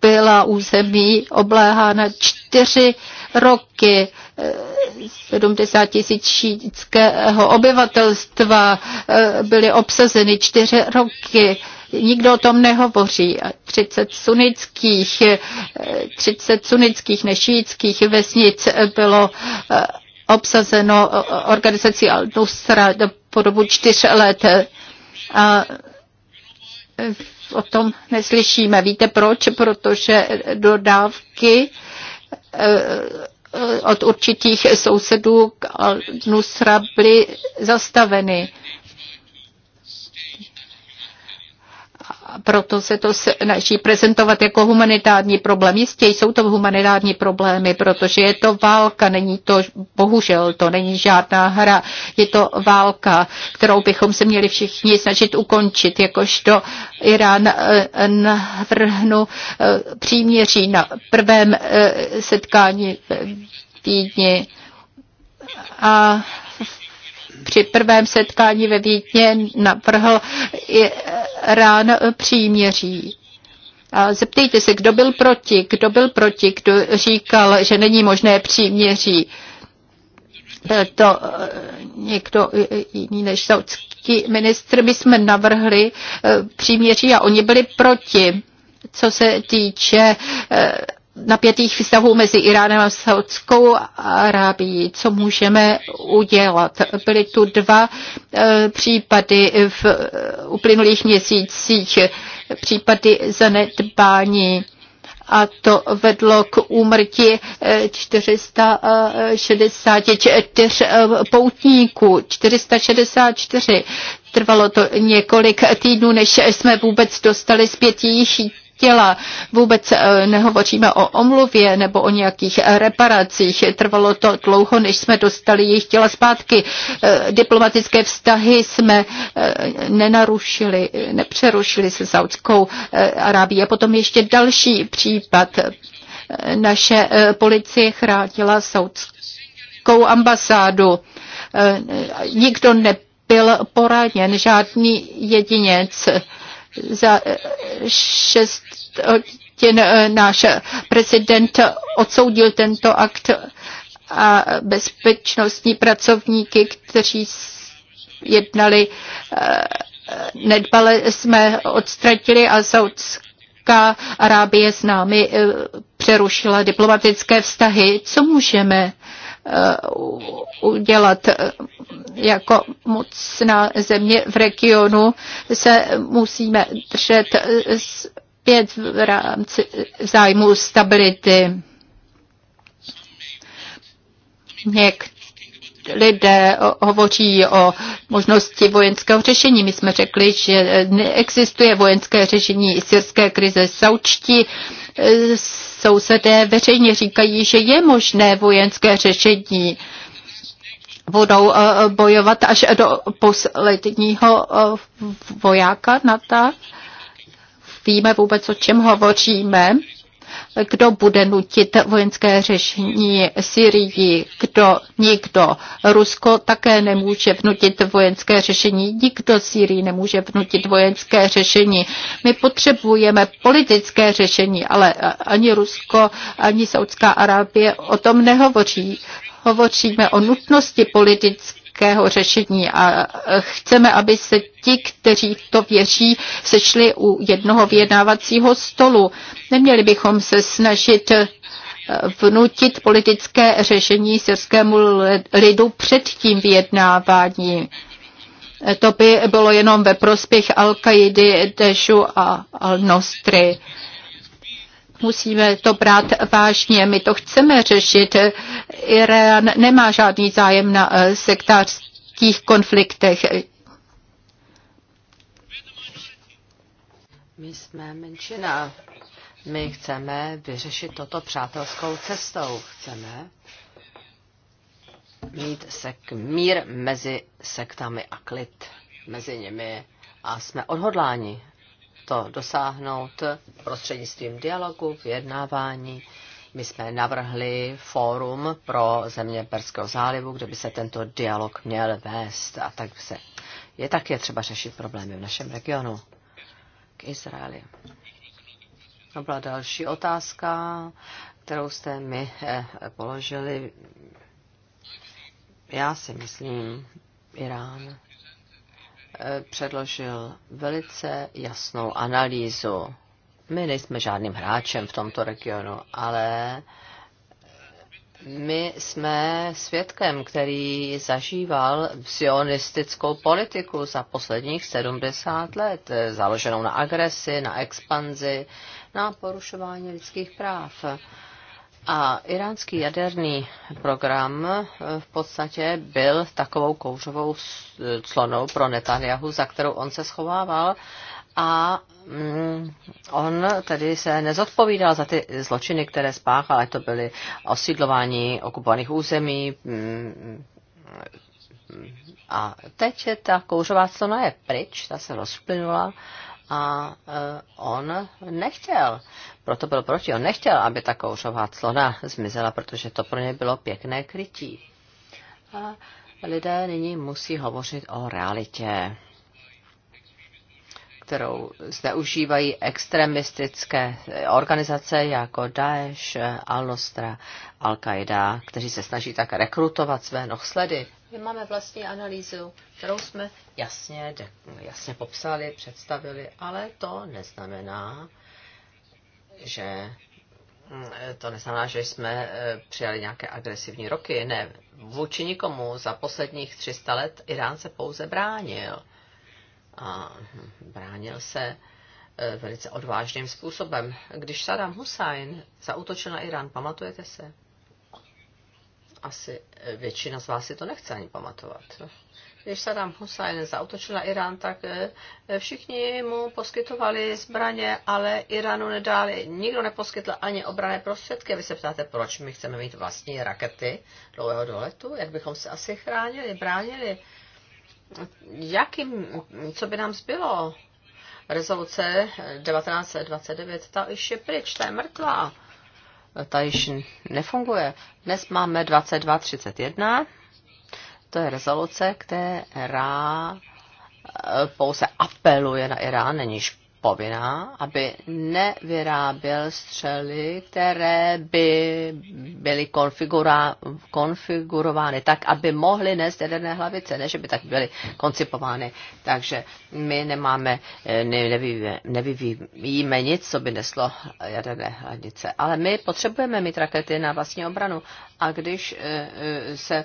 byla území obléhána čtyři roky 70 tisíc šítského obyvatelstva eh, byly obsazeny čtyři roky. Nikdo o tom nehovoří. 30 sunických, 30 eh, sunických nešítských vesnic bylo eh, obsazeno organizací Al-Nusra po dobu čtyř let. A o tom neslyšíme. Víte proč? Protože dodávky eh, od určitých sousedů Nusra byly zastaveny. proto se to snaží prezentovat jako humanitární problém. Jistě jsou to humanitární problémy, protože je to válka, není to, bohužel, to není žádná hra, je to válka, kterou bychom se měli všichni snažit ukončit, jakožto Irán eh, navrhnu eh, příměří na prvém eh, setkání v týdni. A při prvém setkání ve Vítně navrhl rán příměří. A zeptejte se, kdo byl proti, kdo byl proti, kdo říkal, že není možné příměří. Byl to eh, někdo jiný než saudský ministr. My jsme navrhli eh, příměří a oni byli proti. Co se týče eh, napětých vztahů mezi Iránem a Saudskou Arábií. Co můžeme udělat? Byly tu dva eh, případy v uplynulých měsících, případy zanedbání a to vedlo k úmrtí 464 eh, eh, poutníků, 464. Trvalo to několik týdnů, než jsme vůbec dostali zpět jejich těla. Vůbec eh, nehovoříme o omluvě nebo o nějakých eh, reparacích. Trvalo to dlouho, než jsme dostali jejich těla zpátky. Eh, diplomatické vztahy jsme nenarušili, nepřerušili se Saudskou Arábií. A potom ještě další případ. Naše policie chrátila saudskou ambasádu. Nikdo nebyl poraněn, žádný jedinec za eh, šest hodin eh, náš prezident odsoudil tento akt a bezpečnostní pracovníky, kteří jednali eh, nedbale, jsme odstratili a Saudská Arábie s námi přerušila diplomatické vztahy. Co můžeme eh, udělat eh, jako mocná země v regionu, se musíme držet eh, zpět v rámci zájmu stability. Někdy lidé hovoří o možnosti vojenského řešení. My jsme řekli, že neexistuje vojenské řešení syrské krize. Saučti sousedé veřejně říkají, že je možné vojenské řešení. Budou eh, bojovat až do posledního eh, vojáka na ta. Víme vůbec, o čem hovoříme. Kdo bude nutit vojenské řešení Syrii? Kdo? Nikdo. Rusko také nemůže vnutit vojenské řešení. Nikdo Syrii nemůže vnutit vojenské řešení. My potřebujeme politické řešení, ale ani Rusko, ani Saudská Arábie o tom nehovoří. Hovoříme o nutnosti politické nějakého řešení a e, chceme, aby se ti, kteří to věří, sešli u jednoho vyjednávacího stolu. Neměli bychom se snažit e, vnutit politické řešení syrskému lidu před tím vyjednáváním. E, to by bylo jenom ve prospěch al qaidi Dešu a Al-Nostry. Musíme to brát vážně, my to chceme řešit. Irán nemá žádný zájem na eh, sektářských konfliktech. My jsme menšina. My chceme vyřešit toto přátelskou cestou. Chceme mít sek, mír mezi sektami a klid mezi nimi. A jsme odhodláni to dosáhnout prostřednictvím dialogu, vyjednávání. My jsme navrhli fórum pro země Perského zálivu, kde by se tento dialog měl vést a tak se je také třeba řešit problémy v našem regionu. K Izraeli. To byla další otázka, kterou jste mi eh, položili. Já si myslím, Irán předložil velice jasnou analýzu. My nejsme žádným hráčem v tomto regionu, ale my jsme svědkem, který zažíval sionistickou politiku za posledních 70 let, založenou na agresi, na expanzi, na porušování lidských práv. A iránský jaderný program eh, v podstatě byl takovou kouřovou eh, clonou pro Netanyahu, za kterou on se schovával a mm, on tedy se nezodpovídal za ty zločiny, které spáchal, ať to byly osídlování okupovaných území, mm, mm, a teď je ta kouřová clona je pryč, ta se rozplynula a e, on nechtěl. Proto byl proti. On nechtěl, aby ta kouřová clona zmizela, protože to pro ně bylo pěkné krytí. A lidé nyní musí hovořit o realitě, kterou zneužívají extremistické organizace jako Daesh, Al-Nusra Al-Qaida, kteří se snaží tak rekrutovat své nohsledy. My máme vlastní analýzu, kterou jsme jasně, jasně popsali, představili, ale to neznamená, že mm, to neznamená, že jsme e, přijali nějaké agresivní roky. Ne, vůči nikomu za posledních 300 let Irán se pouze bránil. A bránil se e, velice odvážným způsobem. Když Saddam Hussein zautočil na Irán, pamatujete se? asi eh, většina z vás si to nechce ani pamatovat. Když Saddam Hussein zautočil na Irán, tak eh, eh, všichni mu poskytovali zbraně, ale Iránu nedali. Nikdo neposkytl ani obrané prostředky. Vy se ptáte, proč my chceme mít vlastní rakety dlouhého doletu? Jak bychom se asi chránili, bránili? Jakým, co by nám zbylo? Rezoluce 1929, ta už je pryč, ta je mrtvá ta již nefunguje. Dnes máme 2231, to je rezoluce, která eh, pouze apeluje na Irán, není povinná, aby nevyráběl střely, které by byly konfigurovány tak, aby mohly nést jaderné hlavice, ne že by tak byly koncipovány. Takže my nemáme, eh, nevyvíjíme nic, co by neslo jaderné hlavice. Ale my potřebujeme mít rakety na vlastní obranu. A když eh, eh, se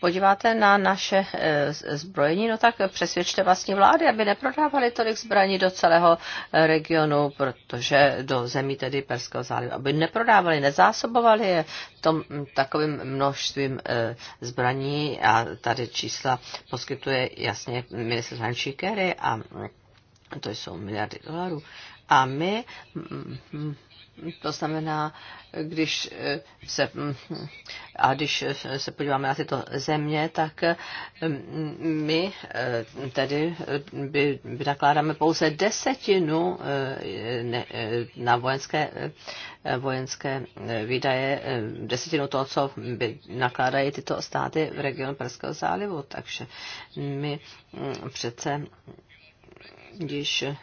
podíváte na naše eh, zbrojení, no tak přesvědčte vlastní vlády, aby neprodávali tolik zbraní do celého eh, regionu, protože do zemí tedy Perského zálivu, aby neprodávali, nezásobovali je tom, hm, takovým množstvím eh, zbraní a tady čísla poskytuje jasně ministr zahraničí Kerry a to jsou miliardy dolarů. A my hm, hm, to znamená, když se, a když se podíváme na tyto země, tak my tedy by nakládáme pouze desetinu na vojenské, vojenské výdaje, desetinu toho, co by nakládají tyto státy v regionu Perského zálivu. Takže my přece když eh,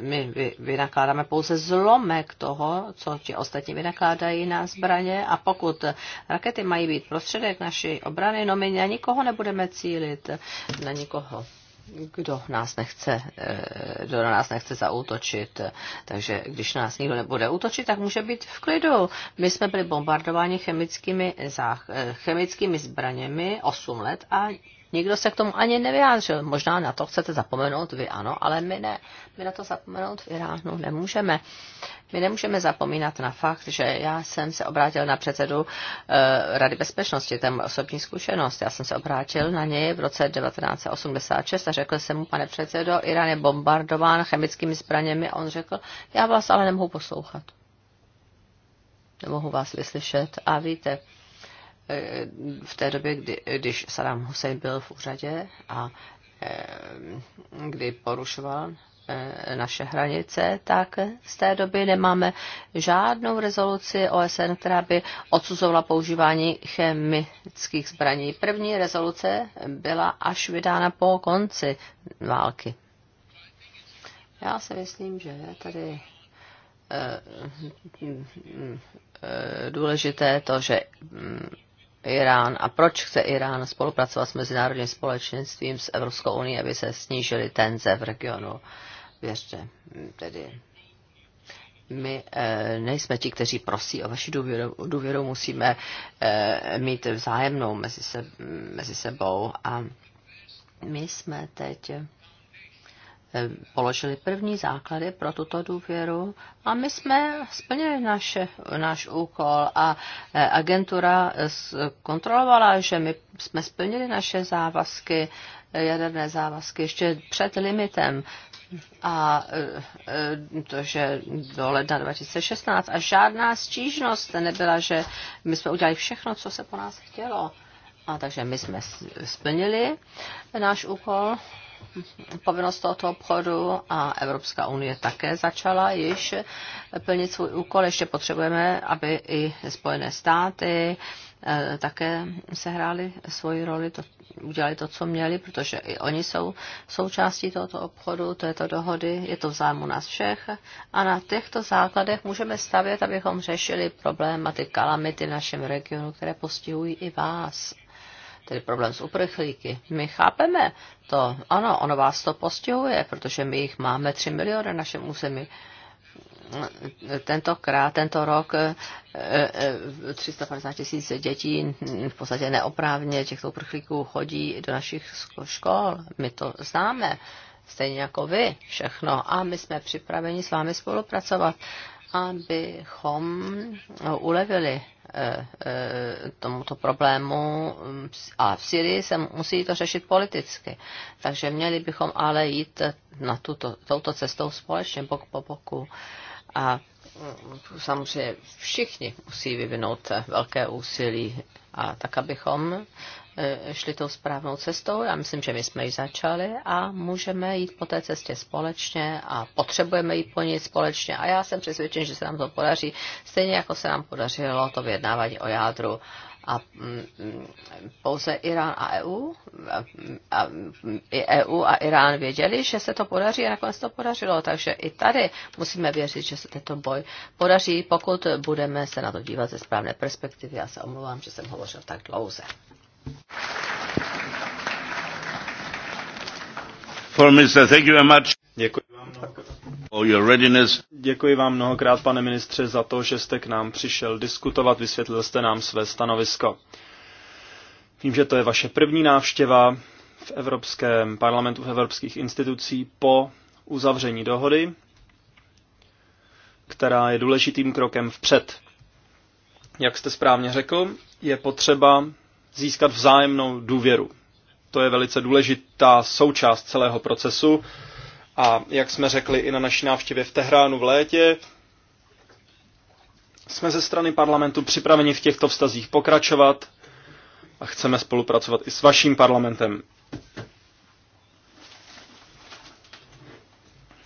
my vynakládáme pouze zlomek toho, co ti ostatní vynakládají na zbraně a pokud rakety mají být prostředek naší obrany, no my na nikoho nebudeme cílit, na nikoho kdo nás nechce, eh, kdo na nás nechce zaútočit. Takže když nás nikdo nebude útočit, tak může být v klidu. My jsme byli bombardováni chemickými, eh, chemickými zbraněmi 8 let a Nikdo se k tomu ani nevyjádřil. Možná na to chcete zapomenout vy, ano, ale my ne. My na to zapomenout v Iránu nemůžeme. My nemůžeme zapomínat na fakt, že já jsem se obrátil na předsedu uh, Rady bezpečnosti, to je moje osobní zkušenost. Já jsem se obrátil na něj v roce 1986 a řekl jsem mu, pane předsedo, Irán je bombardován chemickými zbraněmi a on řekl, já vás ale nemohu poslouchat. Nemohu vás vyslyšet a víte, Eh, v té době, kdy, když Saddam Hussein byl v úřadě a eh, kdy porušoval eh, naše hranice, tak z té doby nemáme žádnou rezoluci OSN, která by odsuzovala používání chemických zbraní. První rezoluce byla až vydána po konci války. Já si myslím, že tady mm, mm, důležité to, že mm, Irán a proč chce Irán spolupracovat s mezinárodním společenstvím s Evropskou unii, aby se snížily tenze v regionu. Věřte, mm, tedy my e, nejsme ti, kteří prosí o vaši důvěru, důvěru musíme e, mít vzájemnou mezi, se, mezi sebou a my jsme teď položili první základy pro tuto důvěru a my jsme splnili naše, náš úkol a eh, agentura kontrolovala, že my jsme splnili naše závazky, eh, jaderné závazky ještě před limitem a eh, to, že do ledna 2016 a žádná stížnost nebyla, že my jsme udělali všechno, co se po nás chtělo. A takže my jsme splnili náš úkol povinnost tohoto obchodu a Evropská unie také začala již plnit svůj úkol. Ještě potřebujeme, aby i Spojené státy eh, také sehráli svoji roli, to, udělali to, co měli, protože i oni jsou součástí tohoto obchodu, této dohody, je to v zájmu nás všech a na těchto základech můžeme stavět, abychom řešili problématy, kalamity v našem regionu, které postihují i vás tedy problém s uprchlíky. My chápeme to, ano, ono vás to postihuje, protože my jich máme 3 miliony na našem území. Tentokrát, tento rok 350 eh, eh, tisíc dětí v podstatě neoprávně těchto uprchlíků chodí do našich škol. My to známe, stejně jako vy všechno. A my jsme připraveni s vámi spolupracovat abychom ulevili eh, eh, tomuto problému a v Syrii se musí to řešit politicky. Takže měli bychom ale jít na tuto, touto cestou společně, bok po boku. A mm, samozřejmě všichni musí vyvinout velké úsilí a tak, abychom Eh, šli tou správnou cestou. Já myslím, že my jsme ji začali a můžeme jít po té cestě společně a potřebujeme jít po ní společně. A já jsem přesvědčen, že se nám to podaří, stejně jako se nám podařilo to vyjednávání o jádru a mm, mm, pouze Irán a EU, a, i EU a Irán věděli, že se to podaří a nakonec to podařilo. Takže i tady musíme věřit, že se tento boj podaří, pokud budeme se na to dívat ze správné perspektivy. Já se omlouvám, že jsem hovořil tak dlouze. Děkuji vám, Děkuji vám mnohokrát, pane ministře, za to, že jste k nám přišel diskutovat, vysvětlil jste nám své stanovisko. Vím, že to je vaše první návštěva v Evropském parlamentu, v evropských institucí po uzavření dohody, která je důležitým krokem vpřed. Jak jste správně řekl, je potřeba získat vzájemnou důvěru. To je velice důležitá součást celého procesu a jak jsme řekli i na naší návštěvě v Tehránu v létě, jsme ze strany parlamentu připraveni v těchto vztazích pokračovat a chceme spolupracovat i s vaším parlamentem.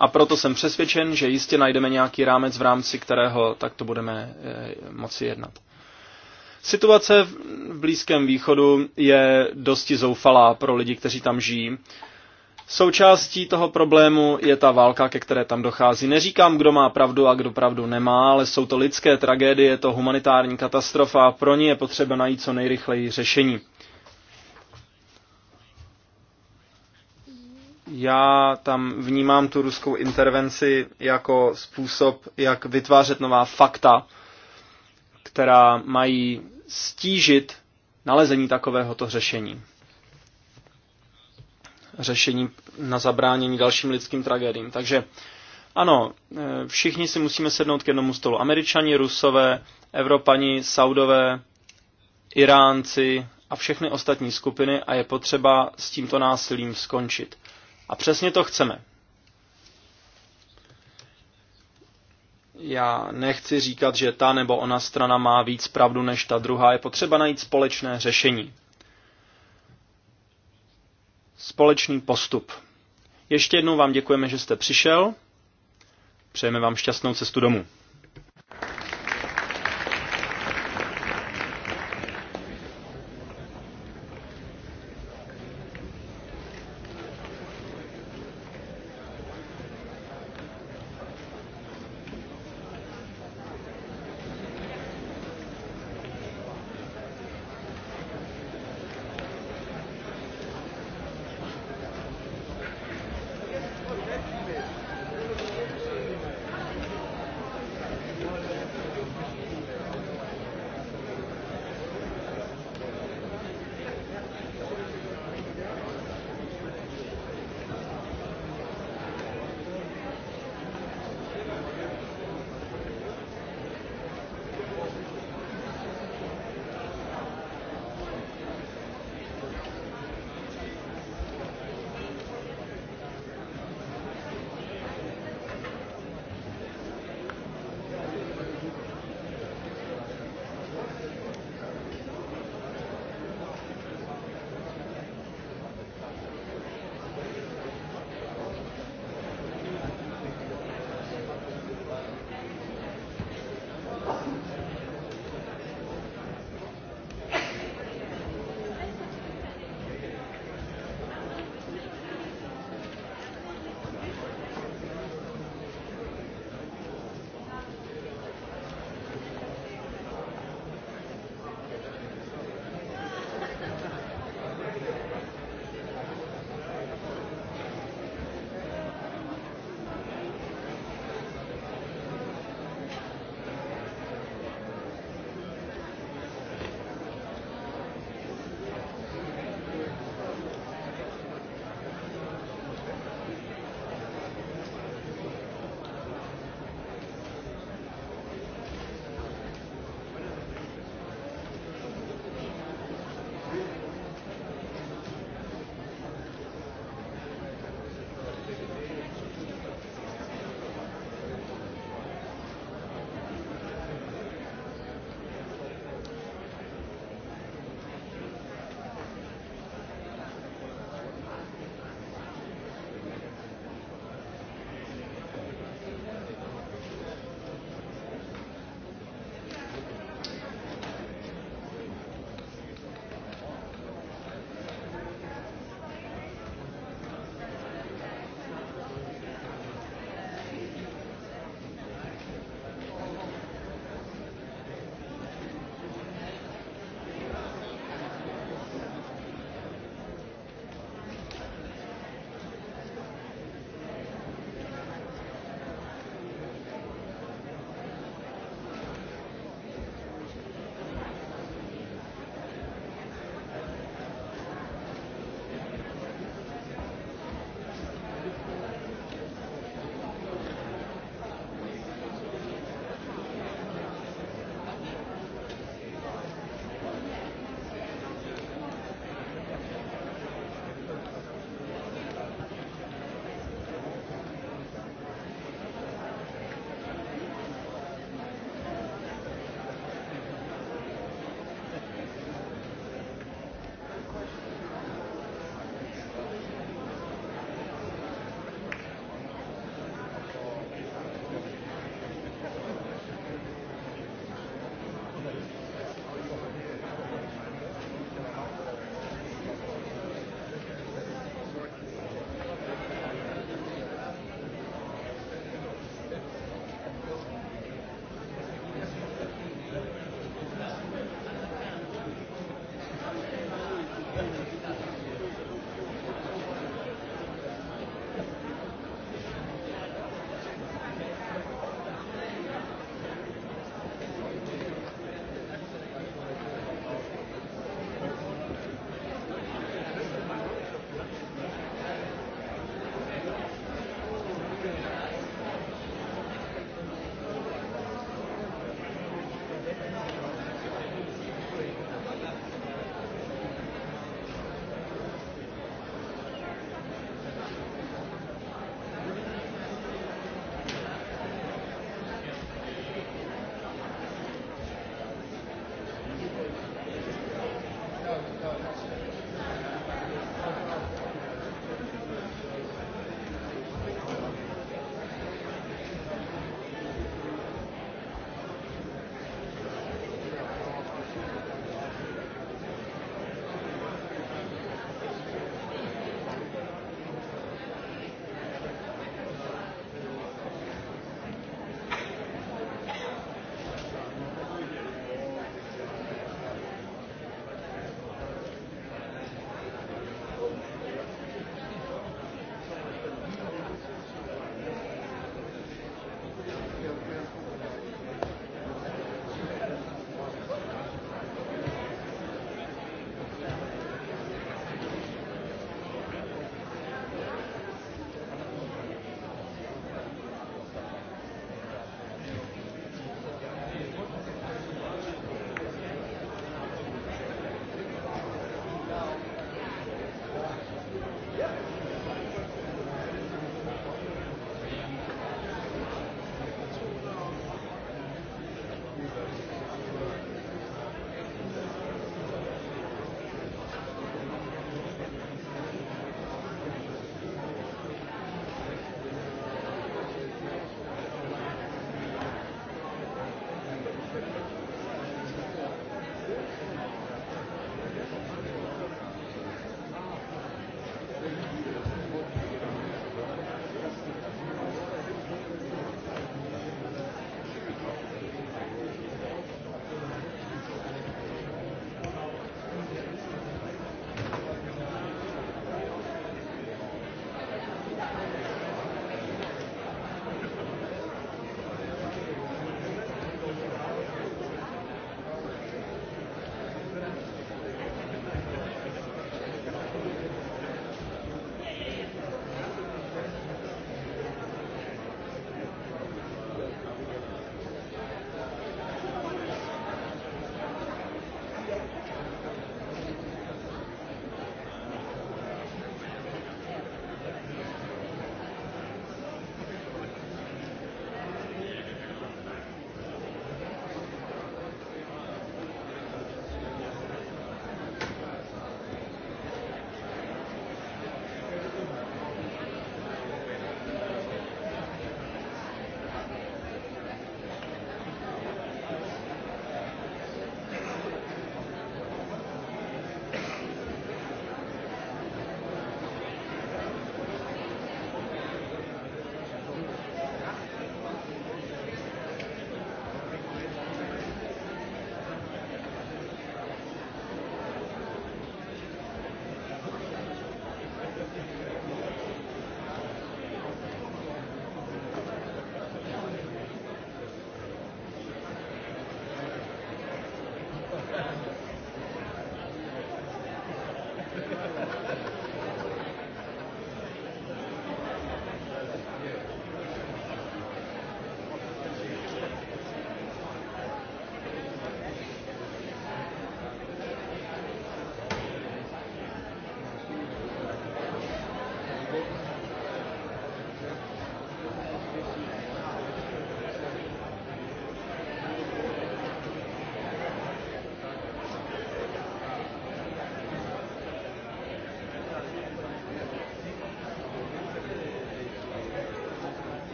A proto jsem přesvědčen, že jistě najdeme nějaký rámec, v rámci kterého takto budeme eh, moci jednat. Situace v Blízkém východu je dosti zoufalá pro lidi, kteří tam žijí. Součástí toho problému je ta válka, ke které tam dochází. Neříkám, kdo má pravdu a kdo pravdu nemá, ale jsou to lidské tragédie, je to humanitární katastrofa a pro ní je potřeba najít co nejrychleji řešení. Já tam vnímám tu ruskou intervenci jako způsob, jak vytvářet nová fakta která mají stížit nalezení takovéhoto řešení. Řešení na zabránění dalším lidským tragédiím. Takže ano, e, všichni si musíme sednout k jednomu stolu. Američani, Rusové, Evropani, Saudové, Iránci a všechny ostatní skupiny a je potřeba s tímto násilím skončit. A přesně to chceme. já nechci říkat, že ta nebo ona strana má víc pravdu než ta druhá. Je potřeba najít společné řešení. Společný postup. Ještě jednou vám děkujeme, že jste přišel. Přejeme vám šťastnou cestu domů.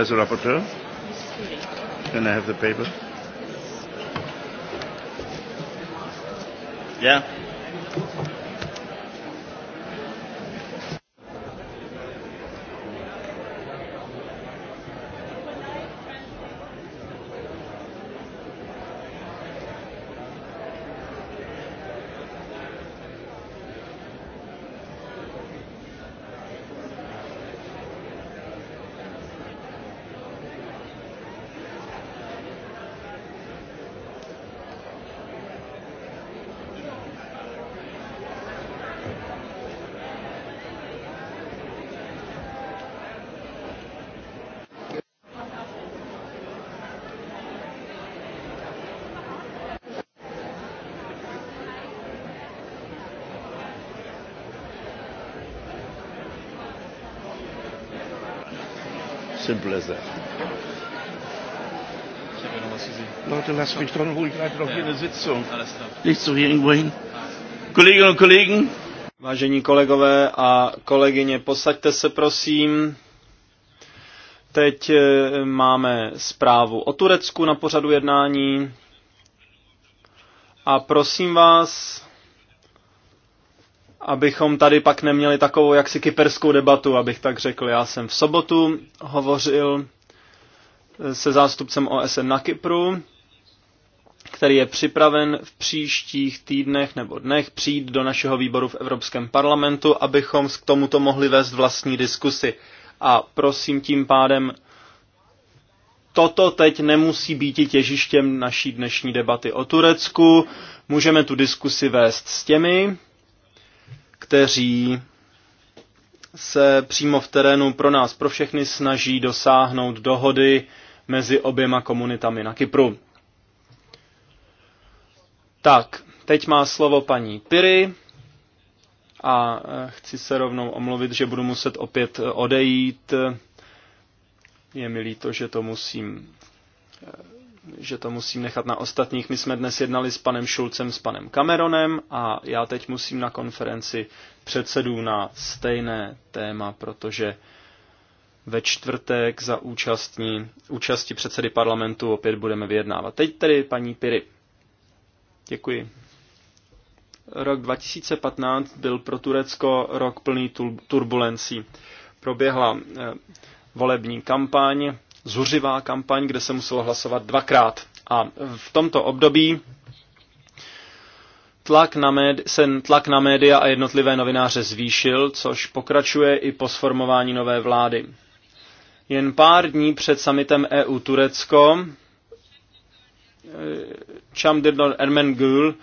as a rapporteur? Can I have the paper? Yeah. bitte lass mich dran ruhig leite doch hier eine Sitzung. Nicht so hier irgendwo hin. Kolleginnen und Kollegen. Vážení kolegové a kolegyně, posaďte se prosím. Teď eh, máme zprávu o Turecku na pořadu jednání. A prosím vás, abychom tady pak neměli takovou jaksi kyperskou debatu, abych tak řekl. Já jsem v sobotu hovořil eh, se zástupcem OSN na Kypru který je připraven v příštích týdnech nebo dnech přijít do našeho výboru v Evropském parlamentu, abychom k tomuto mohli vést vlastní diskusy. A prosím tím pádem, toto teď nemusí být těžištěm naší dnešní debaty o Turecku. Můžeme tu diskusi vést s těmi, kteří se přímo v terénu pro nás, pro všechny snaží dosáhnout dohody mezi oběma komunitami na Kypru. Tak, teď má slovo paní Piry a e, chci se rovnou omluvit, že budu muset opět e, odejít. Je mi líto, že to musím e, že to musím nechat na ostatních. My jsme dnes jednali s panem Šulcem, s panem Cameronem a já teď musím na konferenci předsedů na stejné téma, protože ve čtvrtek za účastní, účasti předsedy parlamentu opět budeme vyjednávat. Teď tedy paní Piry. Děkuji. Rok 2015 byl pro Turecko rok plný turbulencí. Proběhla eh, volební kampaň, zuřivá kampaň, kde se muselo hlasovat dvakrát. A v tomto období tlak na médi- se tlak na média a jednotlivé novináře zvýšil, což pokračuje i po sformování nové vlády. Jen pár dní před samitem EU-Turecko Chamdirdor Ermengul,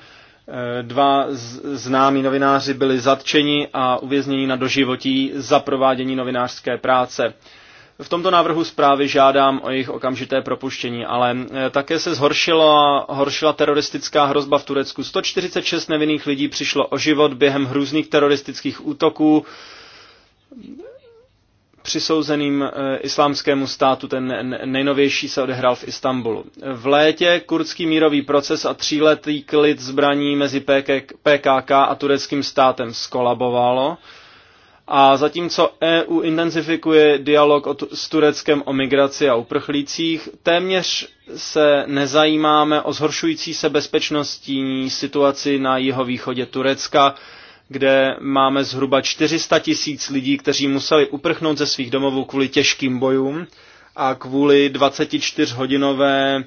eh, dva známí novináři byli zatčeni a uvězněni na doživotí za provádění novinářské práce. V tomto návrhu zprávy žádám o jejich okamžité propuštění, ale eh, také se zhoršila horšila teroristická hrozba v Turecku. 146 nevinných lidí přišlo o život během hrůzných teroristických útoků přisouzeným eh, islámskému státu, ten nejnovější se odehrál v Istanbulu. V létě kurdský mírový proces a tříletý klid zbraní mezi PKK a tureckým státem skolabovalo. A zatímco EU intenzifikuje dialog s Tureckem o migraci a uprchlících, téměř se nezajímáme o zhoršující se bezpečnostní situaci na jihovýchodě Turecka, kde máme zhruba 400 tisíc lidí, kteří museli uprchnout ze svých domovů kvůli těžkým bojům a kvůli 24-hodinové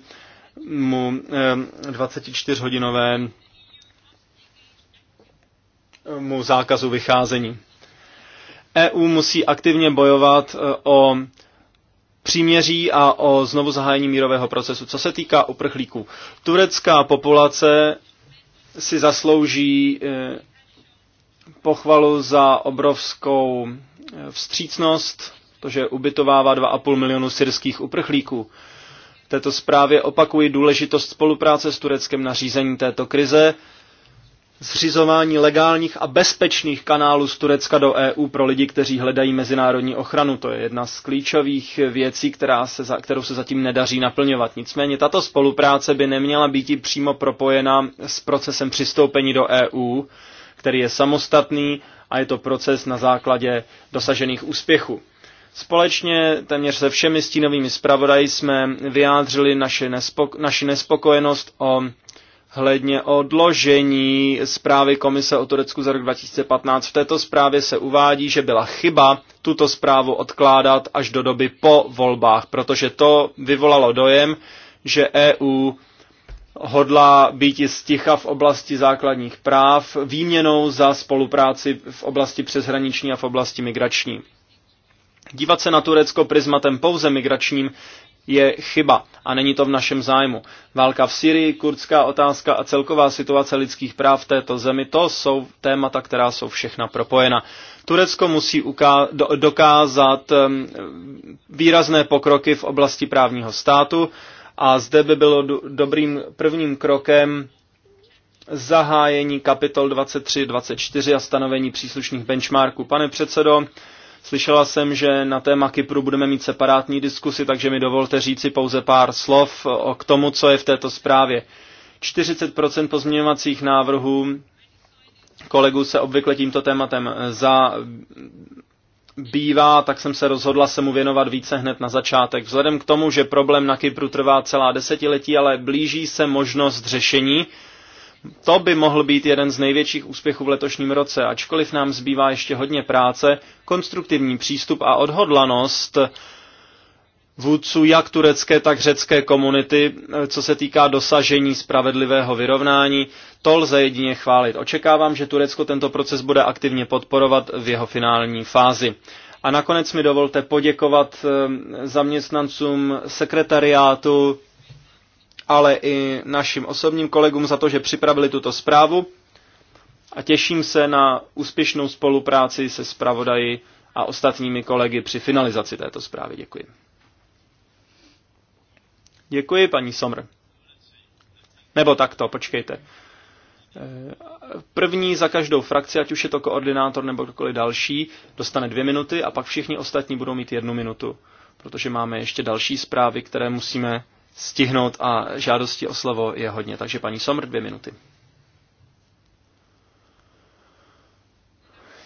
24-hodinové eh, mu zákazu vycházení. EU musí aktivně bojovat eh, o příměří a o znovu zahájení mírového procesu. Co se týká uprchlíků, turecká populace si zaslouží eh, pochvalu za obrovskou eh, vstřícnost, to, že ubytovává 2,5 milionu syrských uprchlíků. V této zprávě opakují důležitost spolupráce s Tureckem na řízení této krize, zřizování legálních a bezpečných kanálů z Turecka do EU pro lidi, kteří hledají mezinárodní ochranu. To je jedna z klíčových věcí, která se za, kterou se zatím nedaří naplňovat. Nicméně tato spolupráce by neměla být přímo propojena s procesem přistoupení do EU, který je samostatný a je to proces na základě dosažených úspěchů. Společně téměř se všemi stínovými zpravodaji jsme vyjádřili naši, nespoko- naši nespokojenost o hledně odložení zprávy Komise o Turecku za rok 2015. V této zprávě se uvádí, že byla chyba tuto zprávu odkládat až do doby po volbách, protože to vyvolalo dojem, že EU hodlá být sticha v oblasti základních práv výměnou za spolupráci v oblasti přeshraniční a v oblasti migrační. Dívat se na Turecko prismatem pouze migračním je chyba a není to v našem zájmu. Válka v Syrii, kurdská otázka a celková situace lidských práv v této zemi, to jsou témata, která jsou všechna propojena. Turecko musí dokázat um, výrazné pokroky v oblasti právního státu, a zde by bylo dobrým prvním krokem zahájení kapitol 23, 24 a stanovení příslušných benchmarků. Pane předsedo, slyšela jsem, že na téma Kypru budeme mít separátní diskusi, takže mi dovolte říci pouze pár slov k tomu, co je v této zprávě. 40% pozměňovacích návrhů kolegů se obvykle tímto tématem za, bývá, tak jsem se rozhodla se mu věnovat více hned na začátek. Vzhledem k tomu, že problém na Kypru trvá celá desetiletí, ale blíží se možnost řešení, to by mohl být jeden z největších úspěchů v letošním roce, ačkoliv nám zbývá ještě hodně práce, konstruktivní přístup a odhodlanost vůdců jak turecké, tak řecké komunity, eh, co se týká dosažení spravedlivého vyrovnání. To lze jedině chválit. Očekávám, že Turecko tento proces bude aktivně podporovat v jeho finální fázi. A nakonec mi dovolte poděkovat eh, zaměstnancům sekretariátu, ale i našim osobním kolegům za to, že připravili tuto zprávu a těším se na úspěšnou spolupráci se zpravodaji a ostatními kolegy při finalizaci této zprávy. Děkuji. Děkuji, paní Somr. Nebo takto, počkejte. První za každou frakci, ať už je to koordinátor nebo kdokoliv další, dostane dvě minuty a pak všichni ostatní budou mít jednu minutu, protože máme ještě další zprávy, které musíme stihnout a žádostí o slovo je hodně. Takže paní Somr, dvě minuty.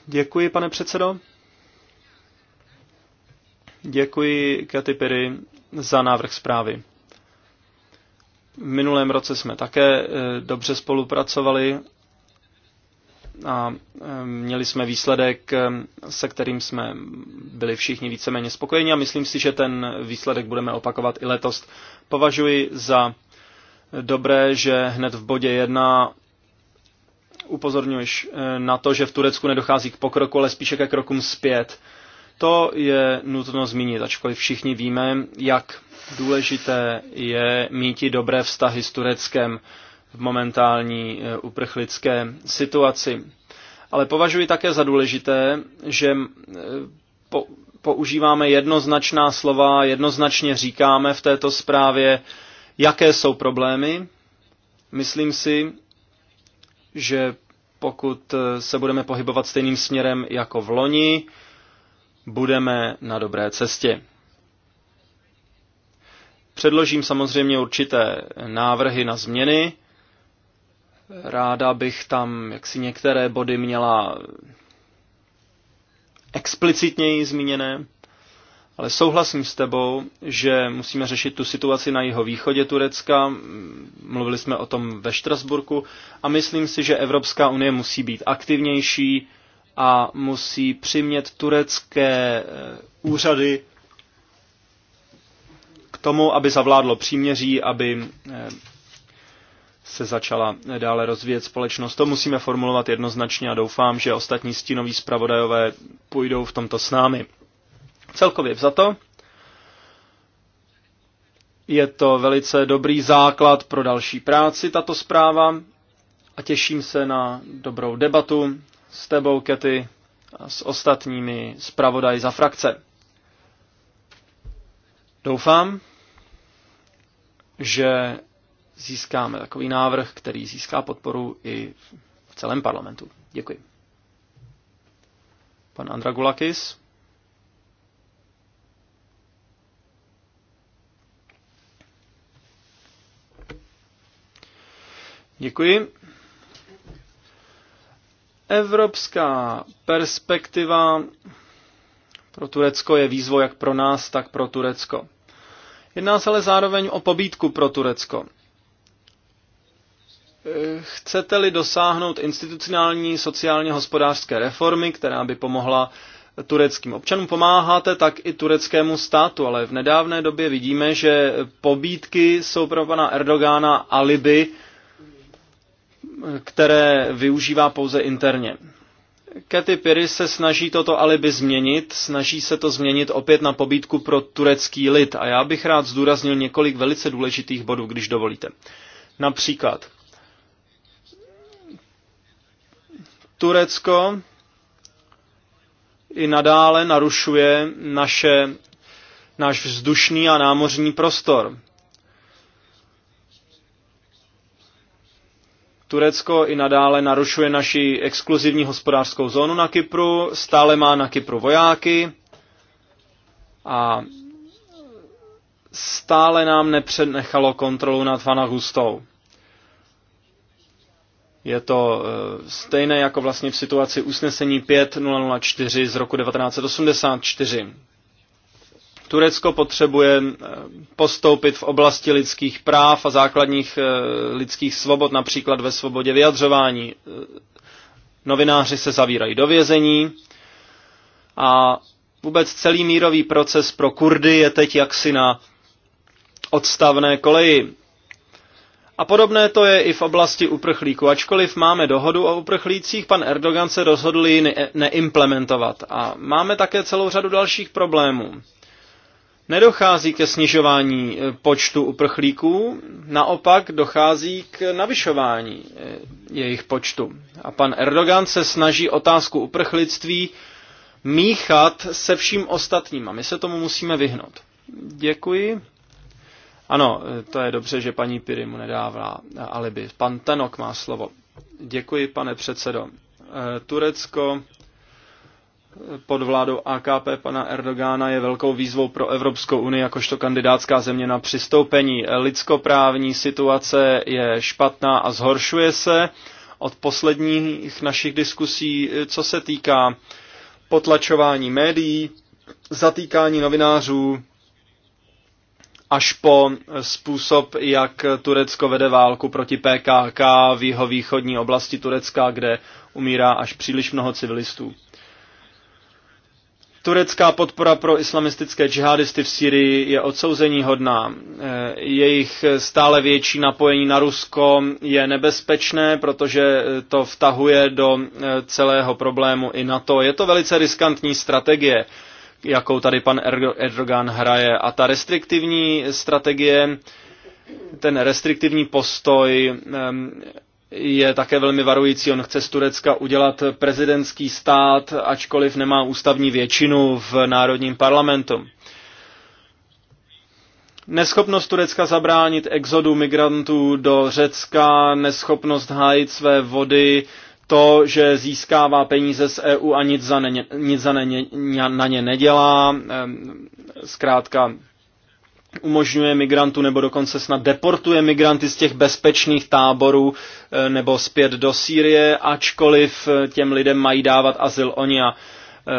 Děkuji, pane předsedo. Děkuji Katy Perry za návrh zprávy. V minulém roce jsme také eh, dobře spolupracovali a eh, měli jsme výsledek, eh, se kterým jsme byli všichni víceméně spokojeni a myslím si, že ten výsledek budeme opakovat i letos. Považuji za dobré, že hned v bodě jedna upozorňuješ na to, že v Turecku nedochází k pokroku, ale spíše ke krokům zpět. To je nutno zmínit, ačkoliv všichni víme, jak důležité je mít dobré vztahy s Tureckem v momentální e, uprchlické situaci. Ale považuji také za důležité, že e, po, používáme jednoznačná slova, jednoznačně říkáme v této zprávě, jaké jsou problémy. Myslím si, že pokud e, se budeme pohybovat stejným směrem jako v loni, budeme na dobré cestě. Předložím samozřejmě určité návrhy na změny. Ráda bych tam jaksi některé body měla explicitněji zmíněné, ale souhlasím s tebou, že musíme řešit tu situaci na jeho východě Turecka. Mluvili jsme o tom ve Štrasburku a myslím si, že Evropská unie musí být aktivnější, a musí přimět turecké eh, úřady k tomu, aby zavládlo příměří, aby eh, se začala dále rozvíjet společnost. To musíme formulovat jednoznačně a doufám, že ostatní stínoví zpravodajové půjdou v tomto s námi. Celkově to je to velice dobrý základ pro další práci, tato zpráva, a těším se na dobrou debatu s tebou, Kety, a s ostatními zpravodaj za frakce. Doufám, že získáme takový návrh, který získá podporu i v celém parlamentu. Děkuji. Pan Andragulakis. Děkuji. Evropská perspektiva pro Turecko je výzvo, jak pro nás, tak pro Turecko. Jedná se ale zároveň o pobídku pro Turecko. Chcete-li dosáhnout institucionální sociálně hospodářské reformy, která by pomohla tureckým občanům, pomáháte tak i tureckému státu, ale v nedávné době vidíme, že pobídky jsou pro pana Erdogána alibi které využívá pouze interně. Katy Piri se snaží toto alibi změnit, snaží se to změnit opět na pobídku pro turecký lid a já bych rád zdůraznil několik velice důležitých bodů, když dovolíte. Například Turecko i nadále narušuje naše, náš vzdušný a námořní prostor. Turecko i nadále narušuje naši exkluzivní hospodářskou zónu na Kypru, stále má na Kypru vojáky a stále nám nepřenechalo kontrolu nad Vanahustou. Je to eh, stejné jako vlastně v situaci usnesení 5004 z roku 1984. Turecko potřebuje eh, postoupit v oblasti lidských práv a základních eh, lidských svobod, například ve svobodě vyjadřování. Eh, novináři se zavírají do vězení a vůbec celý mírový proces pro Kurdy je teď jaksi na odstavné koleji. A podobné to je i v oblasti uprchlíků. Ačkoliv máme dohodu o uprchlících, pan Erdogan se rozhodl ji ne- neimplementovat. A máme také celou řadu dalších problémů nedochází ke snižování eh, počtu uprchlíků, naopak dochází k navyšování eh, jejich počtu. A pan Erdogan se snaží otázku uprchlictví míchat se vším ostatním a my se tomu musíme vyhnout. Děkuji. Ano, eh, to je dobře, že paní Piry mu nedává alibi. Pan Tenok má slovo. Děkuji, pane předsedo. Turecko pod vládou AKP pana Erdogána je velkou výzvou pro Evropskou unii jakožto kandidátská země na přistoupení. Lidskoprávní situace je špatná a zhoršuje se od posledních našich diskusí, co se týká potlačování médií, zatýkání novinářů, až po způsob, jak Turecko vede válku proti PKK v jeho východní oblasti Turecka, kde umírá až příliš mnoho civilistů. Turecká podpora pro islamistické džihadisty v Syrii je odsouzení hodná. Eh, jejich stále větší napojení na Rusko je nebezpečné, protože eh, to vtahuje do eh, celého problému i na to. Je to velice riskantní strategie, jakou tady pan Erdogan hraje. A ta restriktivní strategie, ten restriktivní postoj ehm, je také velmi varující. On chce z Turecka udělat prezidentský stát, ačkoliv nemá ústavní většinu v národním parlamentu. Neschopnost Turecka zabránit exodu migrantů do Řecka, neschopnost hájit své vody, to, že získává peníze z EU a nic za, ne, nic za ne, na ně nedělá, ehm, zkrátka umožňuje migrantu nebo dokonce snad deportuje migranty z těch bezpečných táborů eh, nebo zpět do Sýrie, ačkoliv eh, těm lidem mají dávat azyl oni a eh,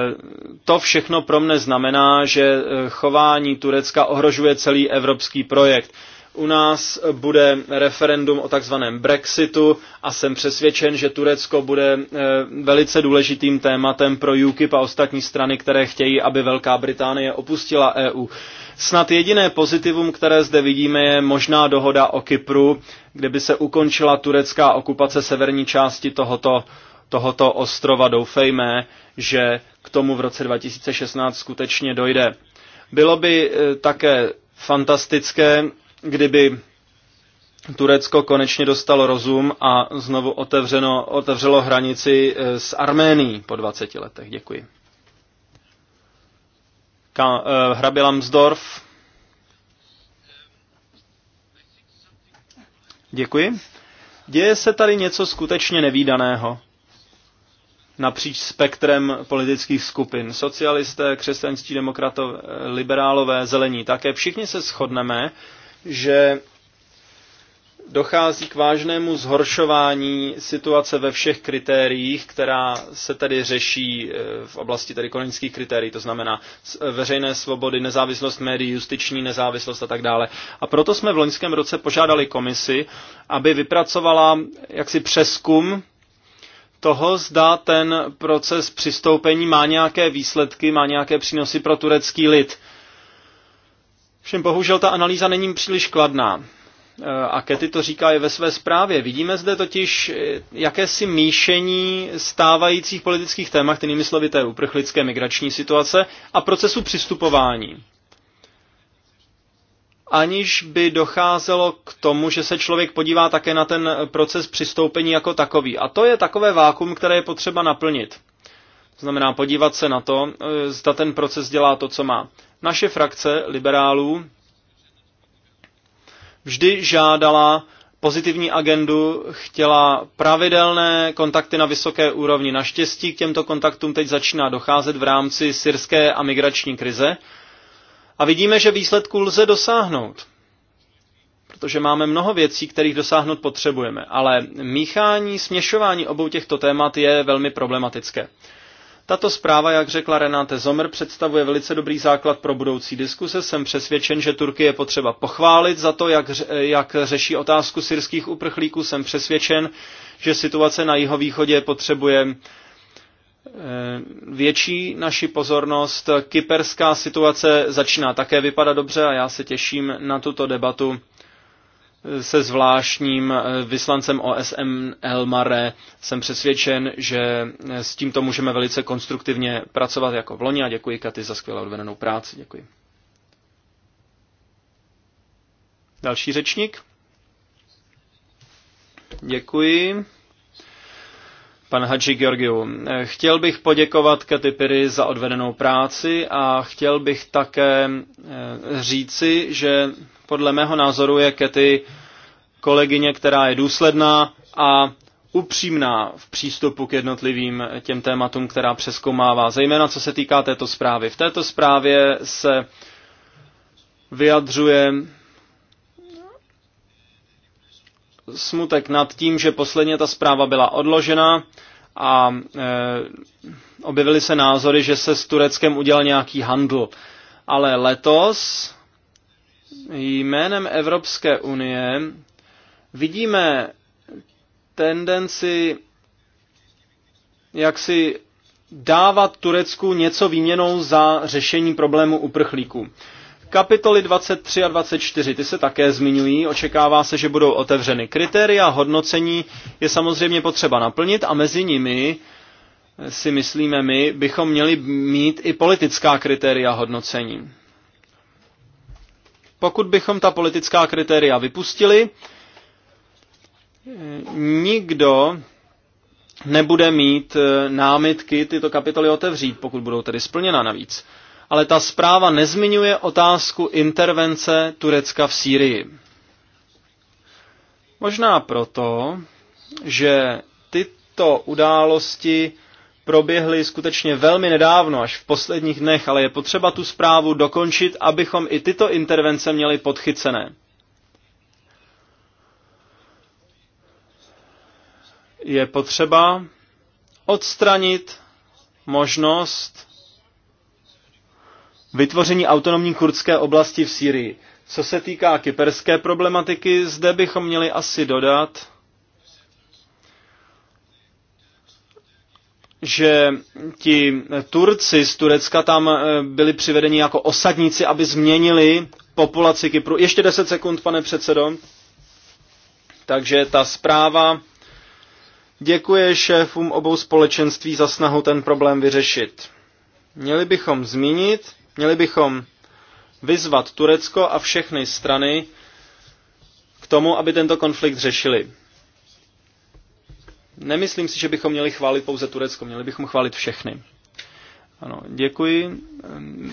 to všechno pro mne znamená, že chování Turecka ohrožuje celý evropský projekt. U nás bude referendum o takzvaném Brexitu a jsem přesvědčen, že Turecko bude velice důležitým tématem pro UKIP a ostatní strany, které chtějí, aby Velká Británie opustila EU. Snad jediné pozitivum, které zde vidíme, je možná dohoda o Kypru, kde by se ukončila turecká okupace severní části tohoto, tohoto ostrova. Doufejme, že k tomu v roce 2016 skutečně dojde. Bylo by eh, také fantastické, kdyby Turecko konečně dostalo rozum a znovu otevřeno, otevřelo hranici eh, s Arménií po 20 letech. Děkuji. Eh, Hrabě Lambsdorff. Děkuji. Děje se tady něco skutečně nevýdaného napříč spektrem politických skupin. Socialisté, křesťanští demokratové, liberálové, zelení také. Všichni se shodneme, že dochází k vážnému zhoršování situace ve všech kritériích, která se tedy řeší eh, v oblasti tedy kolonických kritérií, to znamená eh, veřejné svobody, nezávislost médií, justiční nezávislost a tak dále. A proto jsme v loňském roce požádali komisi, aby vypracovala jaksi přeskum toho, zda ten proces přistoupení má nějaké výsledky, má nějaké přínosy pro turecký lid. Všem bohužel ta analýza není příliš kladná. Eh, a Kety to říká i ve své zprávě. Vidíme zde totiž eh, jakési míšení stávajících politických témat, kterými slovy té uprchlické migrační situace a procesu přistupování. Aniž by docházelo k tomu, že se člověk podívá také na ten proces přistoupení jako takový. A to je takové vákum, které je potřeba naplnit. To znamená podívat se na to, eh, zda ten proces dělá to, co má. Naše frakce liberálů vždy žádala pozitivní agendu, chtěla pravidelné kontakty na vysoké úrovni. Naštěstí k těmto kontaktům teď začíná docházet v rámci syrské a migrační krize. A vidíme, že výsledku lze dosáhnout protože máme mnoho věcí, kterých dosáhnout potřebujeme, ale míchání, směšování obou těchto témat je velmi problematické. Tato zpráva, jak řekla Renate Zomer, představuje velice dobrý základ pro budoucí diskuse. Jsem přesvědčen, že Turky je potřeba pochválit za to, jak, jak řeší otázku syrských uprchlíků. Jsem přesvědčen, že situace na jihovýchodě potřebuje eh, větší naši pozornost. Kyperská situace začíná také vypadat dobře a já se těším na tuto debatu se zvláštním eh, vyslancem OSM Elmare jsem přesvědčen, že eh, s tímto můžeme velice konstruktivně pracovat jako v loni a děkuji Katy za skvěle odvedenou práci. Děkuji. Další řečník. Děkuji pan Hadži Georgiu. Chtěl bych poděkovat Katy Piri za odvedenou práci a chtěl bych také eh, říci, že podle mého názoru je Katy kolegyně, která je důsledná a upřímná v přístupu k jednotlivým těm tématům, která přeskoumává, zejména co se týká této zprávy. V této zprávě se vyjadřuje smutek nad tím, že posledně ta zpráva byla odložena a e, objevily se názory, že se s Tureckem udělal nějaký handl. Ale letos jménem Evropské unie vidíme tendenci jak si dávat Turecku něco výměnou za řešení problému uprchlíků. Kapitoly 23 a 24, ty se také zmiňují, očekává se, že budou otevřeny. Kritéria hodnocení je samozřejmě potřeba naplnit a mezi nimi eh, si myslíme my, bychom měli mít i politická kritéria hodnocení. Pokud bychom ta politická kritéria vypustili, eh, nikdo nebude mít eh, námitky tyto kapitoly otevřít, pokud budou tedy splněna navíc ale ta zpráva nezmiňuje otázku intervence Turecka v Sýrii. Možná proto, že tyto události proběhly skutečně velmi nedávno, až v posledních dnech, ale je potřeba tu zprávu dokončit, abychom i tyto intervence měli podchycené. Je potřeba odstranit možnost vytvoření autonomní kurdské oblasti v Sýrii. Co se týká kyperské problematiky, zde bychom měli asi dodat, že ti Turci z Turecka tam eh, byli přivedeni jako osadníci, aby změnili populaci Kypru. Ještě 10 sekund, pane předsedo. Takže ta zpráva děkuje šéfům obou společenství za snahu ten problém vyřešit. Měli bychom zmínit, Měli bychom vyzvat Turecko a všechny strany k tomu, aby tento konflikt řešili. Nemyslím si, že bychom měli chválit pouze Turecko, měli bychom chválit všechny. Ano, děkuji.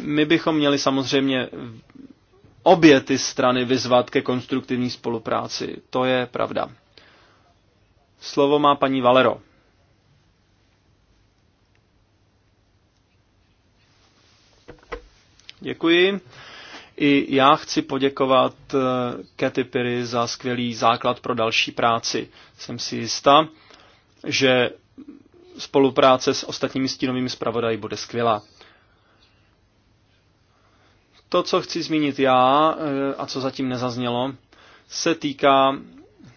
My bychom měli samozřejmě obě ty strany vyzvat ke konstruktivní spolupráci. To je pravda. Slovo má paní Valero. Děkuji. I já chci poděkovat eh, Katy Perry za skvělý základ pro další práci. Jsem si jistá, že spolupráce s ostatními stínovými zpravodaji bude skvělá. To, co chci zmínit já eh, a co zatím nezaznělo, se týká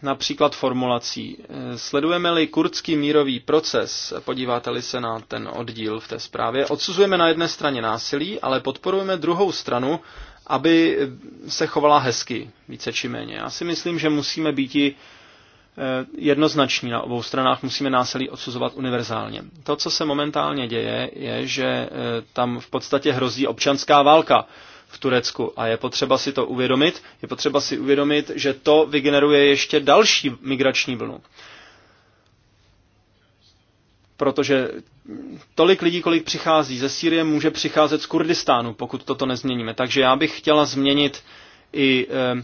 například formulací. Sledujeme-li kurdský mírový proces, podíváte-li se na ten oddíl v té zprávě, odsuzujeme na jedné straně násilí, ale podporujeme druhou stranu, aby se chovala hezky, více či méně. Já si myslím, že musíme být i eh, jednoznační na obou stranách, musíme násilí odsuzovat univerzálně. To, co se momentálně děje, je, že eh, tam v podstatě hrozí občanská válka v Turecku. A je potřeba si to uvědomit. Je potřeba si uvědomit, že to vygeneruje ještě další migrační vlnu. Protože tolik lidí, kolik přichází ze Sýrie, může přicházet z Kurdistánu, pokud toto nezměníme. Takže já bych chtěla změnit i eh,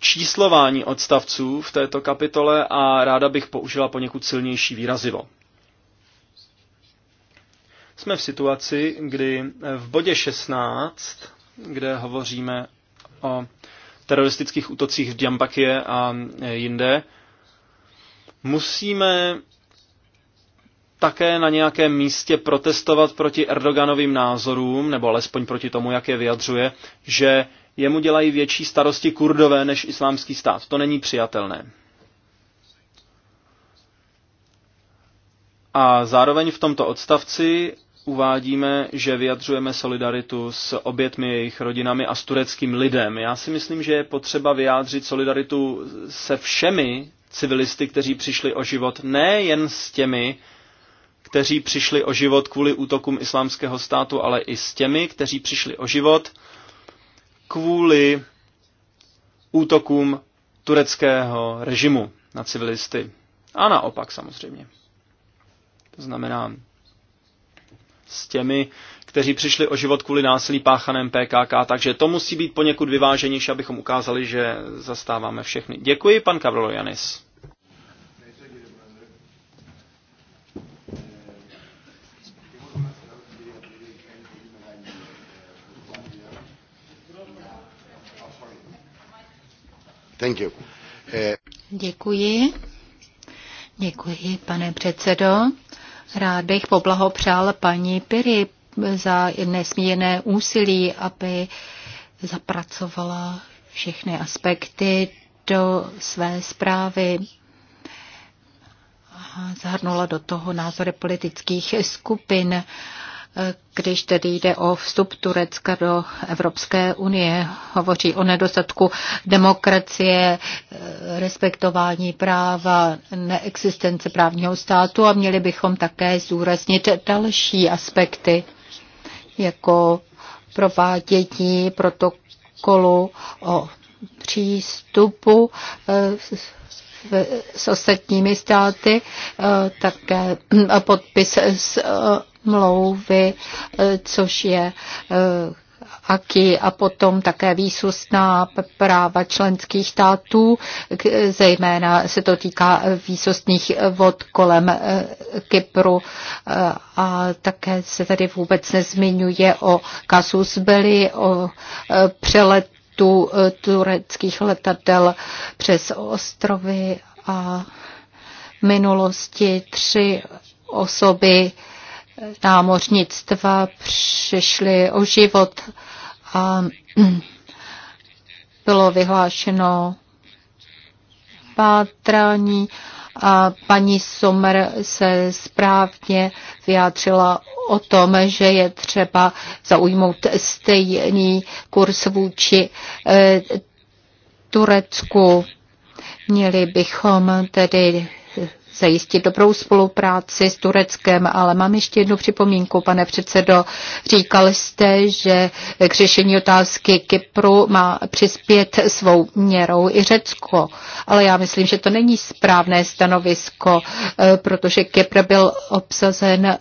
číslování odstavců v této kapitole a ráda bych použila poněkud silnější výrazivo. Jsme v situaci, kdy v bodě 16 kde hovoříme o teroristických útocích v Djambakie a jinde, musíme také na nějakém místě protestovat proti Erdoganovým názorům, nebo alespoň proti tomu, jak je vyjadřuje, že jemu dělají větší starosti kurdové než islámský stát. To není přijatelné. A zároveň v tomto odstavci uvádíme, že vyjadřujeme solidaritu s obětmi jejich rodinami a s tureckým lidem. Já si myslím, že je potřeba vyjádřit solidaritu se všemi civilisty, kteří přišli o život, ne jen s těmi, kteří přišli o život kvůli útokům islámského státu, ale i s těmi, kteří přišli o život kvůli útokům tureckého režimu na civilisty. A naopak samozřejmě. To znamená, s těmi, kteří přišli o život kvůli násilí páchaném PKK, takže to musí být poněkud vyváženější, abychom ukázali, že zastáváme všechny. Děkuji, pan Kavrlo Janis. Thank you. Eh, Děkuji. Děkuji, pane předsedo. Rád bych poblahopřál paní Piri za nesmírné úsilí, aby zapracovala všechny aspekty do své zprávy a zahrnula do toho názory politických skupin když tedy jde o vstup Turecka do Evropské unie. Hovoří o nedostatku demokracie, respektování práva, neexistence právního státu a měli bychom také zúraznit další aspekty, jako provádění protokolu o přístupu eh, s ostatními státy, eh, také hm, podpis smlouvy, eh, eh, což je aký a potom také výsustná práva členských států, zejména se to týká výsostných vod kolem Kypru a také se tady vůbec nezmiňuje o kasus belli, o přelet letů eh, tureckých letadel přes ostrovy a v minulosti tři osoby eh, námořnictva přišly o život a bylo vyhlášeno pátrání a paní Sommer se správně vyjádřila o tom, že je třeba zaujmout stejný kurz vůči eh, Turecku. Měli bychom tedy zajistit dobrou spolupráci s Tureckem, ale mám ještě jednu připomínku, pane předsedo. Říkal jste, že k řešení otázky Kypru má přispět svou měrou i Řecko, ale já myslím, že to není správné stanovisko, eh, protože Kypr byl obsazen eh,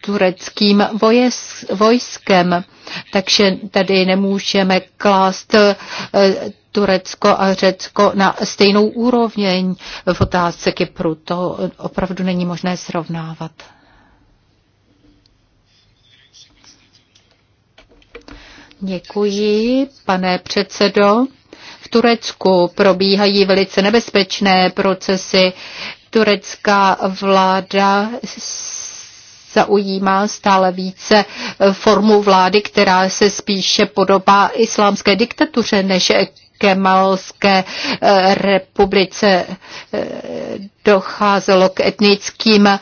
tureckým vojskem. Takže tady nemůžeme klást eh, Turecko a Řecko na stejnou úroveň v otázce Kypru. To opravdu není možné srovnávat. Děkuji, pane předsedo. V Turecku probíhají velice nebezpečné procesy. Turecká vláda zaujímá stále více formu vlády, která se spíše podobá islámské diktatuře než Kemalské eh, republice eh, docházelo k etnickým eh,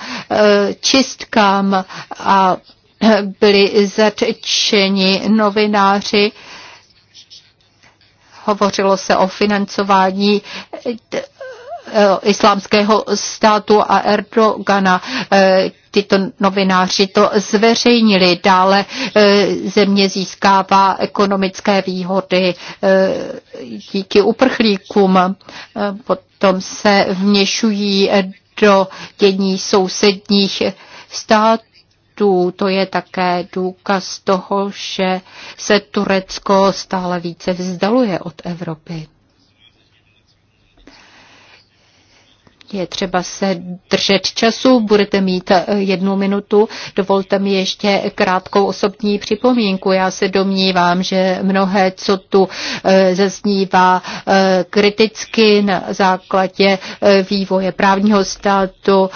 čistkám a byli zatčeni novináři. Hovořilo se o financování Eh, islámského státu a Erdogana. Eh, tyto novináři to zveřejnili. Dále eh, země získává ekonomické výhody díky uprchlíkům. Potom se vněšují do dění sousedních států To je také důkaz toho, že se Turecko stále více vzdaluje od Evropy. Je třeba se držet času, budete mít eh, jednu minutu. Dovolte mi ještě krátkou osobní připomínku. Já se domnívám, že mnohé, co tu eh, zaznívá eh, kriticky na základě vývoje právního státu,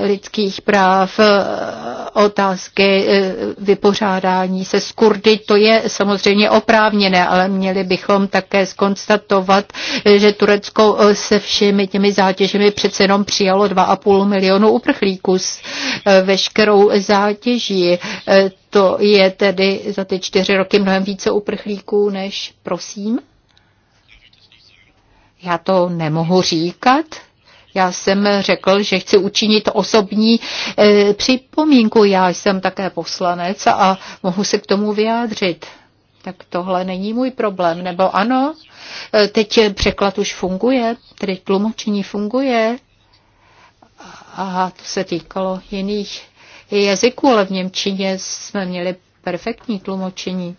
lidských práv, otázky vypořádání se s Kurdy, to je samozřejmě oprávněné, ale měli bychom také skonstatovat, že Turecko se všemi těmi zátěžemi před přece jenom přijalo 2,5 milionu uprchlíků s eh, veškerou zátěží. Eh, to je tedy za ty čtyři roky mnohem více uprchlíků než prosím? Já to nemohu říkat. Já jsem řekl, že chci učinit osobní e, připomínku. Já jsem také poslanec a mohu se k tomu vyjádřit. Tak tohle není můj problém, nebo ano? Eh, teď překlad už funguje, tedy tlumočení funguje. a to se týkalo jiných jazyků, ale v Němčině jsme měli perfektní tlumočení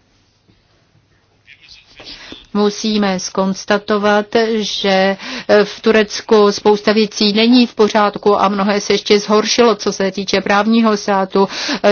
musíme skonstatovat, že v Turecku spousta věcí není v pořádku a mnohé se ještě zhoršilo, co se týče právního státu,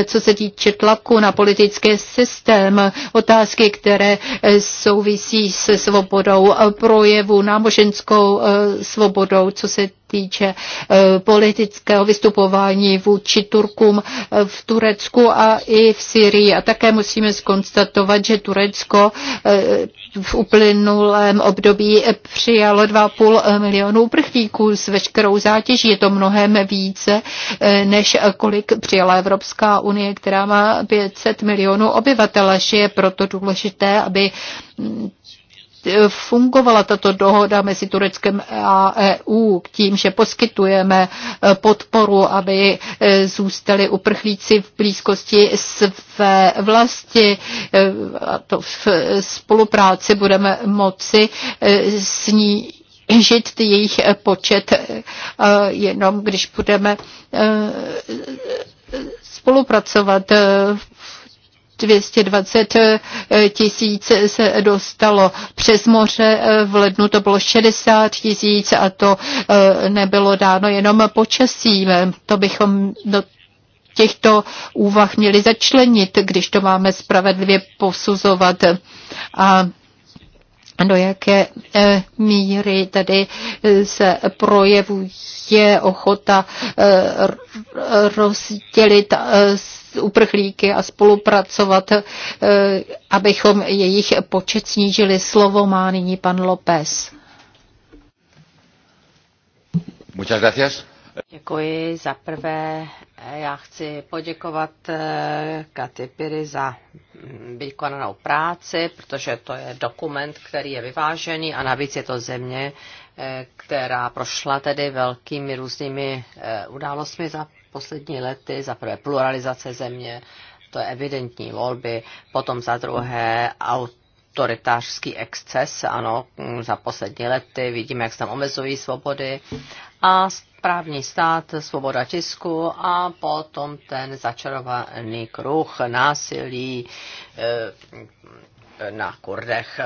co se týče tlaku na politický systém, otázky, které souvisí se svobodou projevu, náboženskou eh, svobodou, co se týče eh, politického vystupování vůči Turkům eh, v Turecku a i v Syrii. A také musíme skonstatovat, že Turecko eh, v uplynulém období přijalo 2,5 milionu uprchlíků s veškerou zátěží. Je to mnohem více, než kolik přijala Evropská unie, která má 500 milionů obyvatel, je proto důležité, aby mm, fungovala tato dohoda mezi Tureckem a EU k tím, že poskytujeme eh, podporu, aby eh, zůstali uprchlíci v blízkosti své vlasti. Eh, a to v spolupráci budeme moci s ní žít jejich počet jenom, když budeme spolupracovat 220 eh, tisíc se dostalo přes moře, eh, v lednu to bylo 60 tisíc a to eh, nebylo dáno jenom počasím. To bychom do těchto úvah měli začlenit, když to máme spravedlivě posuzovat. A do jaké míry tady se projevuje ochota rozdělit uprchlíky a spolupracovat, eh, abychom jejich počet snížili. Slovo má nyní pan López. Muchas gracias. Děkuji. Za prvé eh, já chci poděkovat eh, Katy Piry za mm, vykonanou práci, protože to je dokument, který je vyvážený a navíc je to země, která prošla tedy velkými různými událostmi za poslední lety, za prvé pluralizace země, to je evidentní volby, potom za druhé autoritářský exces, ano, za poslední lety vidíme, jak se tam omezují svobody a právní stát, svoboda tisku a potom ten začarovaný kruh násilí eh, na Kurdech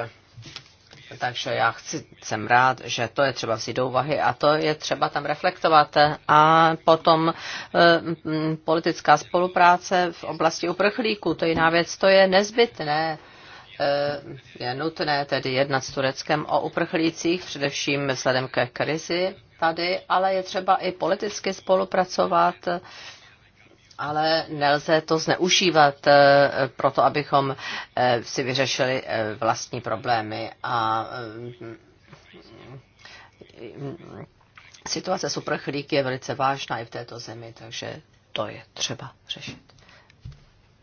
takže já chci, jsem rád, že to je třeba vzít do úvahy a to je třeba tam reflektovat. A potom e, politická spolupráce v oblasti uprchlíků, to je jiná věc, to je nezbytné e, je nutné tedy jednat s Tureckem o uprchlících, především vzhledem ke krizi tady, ale je třeba i politicky spolupracovat ale nelze to zneužívat eh, proto, abychom eh, si vyřešili eh, vlastní problémy a situace s uprchlíky je velice vážná i v této zemi, takže to je třeba řešit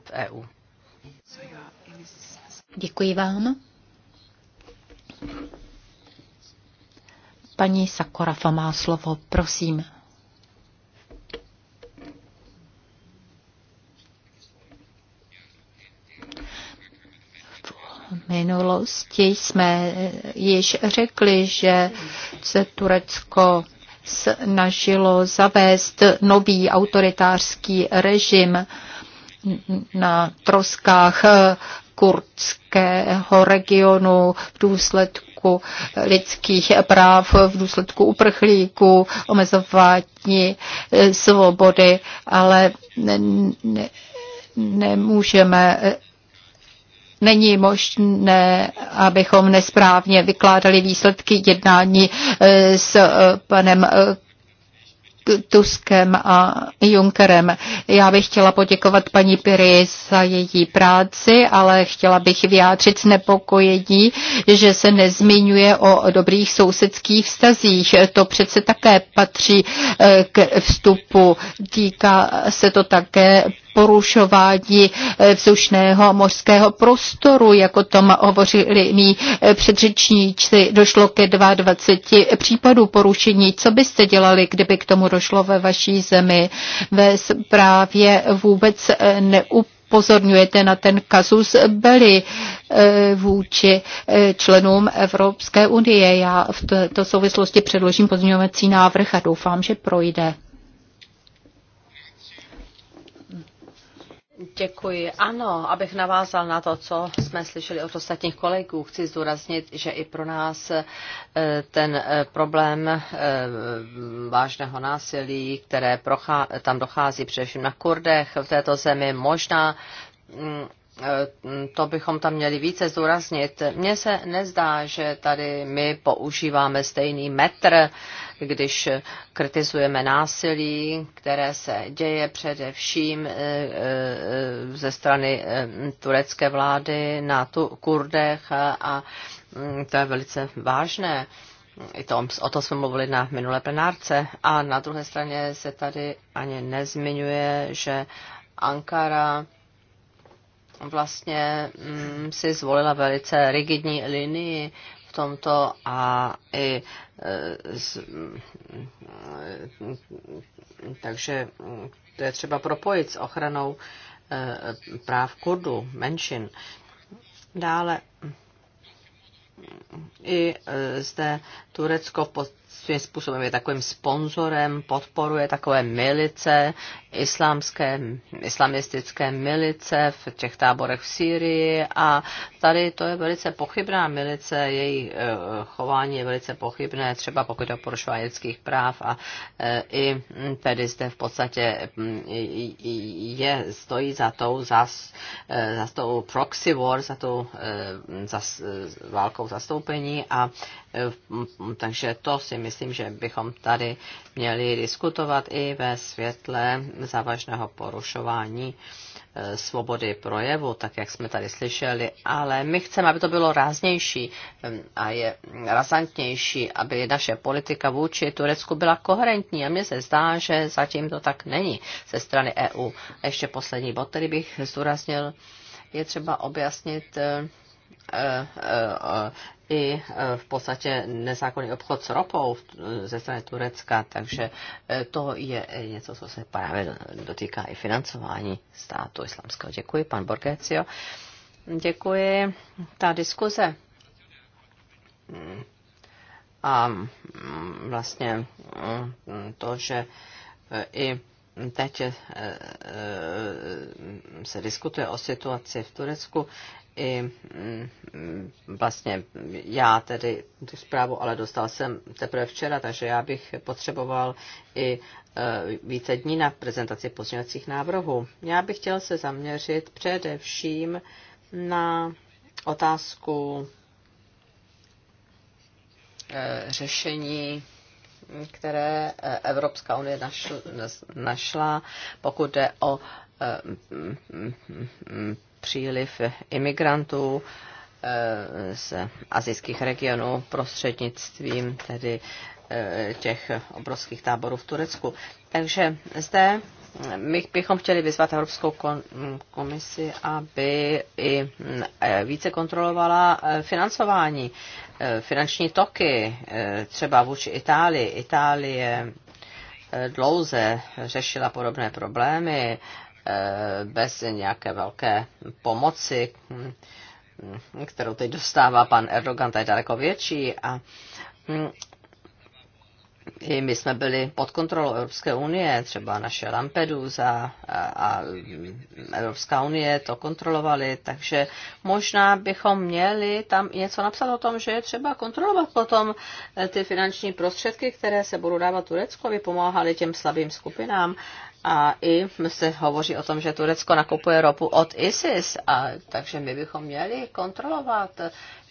v EU. Děkuji vám. Paní Sakorafa má slovo, prosím. minulosti jsme již řekli, že se Turecko snažilo zavést nový autoritářský režim na troskách kurdského regionu v důsledku lidských práv, v důsledku uprchlíků, omezování svobody, ale nemůžeme Není možné, abychom nesprávně vykládali výsledky jednání eh, s eh, panem eh, Tuskem a Junkerem. Já bych chtěla poděkovat paní Piri za její práci, ale chtěla bych vyjádřit znepokojení, že se nezmiňuje o dobrých sousedských vztazích. To přece také patří k vstupu. Týká se to také porušování eh, vzdušného a mořského prostoru, jako tom hovořili mý eh, předřečníci, došlo ke 22 případů porušení. Co byste dělali, kdyby k tomu došlo ve vaší zemi? Ve zprávě vůbec eh, neupravili na ten kazus Beli vůči členům Evropské unie. Já v této souvislosti předložím pozměňovací návrh a doufám, že projde. Děkuji. Ano, abych navázal na to, co jsme slyšeli od ostatních kolegů, chci zdůraznit, že i pro nás eh, ten eh, problém eh, vážného násilí, které tam dochází především na Kurdech v této zemi, možná mm, to bychom tam měli více zdůraznit. Mně se nezdá, že tady my používáme stejný metr když kritizujeme násilí, které se děje především eh, eh, ze strany eh, turecké vlády na tu Kurdech a mm, to je velice vážné. I to, o tom jsme mluvili na minulé plenárce. A na druhé straně se tady ani nezmiňuje, že Ankara vlastně mm, si zvolila velice rigidní linii v tomto a i e, z, e, takže to je třeba propojit s ochranou e, práv Kurdů, menšin. Dále i zde Turecko svým způsobem je takovým sponzorem, podporuje takové milice, islámské, islamistické milice v těch táborech v Sýrii a tady to je velice pochybná milice, její eh, chování je velice pochybné, třeba pokud je o porušování lidských práv a eh, i hm, tedy zde v podstatě hm, je, stojí za tou, za, eh, za tou proxy war, za tou za, válkou zastoupení a hm, takže to si myslím, že bychom tady měli diskutovat i ve světle závažného porušování e, svobody projevu, tak jak jsme tady slyšeli, ale my chceme, aby to bylo ráznější a je razantnější, aby naše politika vůči Turecku byla koherentní a mně se zdá, že zatím to tak není ze strany EU. A ještě poslední bod, který bych zdůraznil, je třeba objasnit e, e, i e, v podstatě nezákonný obchod s ropou ze strany Turecka, takže e, to je něco, co se právě dotýká i financování státu islamského. Děkuji, pan Borgecio. Děkuji. Ta diskuze mm, a mm, vlastně mm, to, že e, i teď se diskutuje o situaci v Turecku, i mm, vlastně já tedy tu zprávu, ale dostal jsem teprve včera, takže já bych potřeboval i e, více dní na prezentaci pozměňovacích návrhů. Já bych chtěl se zaměřit především na otázku e, řešení které e, Evropská unie našla, pokud jde o příliv imigrantů eh, z azijských regionů prostřednictvím tedy eh, těch obrovských táborů v Turecku. Takže zde my bychom chtěli vyzvat Evropskou komisi, aby i mm, eh, více kontrolovala financování, finanční toky, třeba vůči Itálii. Itálie dlouze řešila podobné problémy Eh, bez nějaké velké pomoci, hm, kterou teď dostává pan Erdogan, ta je daleko větší a hm, i my jsme byli pod kontrolou Evropské unie, třeba naše Lampedusa a, a Evropská unie to kontrolovali, takže možná bychom měli tam něco napsat o tom, že je třeba kontrolovat potom eh, ty finanční prostředky, které se budou dávat Turecku, aby pomáhali těm slabým skupinám a i se hovoří o tom, že Turecko nakupuje ropu od ISIS, a, takže my bychom měli kontrolovat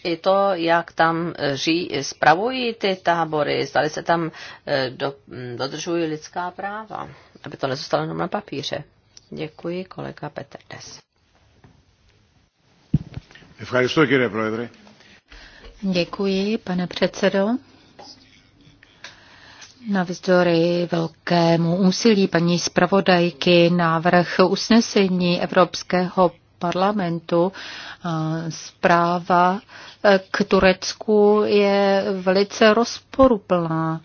i to, jak tam žijí, eh, spravují ty tábory, zdali se tam eh, do, mm, dodržují lidská práva, aby to nezůstalo jenom na papíře. Děkuji, kolega Petr Des. Děkuji, pane předsedo. Navzdory velkému úsilí paní zpravodajky návrh usnesení Evropského parlamentu zpráva k Turecku je velice rozporuplná.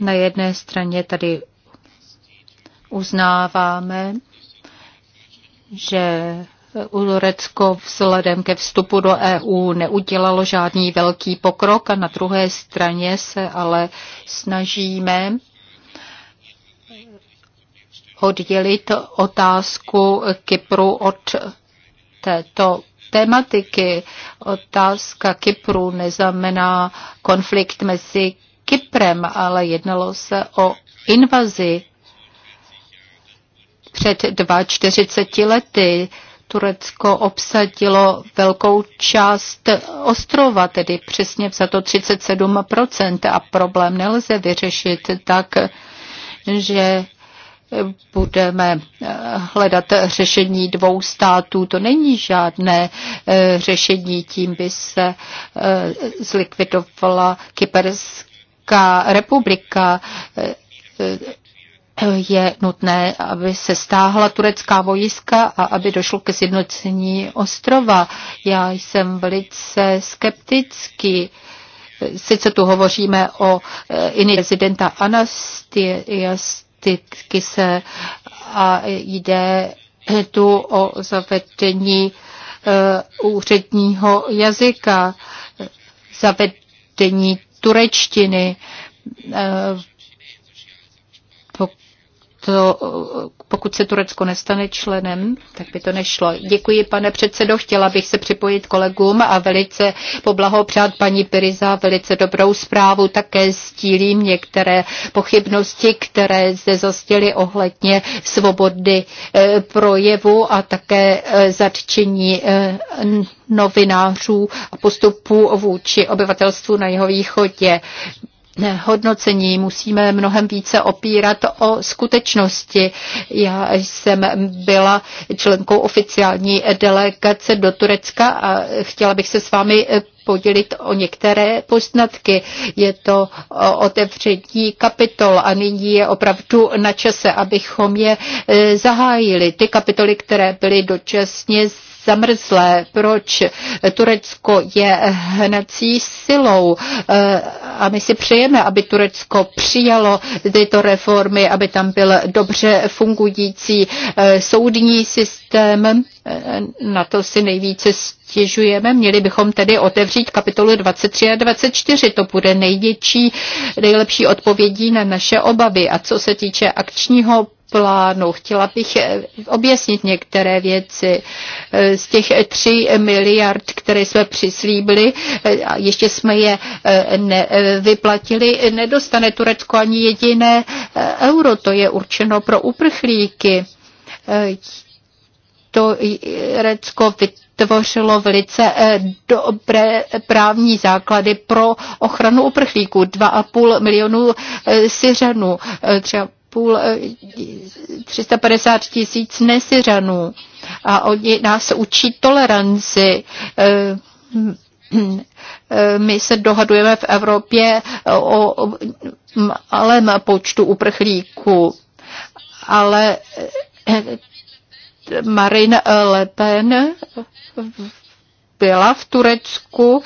Na jedné straně tady uznáváme, že Turecko vzhledem ke vstupu do EU neudělalo žádný velký pokrok a na druhé straně se ale snažíme oddělit otázku Kypru od této tematiky. Otázka Kypru neznamená konflikt mezi Kyprem, ale jednalo se o invazi před 42 lety Turecko obsadilo velkou část ostrova, tedy přesně za to 37%, a problém nelze vyřešit tak, že budeme hledat řešení dvou států. To není žádné eh, řešení, tím by se eh, zlikvidovala Kyperská republika eh, je nutné, aby se stáhla turecká vojska a aby došlo ke sjednocení ostrova. Já jsem velice skeptický. Sice tu hovoříme o eh, iní prezidenta se a jde tu o zavedení eh, úředního jazyka, zavedení turečtiny eh, to, pokud se Turecko nestane členem, tak by to nešlo. Děkuji, pane předsedo. Chtěla bych se připojit kolegům a velice poblahopřát paní Piriza velice dobrou zprávu. Také stílím některé pochybnosti, které zde zastěly ohledně svobody eh, projevu a také eh, zatčení eh, novinářů a postupů vůči obyvatelstvu na jeho východě hodnocení musíme mnohem více opírat o skutečnosti. Já jsem byla členkou oficiální delegace do Turecka a chtěla bych se s vámi podělit o některé poznatky. Je to otevření kapitol a nyní je opravdu na čase, abychom je zahájili. Ty kapitoly, které byly dočasně zamrzlé, proč Turecko je hnací silou eh, a my si přejeme, aby Turecko přijalo tyto reformy, aby tam byl dobře fungující eh, soudní systém. Eh, na to si nejvíce stěžujeme. Měli bychom tedy otevřít kapitolu 23 a 24. To bude největší, nejlepší odpovědí na naše obavy. A co se týče akčního plánu. Chtěla bych eh, objasnit některé věci. Eh, z těch 3 miliard, které jsme přislíbili, eh, a ještě jsme je vyplatili, nedostane Turecko ani jediné euro. To je určeno pro uprchlíky. To Turecko vytvořilo velice dobré právní základy pro ochranu uprchlíků. 2,5 milionu Syřanů třeba půl, 350 eh, tisíc nesyřanů a oni nás učí toleranci. Eh, eh, my se dohadujeme v Evropě o malém počtu uprchlíků, ale Marine Le Pen byla v Turecku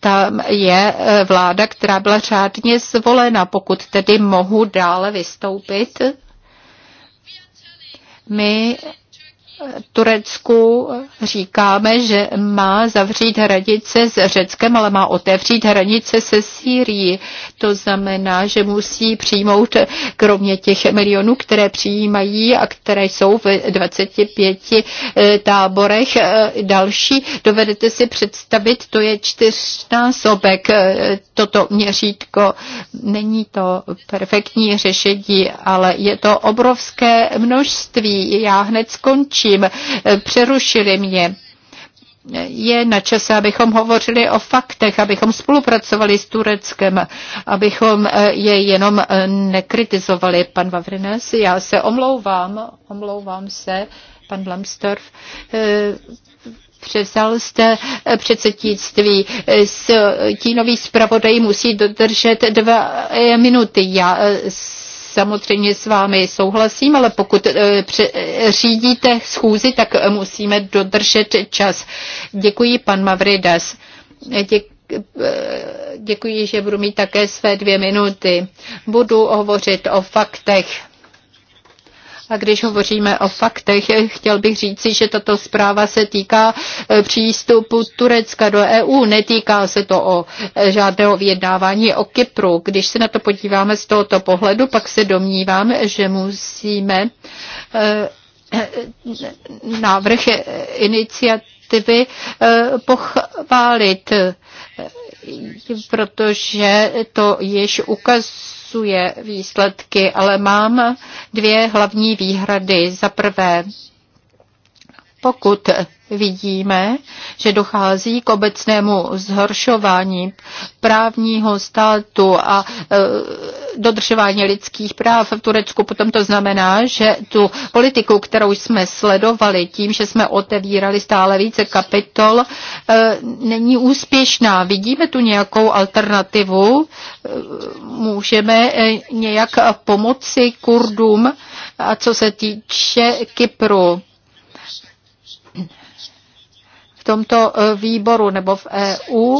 tam je e, vláda, která byla řádně zvolena. Pokud tedy mohu dále vystoupit, my Turecku říkáme, že má zavřít hranice s Řeckem, ale má otevřít hranice se Sýrií. To znamená, že musí přijmout kromě těch milionů, které přijímají a které jsou v 25 eh, táborech eh, další. Dovedete si představit, to je čtyřnásobek eh, toto měřítko. Není to perfektní řešení, ale je to obrovské množství. Já hned skončím především. Eh, přerušili mě je na čase, abychom hovořili o faktech, abychom spolupracovali s Tureckem, abychom eh, je jenom eh, nekritizovali. Pan Vavrines, já se omlouvám, omlouvám se, pan Lamstorf. převzal jste předsednictví. Tínový zpravodaj musí dodržet dva minuty. Já samozřejmě s vámi souhlasím, ale pokud eh, eh, řídíte schůzi, tak eh, musíme dodržet čas. Děkuji, pan Mavridas. Děkuji děkuji, že budu mít také své dvě minuty. Budu hovořit o faktech. A když hovoříme o faktech, chtěl bych říci, že tato zpráva se týká e, přístupu Turecka do EU. Netýká se to o e, žádného vyjednávání o Kypru. Když se na to podíváme z tohoto pohledu, pak se domnívám, že musíme e, návrh iniciativy pochválit, protože to již ukazuje, ukazuje výsledky, ale mám dvě hlavní výhrady. Za prvé, pokud vidíme, že dochází k obecnému zhoršování právního státu a e, dodržování lidských práv v Turecku, potom to znamená, že tu politiku, kterou jsme sledovali tím, že jsme otevírali stále více kapitol, e, není úspěšná. Vidíme tu nějakou alternativu, e, můžeme e, nějak pomoci Kurdům, a co se týče Kypru tomto eh, výboru nebo v EU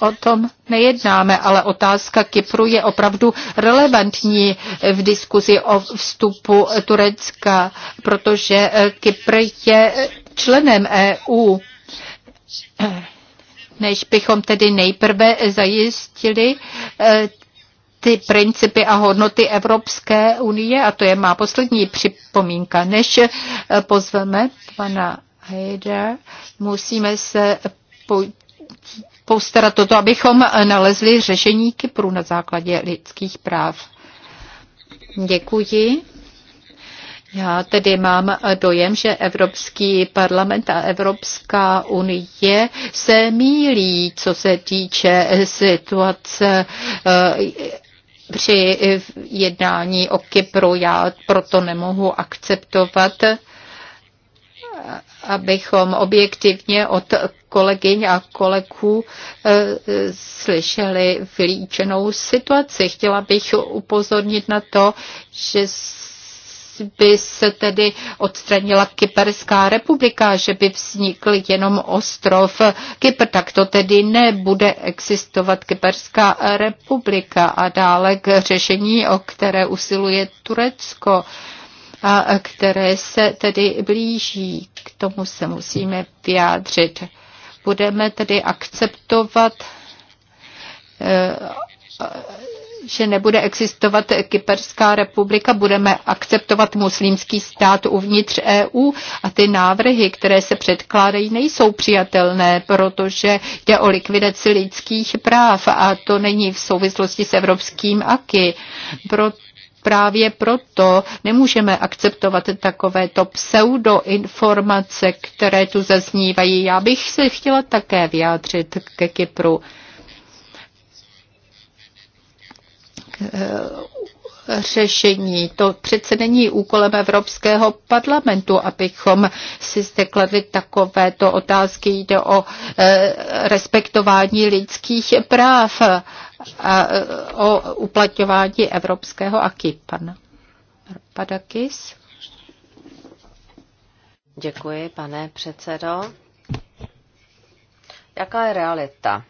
o tom nejednáme, ale otázka Kypru je opravdu relevantní v diskuzi o vstupu Turecka, protože eh, Kypr je členem EU. Než bychom tedy nejprve zajistili eh, ty principy a hodnoty Evropské unie, a to je má poslední připomínka, než pozveme pana Heider, Musíme se postarat o to, abychom nalezli řešení Kypru na základě lidských práv. Děkuji. Já tedy mám dojem, že Evropský parlament a Evropská unie se mílí, co se týče situace eh, při jednání o Kypru. Já proto nemohu akceptovat abychom objektivně od kolegyň a kolegů eh, slyšeli vylíčenou situaci. Chtěla bych upozornit na to, že by se tedy odstranila Kyperská republika, že by vznikl jenom ostrov Kypr, tak to tedy nebude existovat Kyperská republika a dále k řešení, o které usiluje Turecko. Uh, a které se tedy blíží. K tomu se musíme vyjádřit. Budeme tedy akceptovat, eh, že nebude existovat Kyperská republika, budeme akceptovat muslimský stát uvnitř EU a ty návrhy, které se předkládají, nejsou přijatelné, protože jde o likvidaci lidských práv a to není v souvislosti s evropským AKY. Proto Právě proto nemůžeme akceptovat takovéto pseudoinformace, které tu zaznívají. Já bych se chtěla také vyjádřit ke Kypru eh, řešení. To přece není úkolem Evropského parlamentu, abychom si zde kladli takovéto otázky. Jde o eh, respektování lidských práv a o uplatňování evropského aky. Pan Padakis. Děkuji, pane předsedo. Jaká je realita?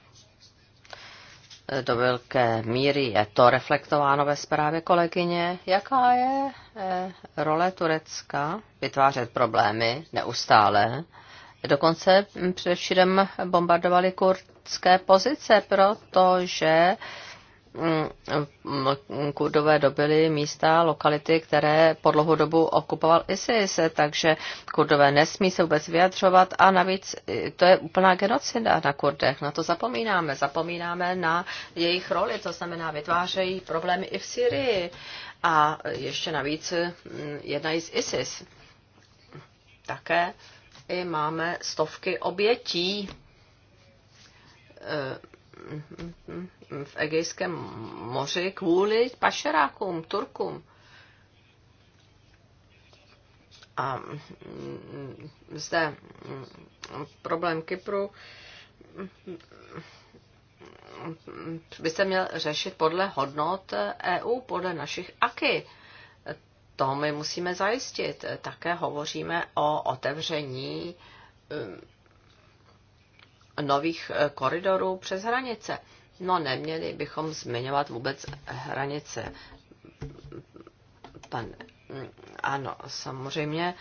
Eh, do velké míry je to reflektováno ve zprávě kolegyně. Jaká je eh, role Turecka vytvářet problémy neustále? Dokonce hm, především bombardovali kurdské pozice, protože Mm, kurdové dobili místa, lokality, které po dlouhou dobu okupoval ISIS, takže kurdové nesmí se vůbec vyjadřovat a navíc eh, to je úplná genocida na kurdech. Na to zapomínáme. Zapomínáme na jejich roli, to znamená vytvářejí problémy i v Syrii a ještě navíc mm, jednají z ISIS. Také i máme stovky obětí eh, v Egejském moři kvůli pašerákům, Turkům. A zde problém Kypru by se měl řešit podle hodnot EU, podle našich aky. To my musíme zajistit. Také hovoříme o otevření nových eh, koridorů přes hranice. No neměli bychom zmiňovat vůbec hranice. Pan, mm, ano, samozřejmě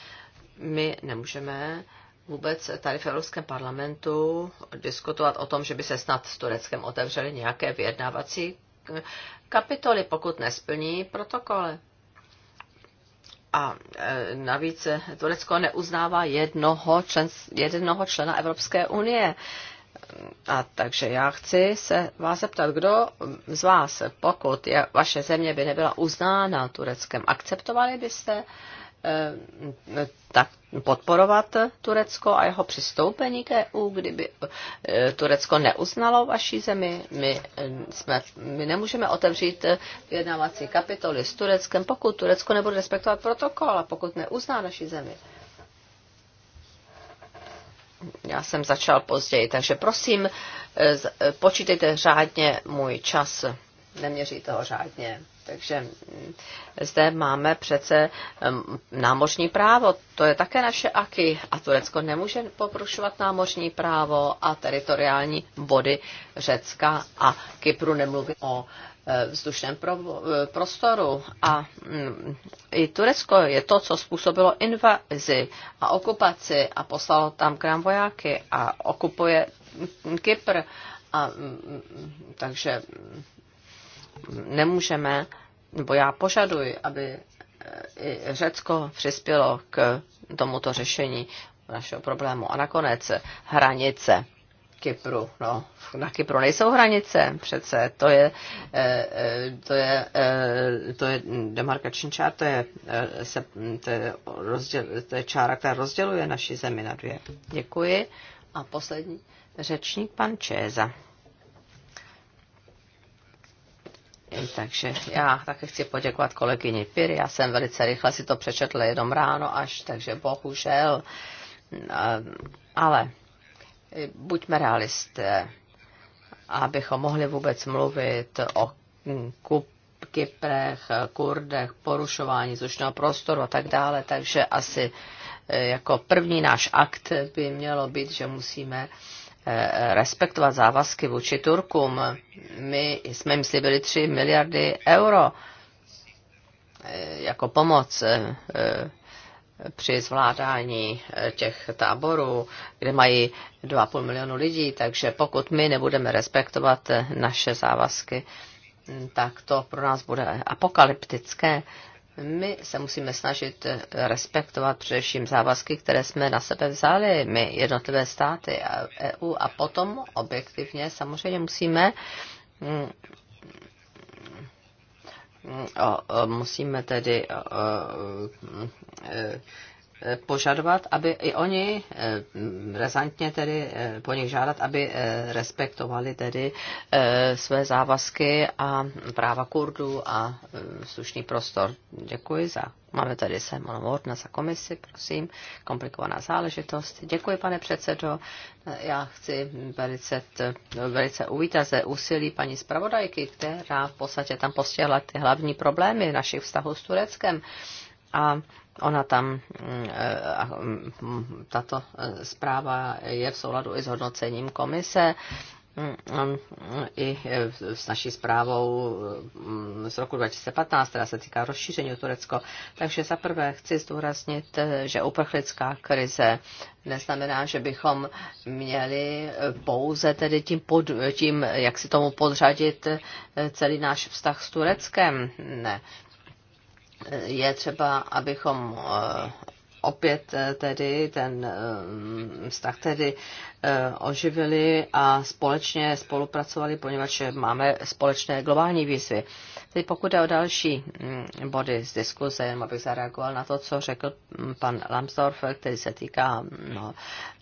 my nemůžeme vůbec tady v Evropském parlamentu diskutovat o tom, že by se snad s Tureckem otevřely nějaké vyjednávací eh, kapitoly, pokud nesplní protokole. A e, navíc Turecko neuznává jednoho, člen, jednoho člena Evropské unie. A takže já chci se vás zeptat, kdo z vás, pokud je, vaše země by nebyla uznána Tureckem, akceptovali byste uh, Eh, tak podporovat Turecko a jeho přistoupení k EU, kdyby eh, Turecko neuznalo vaší zemi. My, eh, jsme, my nemůžeme otevřít vyjednávací kapitoly s Tureckem, pokud Turecko nebude respektovat protokol a pokud neuzná naší zemi. Já jsem začal později, takže prosím, počítejte řádně můj čas. Neměříte ho řádně. Takže mm, zde máme přece mm, námořní právo, to je také naše aky a Turecko nemůže poprušovat námořní právo a teritoriální vody Řecka a Kypru nemluví o e, vzdušném pro, e, prostoru. A mm, i Turecko je to, co způsobilo invazi a okupaci a poslalo tam k nám vojáky a okupuje Kypr. A, takže nemůžeme, nebo já požaduji, aby e, i Řecko přispělo k tomuto řešení našeho problému. A nakonec hranice Kypru. No, na Kypru nejsou hranice, přece to je, e, e, to je, to je demarkační čára. to je, to, je rozděl, to je čára, která rozděluje naši zemi na dvě. Děkuji. A poslední řečník, pan Čeza. Takže já také chci poděkovat kolegyni Pir. Já jsem velice rychle si to přečetla jenom ráno až, takže bohužel. Eh, ale eh, buďme realisté, abychom mohli vůbec mluvit o hm, kup Kyprech, Kurdech, porušování zušného prostoru a tak dále. Takže asi eh, jako první náš akt by mělo být, že musíme respektovat závazky vůči Turkům. My jsme jim slibili 3 miliardy euro jako pomoc eh, při zvládání eh, těch táborů, kde mají 2,5 milionu lidí, takže pokud my nebudeme respektovat eh, naše závazky, tak to pro nás bude apokalyptické my se musíme snažit eh, respektovat především závazky, které jsme na sebe vzali, my jednotlivé státy a EU, a potom objektivně samozřejmě musíme mm, mm, musíme tedy mm, eh, Eh, požadovat, aby i oni eh, rezantně tedy eh, po nich žádat, aby respektovali tedy své závazky a práva Kurdů a slušný prostor. Děkuji za. Máme tady se Mortna za komisi, prosím, komplikovaná záležitost. Děkuji, pane předsedo. Já chci velice, velice uvítat ze úsilí paní zpravodajky, která v podstatě tam postihla ty hlavní problémy našich vztahů s Tureckem. A Ona tam, mm, eh, mm, tato eh, zpráva je v souladu i s hodnocením komise mm, i eh, s naší zprávou z roku 2015, která se týká rozšíření o Turecko. Takže za prvé chci zdůraznit, že uprchlická krize neznamená, že bychom měli pouze tedy tím, pod, tím jak si tomu podřadit celý náš vztah s Tureckem. Ne, je třeba, abychom eh, opět eh, tedy ten eh, vztah tedy Eh, oživili a společně spolupracovali, poněvadž máme společné globální výzvy. Teď pokud jde o další mm, body z diskuze, jenom abych zareagoval na to, co řekl mm, pan Lambsdorff, který se týká no,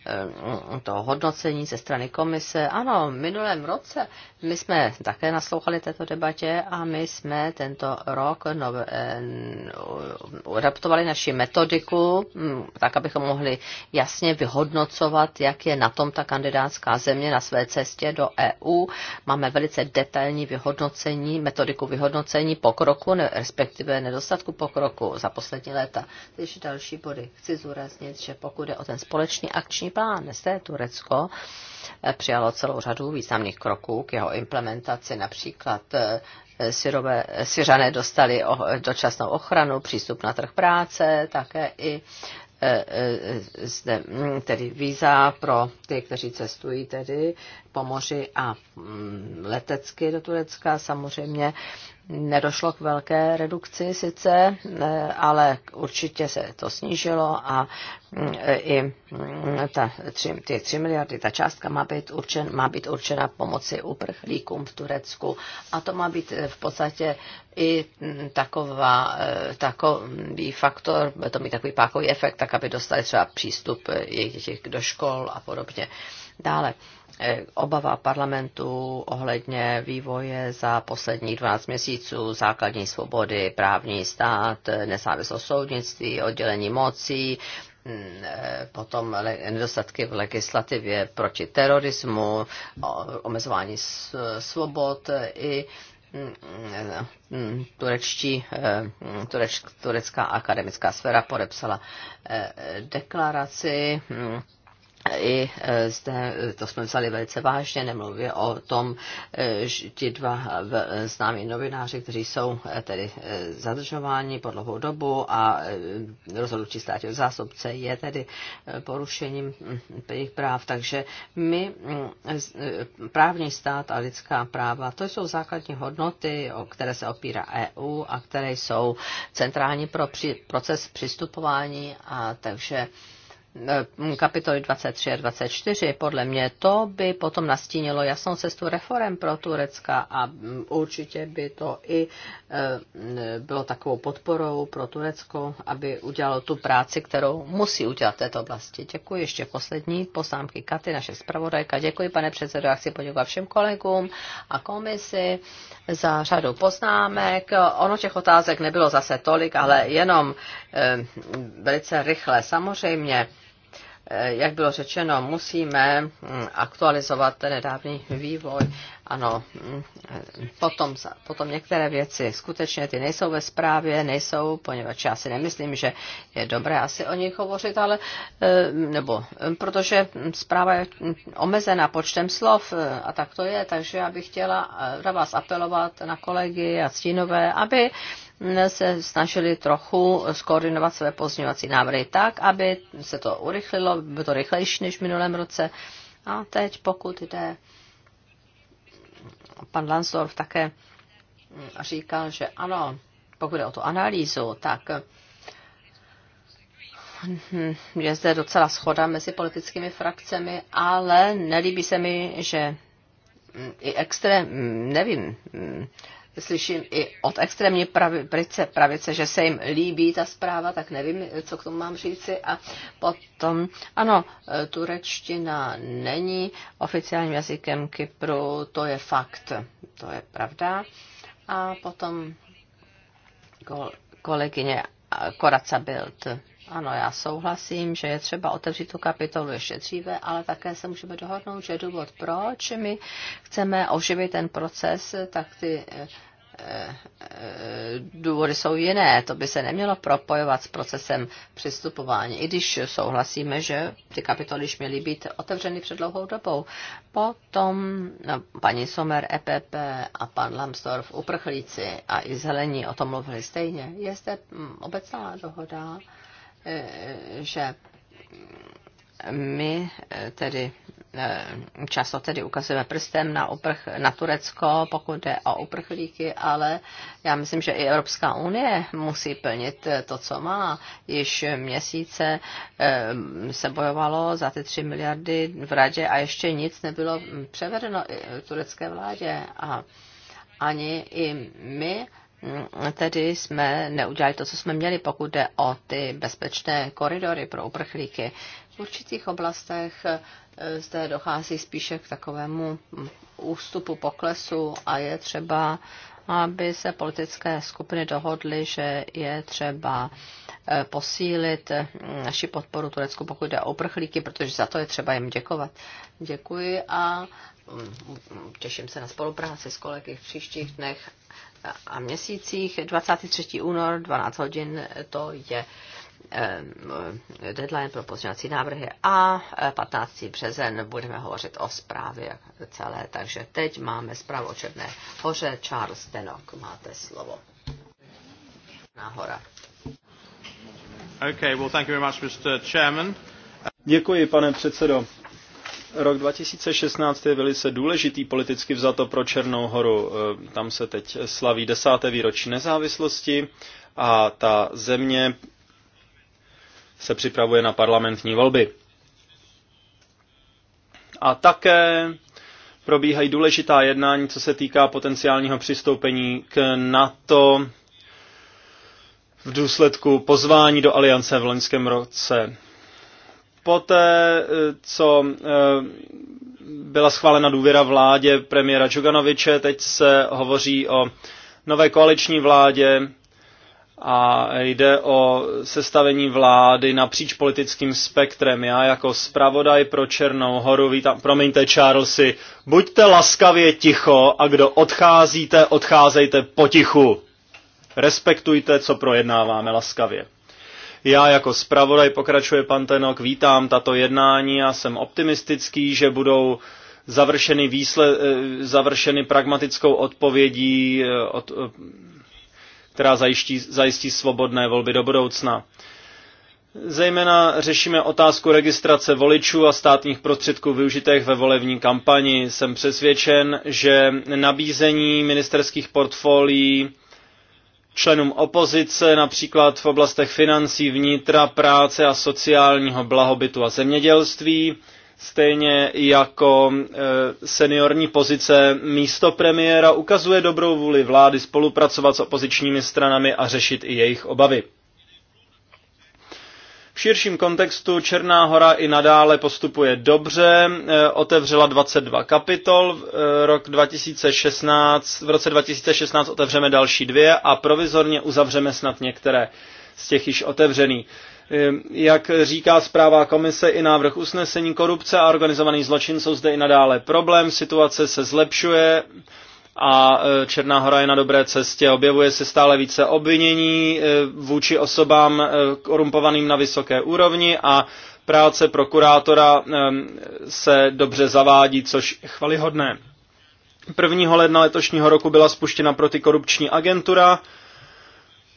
eh, to hodnocení ze strany komise. Ano, v minulém roce my jsme také naslouchali této debatě a my jsme tento rok nové, eh, adaptovali naši metodiku, mm, tak abychom mohli jasně vyhodnocovat, jak je na tom potom ta kandidátská země na své cestě do EU. Máme velice detailní vyhodnocení, metodiku vyhodnocení pokroku, respektive nedostatku pokroku za poslední léta. Když další body chci zúraznit, že pokud je o ten společný akční plán, zde Turecko eh, přijalo celou řadu významných kroků k jeho implementaci, například eh, Syrové, eh, Syřané dostali dočasnou ochranu, přístup na trh práce, také i Eh, eh, zde mm, tedy víza pro ty, kteří cestují tedy po moři a mm, letecky do Turecka. Samozřejmě nedošlo k velké redukci sice, ale určitě se to snížilo a mm, i mm, ta, tři, ty 3 miliardy, ta částka má být, určen, má být určena pomoci uprchlíkům v Turecku a to má být v podstatě i taková, eh, takový faktor, to mít takový pákový efekt, tak aby dostali třeba přístup jejich dětí do škol a podobně. Dále Eh, obava parlamentu ohledně vývoje za posledních 12 měsíců, základní svobody, právní stát, eh, nezávislost soudnictví, oddělení mocí, mm, eh, potom nedostatky v legislativě proti terorismu, omezování svobod i mm, mm, turečtí, tureč, turecká akademická sféra podepsala deklaraci i e, zde, e, to jsme vzali velice vážně, nemluvě o tom, že ti dva e, známí novináři, kteří jsou tedy zadržováni po dlouhou dobu a rozhodnutí státního zásobce je tedy porušením mm, jejich práv. Takže my, mm, právní stát a lidská práva, to jsou základní hodnoty, o které se opírá EU a které jsou centrální pro proces přistupování a takže Eh, kapitoly 23 a 24, podle mě to by potom nastínilo jasnou cestu reform pro Turecka a určitě by to i eh, bylo takovou podporou pro Turecko, aby udělalo tu práci, kterou musí udělat v této oblasti. Děkuji ještě poslední poznámky Katy, naše zpravodajka. Děkuji, pane předsedo, já chci poděkovat všem kolegům a komisi za řadu poznámek. Ono těch otázek nebylo zase tolik, ale jenom eh, velice rychle. Samozřejmě Eh, jak bylo řečeno, musíme mm, aktualizovat ten nedávný vývoj. Ano, mm, eh, potom, potom některé věci skutečně ty nejsou ve zprávě, nejsou, poněvadž já si nemyslím, že je dobré asi o nich hovořit, ale eh, nebo protože zpráva je mm, omezena počtem slov a tak to je, takže já bych chtěla na vás apelovat na kolegy a stínové, aby se snažili trochu skoordinovat své pozměňovací návrhy tak, aby se to urychlilo, bylo to rychlejší než v minulém roce. A teď, pokud jde, pan Lansdorf také říkal, že ano, pokud jde o tu analýzu, tak hm, je zde docela schoda mezi politickými frakcemi, ale nelíbí se mi, že i extrém, nevím, hm, slyším i od extrémní pravice, pravice, že se jim líbí ta zpráva, tak nevím, co k tomu mám říci. A potom, ano, e, turečtina není oficiálním jazykem Kypru, to je fakt, to je pravda. A potom kolegyně Koraca Bild ano, já souhlasím, že je třeba otevřít tu kapitolu ještě dříve, ale také se můžeme dohodnout, že důvod, proč my chceme oživit ten proces, tak ty eh, eh, eh, důvody jsou jiné. To by se nemělo propojovat s procesem přistupování, i když souhlasíme, že ty kapitoly již měly být otevřeny před dlouhou dobou. Potom no, paní Somer, EPP a pan Lambsdorff, uprchlíci a i zelení o tom mluvili stejně. Je zde hm, obecná dohoda že my eh, tedy eh, často tedy ukazujeme prstem na, uprch, na Turecko, pokud jde o uprchlíky, ale já myslím, že i Evropská unie musí plnit eh, to, co má. Již měsíce se bojovalo za ty tři miliardy v radě a ještě nic nebylo převedeno turecké vládě. A ani i my tedy jsme neudělali to, co jsme měli, pokud jde o ty bezpečné koridory pro uprchlíky. V určitých oblastech eh, zde dochází spíše k takovému hm, ústupu, poklesu a je třeba, aby se politické skupiny dohodly, že je třeba eh, posílit hm, naši podporu Turecku, pokud jde o uprchlíky, protože za to je třeba jim děkovat. Děkuji a hm, těším se na spolupráci s kolegy v příštích dnech a měsících. 23. únor 12 hodin to je eh, deadline pro pozměňovací návrhy a 15. Eh, březen budeme hovořit o zprávě celé. Takže teď máme zprávu o Černé hoře. Charles Tenok, máte slovo. Nahora. Okay, well, thank you very much, Mr. Chairman. Děkuji, pane předsedo. Rok 2016 je velice důležitý politicky vzato pro Černou horu. E, tam se teď slaví desáté výročí nezávislosti a ta země se připravuje na parlamentní volby. A také probíhají důležitá jednání, co se týká potenciálního přistoupení k NATO v důsledku pozvání do aliance v loňském roce. Poté, eh, co eh, byla schválena důvěra vládě premiéra Čuganoviče, teď se hovoří o nové koaliční vládě a jde o sestavení vlády napříč politickým spektrem. Já jako zpravodaj pro Černou horu vítám, promiňte Charlesy, buďte laskavě ticho a kdo odcházíte, odcházejte potichu. Respektujte, co projednáváme laskavě. Já jako zpravodaj, pokračuje pan Tenok, vítám tato jednání a jsem optimistický, že budou završeny, výsle, eh, završeny pragmatickou odpovědí, eh, od, eh, která zajistí, zajistí svobodné volby do budoucna. Zejména řešíme otázku registrace voličů a státních prostředků využitých ve volební kampani. Jsem přesvědčen, že nabízení ministerských portfolií členům opozice, například v oblastech financí, vnitra, práce a sociálního blahobytu a zemědělství, stejně jako eh, seniorní pozice místo premiéra ukazuje dobrou vůli vlády spolupracovat s opozičními stranami a řešit i jejich obavy. V širším kontextu Černá hora i nadále postupuje dobře, eh, otevřela 22 kapitol, eh, rok 2016, v roce 2016 otevřeme další dvě a provizorně uzavřeme snad některé z těch již otevřených. Eh, jak říká zpráva komise i návrh usnesení, korupce a organizovaný zločin jsou zde i nadále problém, situace se zlepšuje, a e, Černá hora je na dobré cestě. Objevuje se stále více obvinění e, vůči osobám e, korumpovaným na vysoké úrovni a práce prokurátora se dobře zavádí, což je chvalihodné. 1. ledna letošního roku byla spuštěna protikorupční agentura,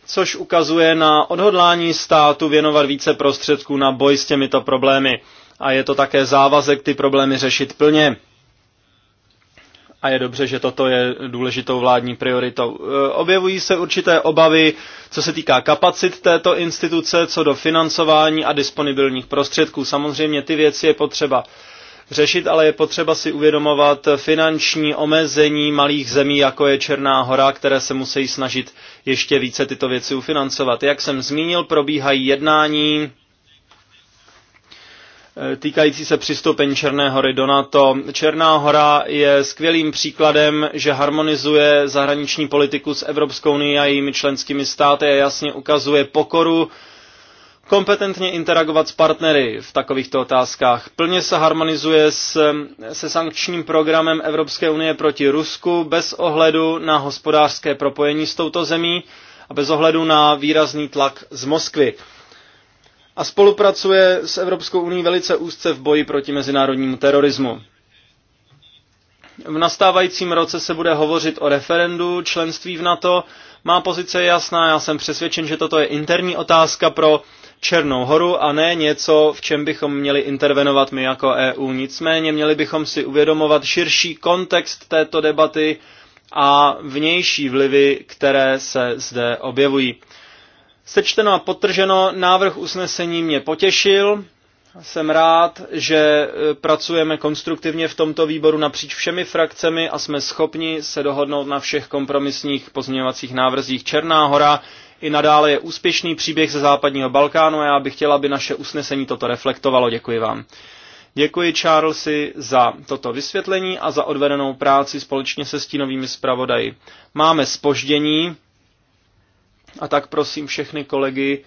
což ukazuje na odhodlání státu věnovat více prostředků na boj s těmito problémy. A je to také závazek ty problémy řešit plně a je dobře, že toto je důležitou vládní prioritou. E, objevují se určité obavy, co se týká kapacit této instituce, co do financování a disponibilních prostředků. Samozřejmě ty věci je potřeba řešit, ale je potřeba si uvědomovat finanční omezení malých zemí, jako je Černá hora, které se musí snažit ještě více tyto věci ufinancovat. Jak jsem zmínil, probíhají jednání Eh, týkající se přistoupení Černé hory do NATO. Černá hora je skvělým příkladem, že harmonizuje zahraniční politiku s Evropskou unii a jejími členskými státy a jasně ukazuje pokoru kompetentně interagovat s partnery v takovýchto otázkách. Plně se harmonizuje s, se sankčním programem Evropské unie proti Rusku bez ohledu na hospodářské propojení s touto zemí a bez ohledu na výrazný tlak z Moskvy a spolupracuje s Evropskou uní velice úzce v boji proti mezinárodnímu terorismu. V nastávajícím roce se bude hovořit o referendu členství v NATO. Má pozice je jasná, já jsem přesvědčen, že toto je interní otázka pro Černou horu a ne něco, v čem bychom měli intervenovat my jako EU. Nicméně měli bychom si uvědomovat širší kontext této debaty a vnější vlivy, které se zde objevují. Sečteno a potrženo, návrh usnesení mě potěšil. Jsem rád, že e, pracujeme konstruktivně v tomto výboru napříč všemi frakcemi a jsme schopni se dohodnout na všech kompromisních pozměňovacích návrzích Černá hora. I nadále je úspěšný příběh ze západního Balkánu a já bych chtěla, aby naše usnesení toto reflektovalo. Děkuji vám. Děkuji Charlesi za toto vysvětlení a za odvedenou práci společně se stínovými zpravodaji. Máme spoždění, a tak prosím všechny kolegy,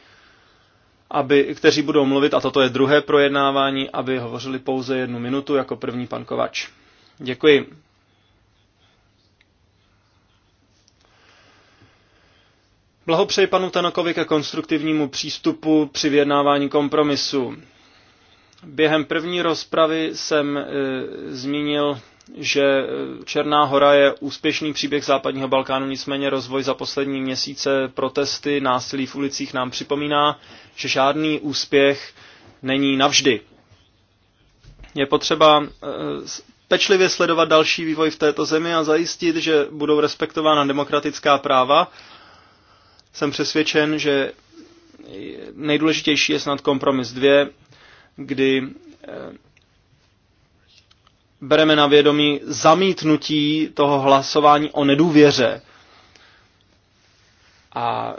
aby, kteří budou mluvit, a toto je druhé projednávání, aby hovořili pouze jednu minutu jako první pan Kovač. Děkuji. Blahopřeji panu Tanokovi ke konstruktivnímu přístupu při vyjednávání kompromisu. Během první rozpravy jsem e, zmínil že e, Černá hora je úspěšný příběh západního Balkánu, nicméně rozvoj za poslední měsíce, protesty, násilí v ulicích nám připomíná, že žádný úspěch není navždy. Je potřeba e, pečlivě sledovat další vývoj v této zemi a zajistit, že budou respektována demokratická práva. Jsem přesvědčen, že nejdůležitější je snad kompromis dvě, kdy e, bereme na vědomí zamítnutí toho hlasování o nedůvěře. A e,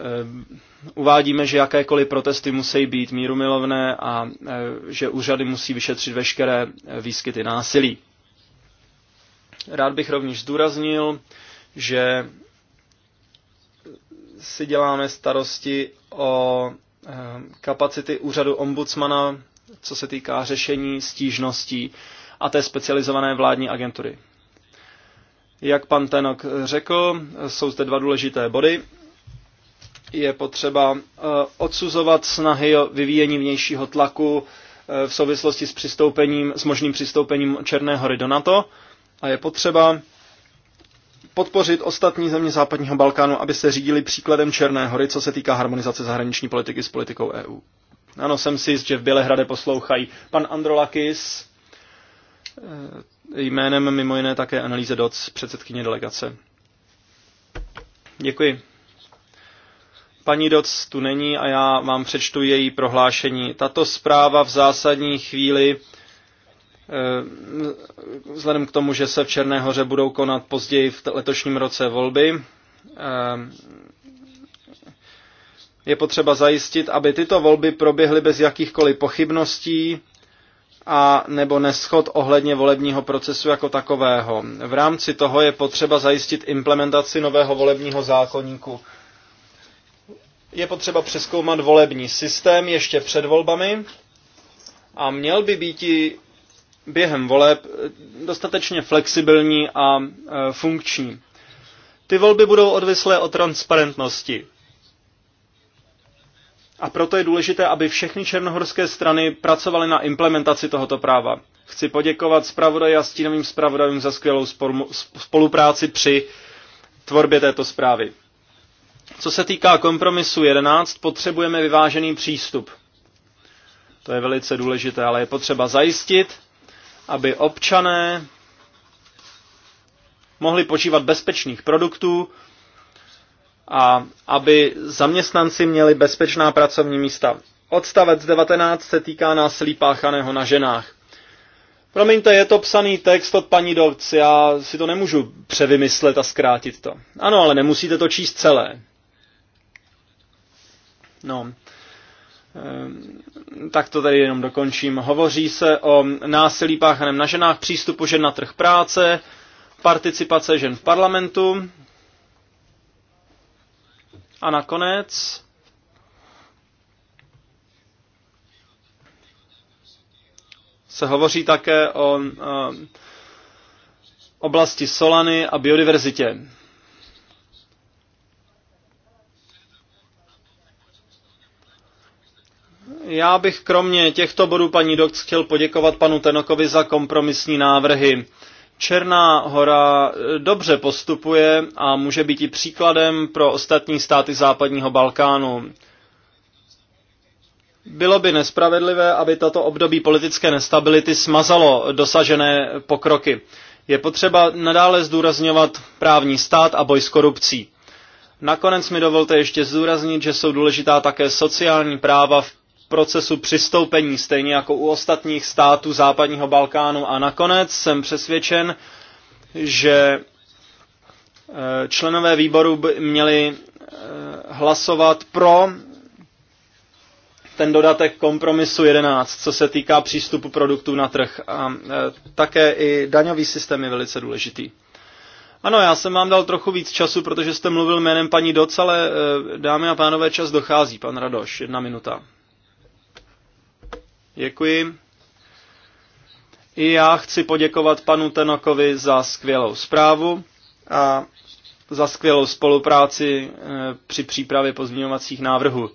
uvádíme, že jakékoliv protesty musí být mírumilovné a e, že úřady musí vyšetřit veškeré eh, výskyty násilí. Rád bych rovněž zdůraznil, že si děláme starosti o kapacity úřadu ombudsmana, co se týká řešení stížností a té specializované vládní agentury. Jak pan Tenok řekl, jsou zde dva důležité body. Je potřeba eh, odsuzovat snahy o vyvíjení vnějšího tlaku eh, v souvislosti s, přistoupením, s možným přistoupením Černé hory do NATO a je potřeba podpořit ostatní země západního Balkánu, aby se řídili příkladem Černé hory, co se týká harmonizace zahraniční politiky s politikou EU. Ano, jsem si jist, že v Bělehrade poslouchají. Pan Androlakis Eh, jménem mimo jiné také Analýze Doc, předsedkyně delegace. Děkuji. Paní Doc tu není a já vám přečtu její prohlášení. Tato zpráva v zásadní chvíli eh, vzhledem k tomu, že se v Černé hoře budou konat později v letošním roce volby, eh, je potřeba zajistit, aby tyto volby proběhly bez jakýchkoliv pochybností, a nebo neschod ohledně volebního procesu jako takového. V rámci toho je potřeba zajistit implementaci nového volebního zákoníku. Je potřeba přeskoumat volební systém ještě před volbami a měl by být i během voleb dostatečně flexibilní a e, funkční. Ty volby budou odvislé od transparentnosti a proto je důležité, aby všechny černohorské strany pracovaly na implementaci tohoto práva. Chci poděkovat zpravodaji a stínovým zpravodajům za skvělou spolupráci při tvorbě této zprávy. Co se týká kompromisu 11, potřebujeme vyvážený přístup. To je velice důležité, ale je potřeba zajistit, aby občané mohli požívat bezpečných produktů, a aby zaměstnanci měli bezpečná pracovní místa. Odstavec 19 se týká násilí páchaného na ženách. Promiňte, je to psaný text od paní Dorc, já si to nemůžu převymyslet a zkrátit to. Ano, ale nemusíte to číst celé. No, ehm, tak to tady jenom dokončím. Hovoří se o násilí páchaném na ženách, přístupu žen na trh práce, participace žen v parlamentu, a nakonec se hovoří také o oblasti Solany a biodiverzitě. Já bych kromě těchto bodů paní Doc chtěl poděkovat panu Tenokovi za kompromisní návrhy. Černá hora eh, dobře postupuje a může být i příkladem pro ostatní státy západního Balkánu. Bylo by nespravedlivé, aby tato období politické nestability smazalo dosažené pokroky. Je potřeba nadále zdůrazňovat právní stát a boj s korupcí. Nakonec mi dovolte ještě zdůraznit, že jsou důležitá také sociální práva v procesu přistoupení, stejně jako u ostatních států západního Balkánu. A nakonec jsem přesvědčen, že eh, členové výboru by měli eh, hlasovat pro ten dodatek kompromisu 11, co se týká přístupu produktů na trh. A eh, také i daňový systém je velice důležitý. Ano, já jsem vám dal trochu víc času, protože jste mluvil jménem paní Doc, ale dámy a pánové, čas dochází. Pan Radoš, jedna minuta. Děkuji. I já chci poděkovat panu Tenokovi za skvělou zprávu a za skvělou spolupráci eh, při přípravě pozměňovacích návrhů.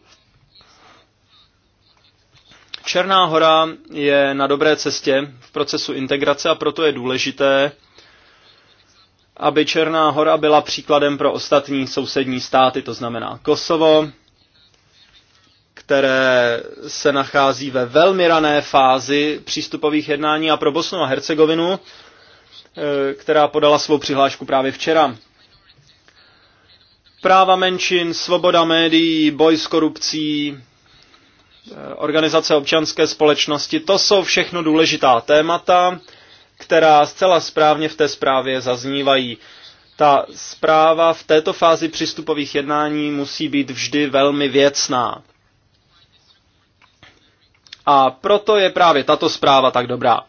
Černá hora je na dobré cestě v procesu integrace a proto je důležité, aby Černá hora byla příkladem pro ostatní sousední státy, to znamená Kosovo, které se nachází ve velmi rané fázi přístupových jednání a pro Bosnu a Hercegovinu, e, která podala svou přihlášku právě včera. Práva menšin, svoboda médií, boj s korupcí, e, organizace občanské společnosti, to jsou všechno důležitá témata, která zcela správně v té zprávě zaznívají. Ta zpráva v této fázi přístupových jednání musí být vždy velmi věcná. A proto je právě tato zpráva tak dobrá.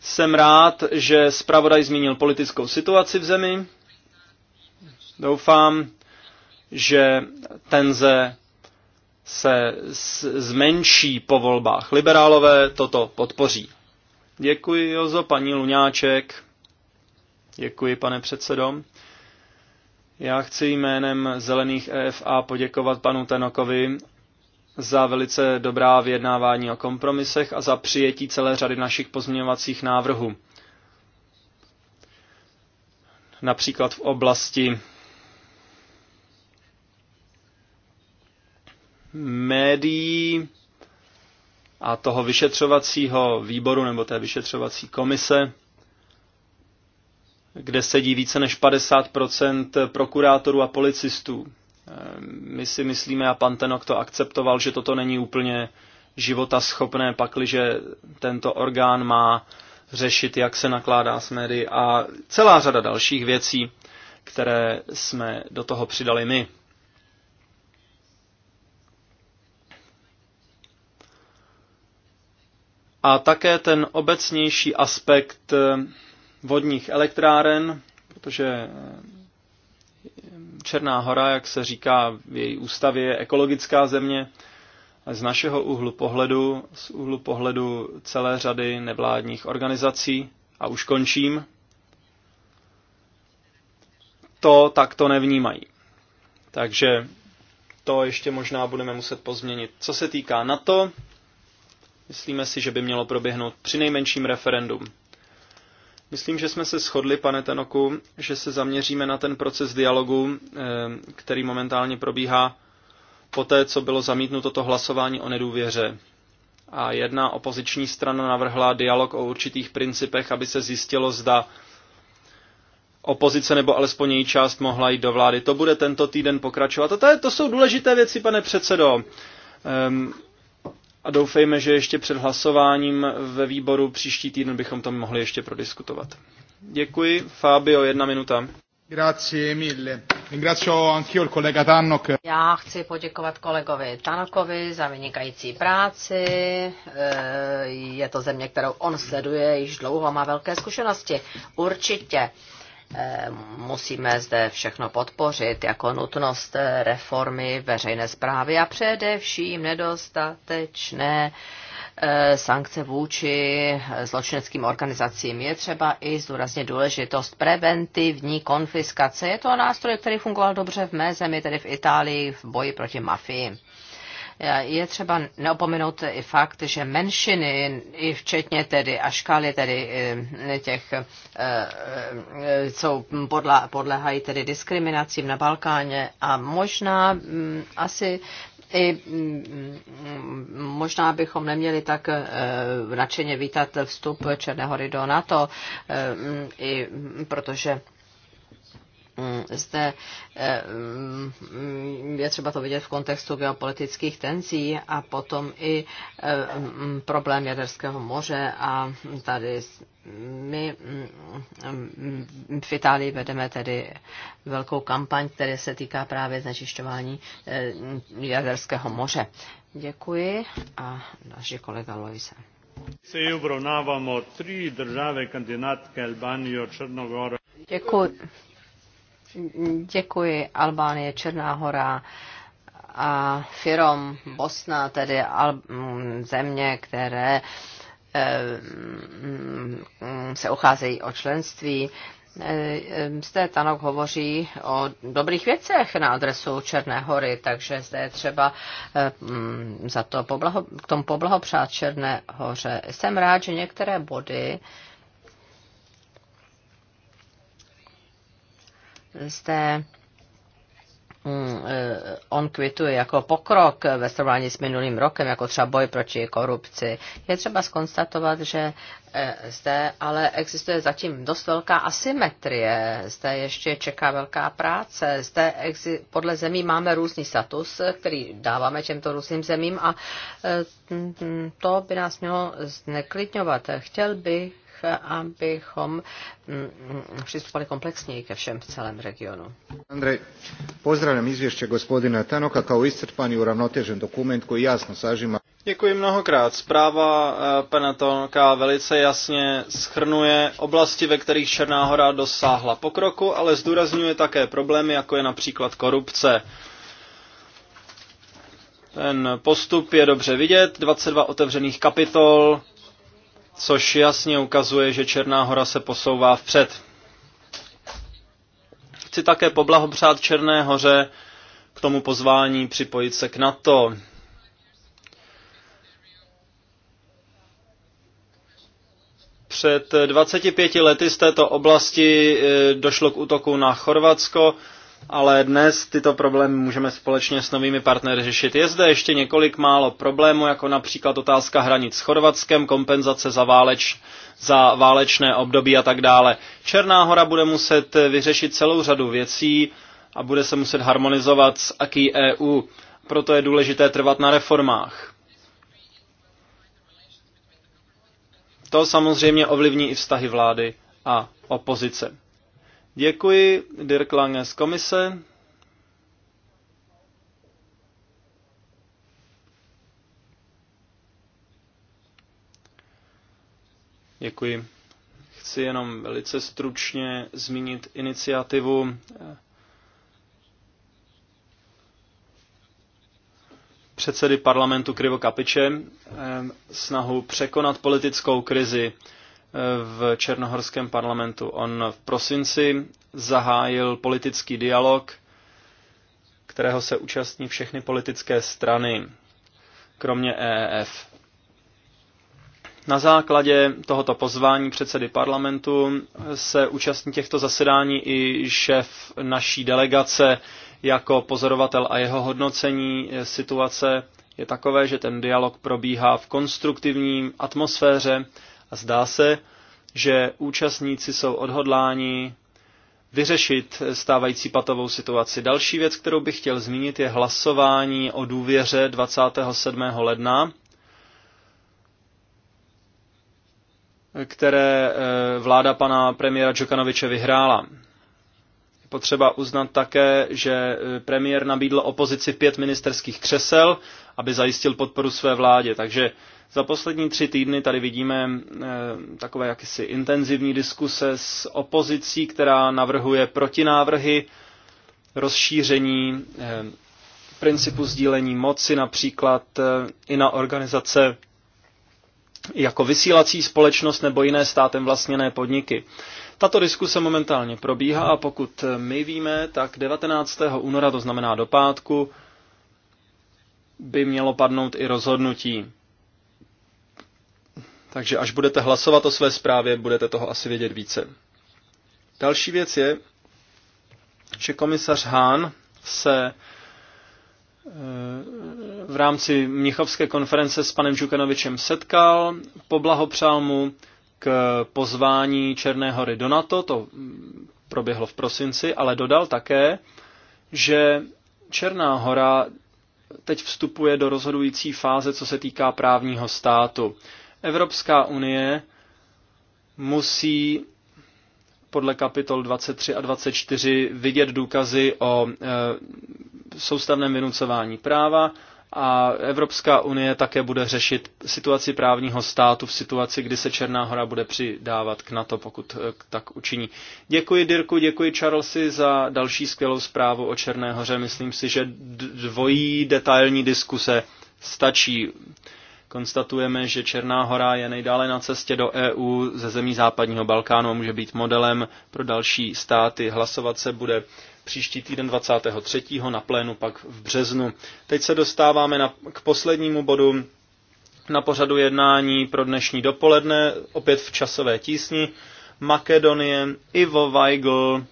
Jsem rád, že zpravodaj zmínil politickou situaci v zemi. Doufám, že tenze se zmenší po volbách. Liberálové toto podpoří. Děkuji, Jozo, paní Luňáček. Děkuji, pane předsedo. Já chci jménem Zelených EFA poděkovat panu Tenokovi za velice dobrá vyjednávání o kompromisech a za přijetí celé řady našich pozměňovacích návrhů. Například v oblasti médií a toho vyšetřovacího výboru nebo té vyšetřovací komise, kde sedí více než 50 prokurátorů a policistů. My si myslíme, a pan Tenok to akceptoval, že toto není úplně života schopné, pakliže tento orgán má řešit, jak se nakládá s médií a celá řada dalších věcí, které jsme do toho přidali my. A také ten obecnější aspekt eh, vodních elektráren, protože eh, Černá hora, jak se říká v její ústavě, je ekologická země. Z našeho úhlu pohledu, z úhlu pohledu celé řady nevládních organizací, a už končím, to takto nevnímají. Takže to ještě možná budeme muset pozměnit. Co se týká NATO, myslíme si, že by mělo proběhnout při nejmenším referendum. Myslím, že jsme se shodli, pane Tenoku, že se zaměříme na ten proces dialogu, eh, který momentálně probíhá po té, co bylo zamítnuto to hlasování o nedůvěře. A jedna opoziční strana navrhla dialog o určitých principech, aby se zjistilo, zda opozice nebo alespoň její část mohla jít do vlády. To bude tento týden pokračovat. A to, je, to jsou důležité věci, pane předsedo. Um, a doufejme, že ještě před hlasováním ve výboru příští týden bychom to mohli ještě prodiskutovat. Děkuji. Fabio, jedna minuta. Grazie mille. Ringrazio anch'io il collega Tannock. Já chci poděkovat kolegovi Tanokovi za vynikající práci. Eh, je to země, kterou on sleduje již dlouho, má velké zkušenosti. Určitě Eh, musíme zde všechno podpořit jako nutnost reformy veřejné zprávy a především nedostatečné eh, sankce vůči zločineckým organizacím. Je třeba i zdůrazně důležitost preventivní konfiskace. Je to nástroj, který fungoval dobře v mé zemi, tedy v Itálii, v boji proti mafii. Je třeba neopomenout i fakt, že menšiny, i včetně tedy a škály tedy eh, těch, co eh, eh, podléhají podlehají tedy diskriminacím na Balkáně a možná mm, asi i mm, možná bychom neměli tak nadšeně vítat vstup Černé hory do NATO, i protože Mm, zde eh, mm, je třeba to vidět v kontextu geopolitických tenzí a potom i eh, mm, problém Jaderského moře a tady my v Itálii vedeme tedy velkou kampaň, která se týká právě znečišťování eh, Jaderského moře. Děkuji a další kolega Loise. Se obravnávamo tři države kandidátky a Černogoro. Děkuji. Děkuji. Albánie, Černá hora a Firom, Bosna, tedy Al- mm, země, které eh, mm, se ucházejí o členství. Eh, eh, zde Tanok hovoří o dobrých věcech na adresu Černé hory, takže zde je třeba mm, za to poblaho, k tomu poblahopřát Černé hoře. Jsem rád, že některé body zde mm, eh, on kvituje jako pokrok ve srovnání s minulým rokem, jako třeba boj proti korupci. Je třeba skonstatovat, že eh, zde ale existuje zatím dost velká asymetrie, zde ještě čeká velká práce, zde podle zemí máme různý status, který dáváme těmto různým zemím a eh, mm, mm, to by nás mělo zneklidňovat. Chtěl bych tak, abychom mm, přistupovali komplexněji ke všem v celém regionu. Andrej, pozdravím izvěště gospodina Tanoka kao iscrpaný uravnotežen dokument, který jasno sažíma. Děkuji mnohokrát. Zpráva eh, pana Tonka velice jasně schrnuje oblasti, ve kterých Černá hora dosáhla pokroku, ale zdůrazňuje také problémy, jako je například korupce. Ten postup je dobře vidět, 22 otevřených kapitol, což jasně ukazuje, že Černá hora se posouvá vpřed. Chci také poblahopřát Černé hoře k tomu pozvání připojit se k NATO. Před 25 lety z této oblasti eh, došlo k útoku na Chorvatsko ale dnes tyto problémy můžeme společně s novými partnery řešit. Je zde ještě několik málo problémů, jako například otázka hranic s Chorvatskem, kompenzace za, váleč, za válečné období a tak dále. Černá hora bude muset vyřešit celou řadu věcí a bude se muset harmonizovat s aký EU. Proto je důležité trvat na reformách. To samozřejmě ovlivní i vztahy vlády a opozice. Děkuji, Dirk Lange z komise. Děkuji. Chci jenom velice stručně zmínit iniciativu předsedy parlamentu Krivo Kapiče eh, snahu překonat politickou krizi v Černohorském parlamentu. On v prosinci zahájil politický dialog, kterého se účastní všechny politické strany, kromě EEF. Na základě tohoto pozvání předsedy parlamentu se účastní těchto zasedání i šéf naší delegace jako pozorovatel a jeho hodnocení situace je takové, že ten dialog probíhá v konstruktivní atmosféře zdá se, že účastníci jsou odhodláni vyřešit stávající patovou situaci. Další věc, kterou bych chtěl zmínit, je hlasování o důvěře 27. ledna, které eh, vláda pana premiéra Džokanoviče vyhrála. Je potřeba uznat také, že eh, premiér nabídl opozici pět ministerských křesel aby zajistil podporu své vládě. Takže za poslední tři týdny tady vidíme eh, takové jakési intenzivní diskuse s opozicí, která navrhuje protinávrhy rozšíření eh, principu sdílení moci, například eh, i na organizace jako vysílací společnost nebo jiné státem vlastněné podniky. Tato diskuse momentálně probíhá a pokud my víme, tak 19. února, to znamená do pátku, by mělo padnout i rozhodnutí. Takže až budete hlasovat o své zprávě, budete toho asi vědět více. Další věc je, že komisař Hán se eh, v rámci Mnichovské konference s panem Žukanovičem setkal, poblahopřál mu k pozvání Černé hory do NATO, to proběhlo v prosinci, ale dodal také, že Černá hora teď vstupuje do rozhodující fáze, co se týká právního státu. Evropská unie musí podle kapitol 23 a 24 vidět důkazy o e, soustavném vynucování práva, a Evropská unie také bude řešit situaci právního státu v situaci, kdy se Černá hora bude přidávat k NATO, pokud eh, tak učiní. Děkuji Dirku, děkuji Charlesi za další skvělou zprávu o Černé hoře. Myslím si, že dvojí detailní diskuse stačí. Konstatujeme, že Černá hora je nejdále na cestě do EU ze zemí západního Balkánu a může být modelem pro další státy. Hlasovat se bude příští týden 23. na plénu pak v březnu. Teď se dostáváme na, k poslednímu bodu na pořadu jednání pro dnešní dopoledne, opět v časové tísni. Makedonie, Ivo Weigl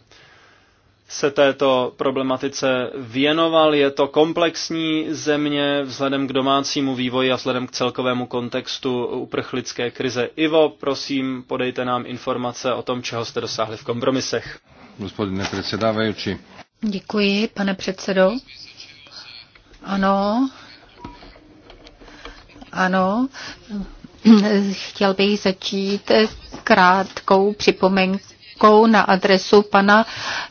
se této problematice věnoval. Je to komplexní země vzhledem k domácímu vývoji a vzhledem k celkovému kontextu uprchlické krize. Ivo, prosím, podejte nám informace o tom, čeho jste dosáhli v kompromisech gospodine předsedávající. Děkuji, pane předsedo. Ano, ano, chtěl bych začít krátkou připomenkou na adresu pana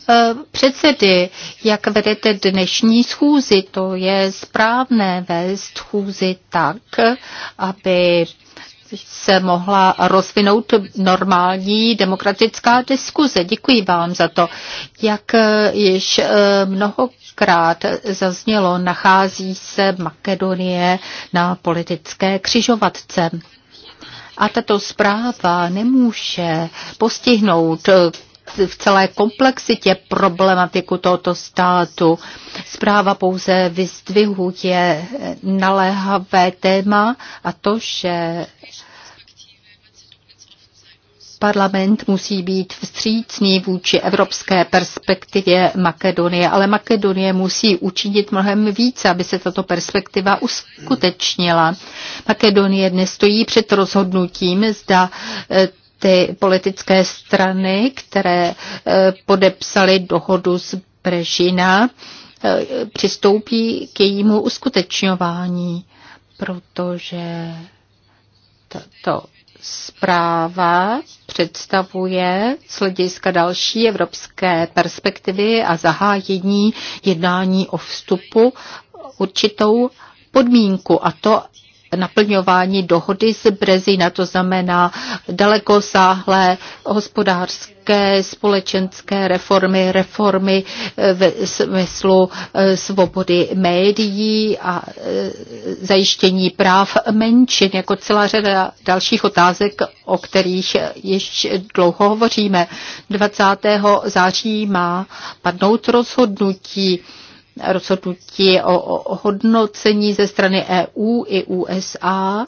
eh, předsedy. Jak vedete dnešní schůzi? To je správné vést schůzi tak, aby se mohla rozvinout normální demokratická diskuze. Děkuji vám za to. Jak eh, již eh, mnohokrát zaznělo, nachází se Makedonie na politické křižovatce. A tato zpráva nemůže postihnout v celé komplexitě problematiku tohoto státu. Zpráva pouze vyzdvihuje naléhavé téma a to, že parlament musí být vstřícný vůči evropské perspektivě Makedonie, ale Makedonie musí učinit mnohem více, aby se tato perspektiva uskutečnila. Makedonie dnes stojí před rozhodnutím, zda eh, ty politické strany, které eh, podepsaly dohodu z Brežina, eh, přistoupí k jejímu uskutečňování, protože tato zpráva představuje z hlediska další evropské perspektivy a zahájení jednání o vstupu určitou podmínku a to naplňování dohody s Brezina, to znamená dalekosáhlé hospodářské, společenské reformy, reformy eh, ve smyslu eh, svobody médií a eh, zajištění práv menšin, jako celá řada dalších otázek, o kterých ještě dlouho hovoříme. 20. září má padnout rozhodnutí rozhodnutí o, o hodnocení ze strany EU i USA,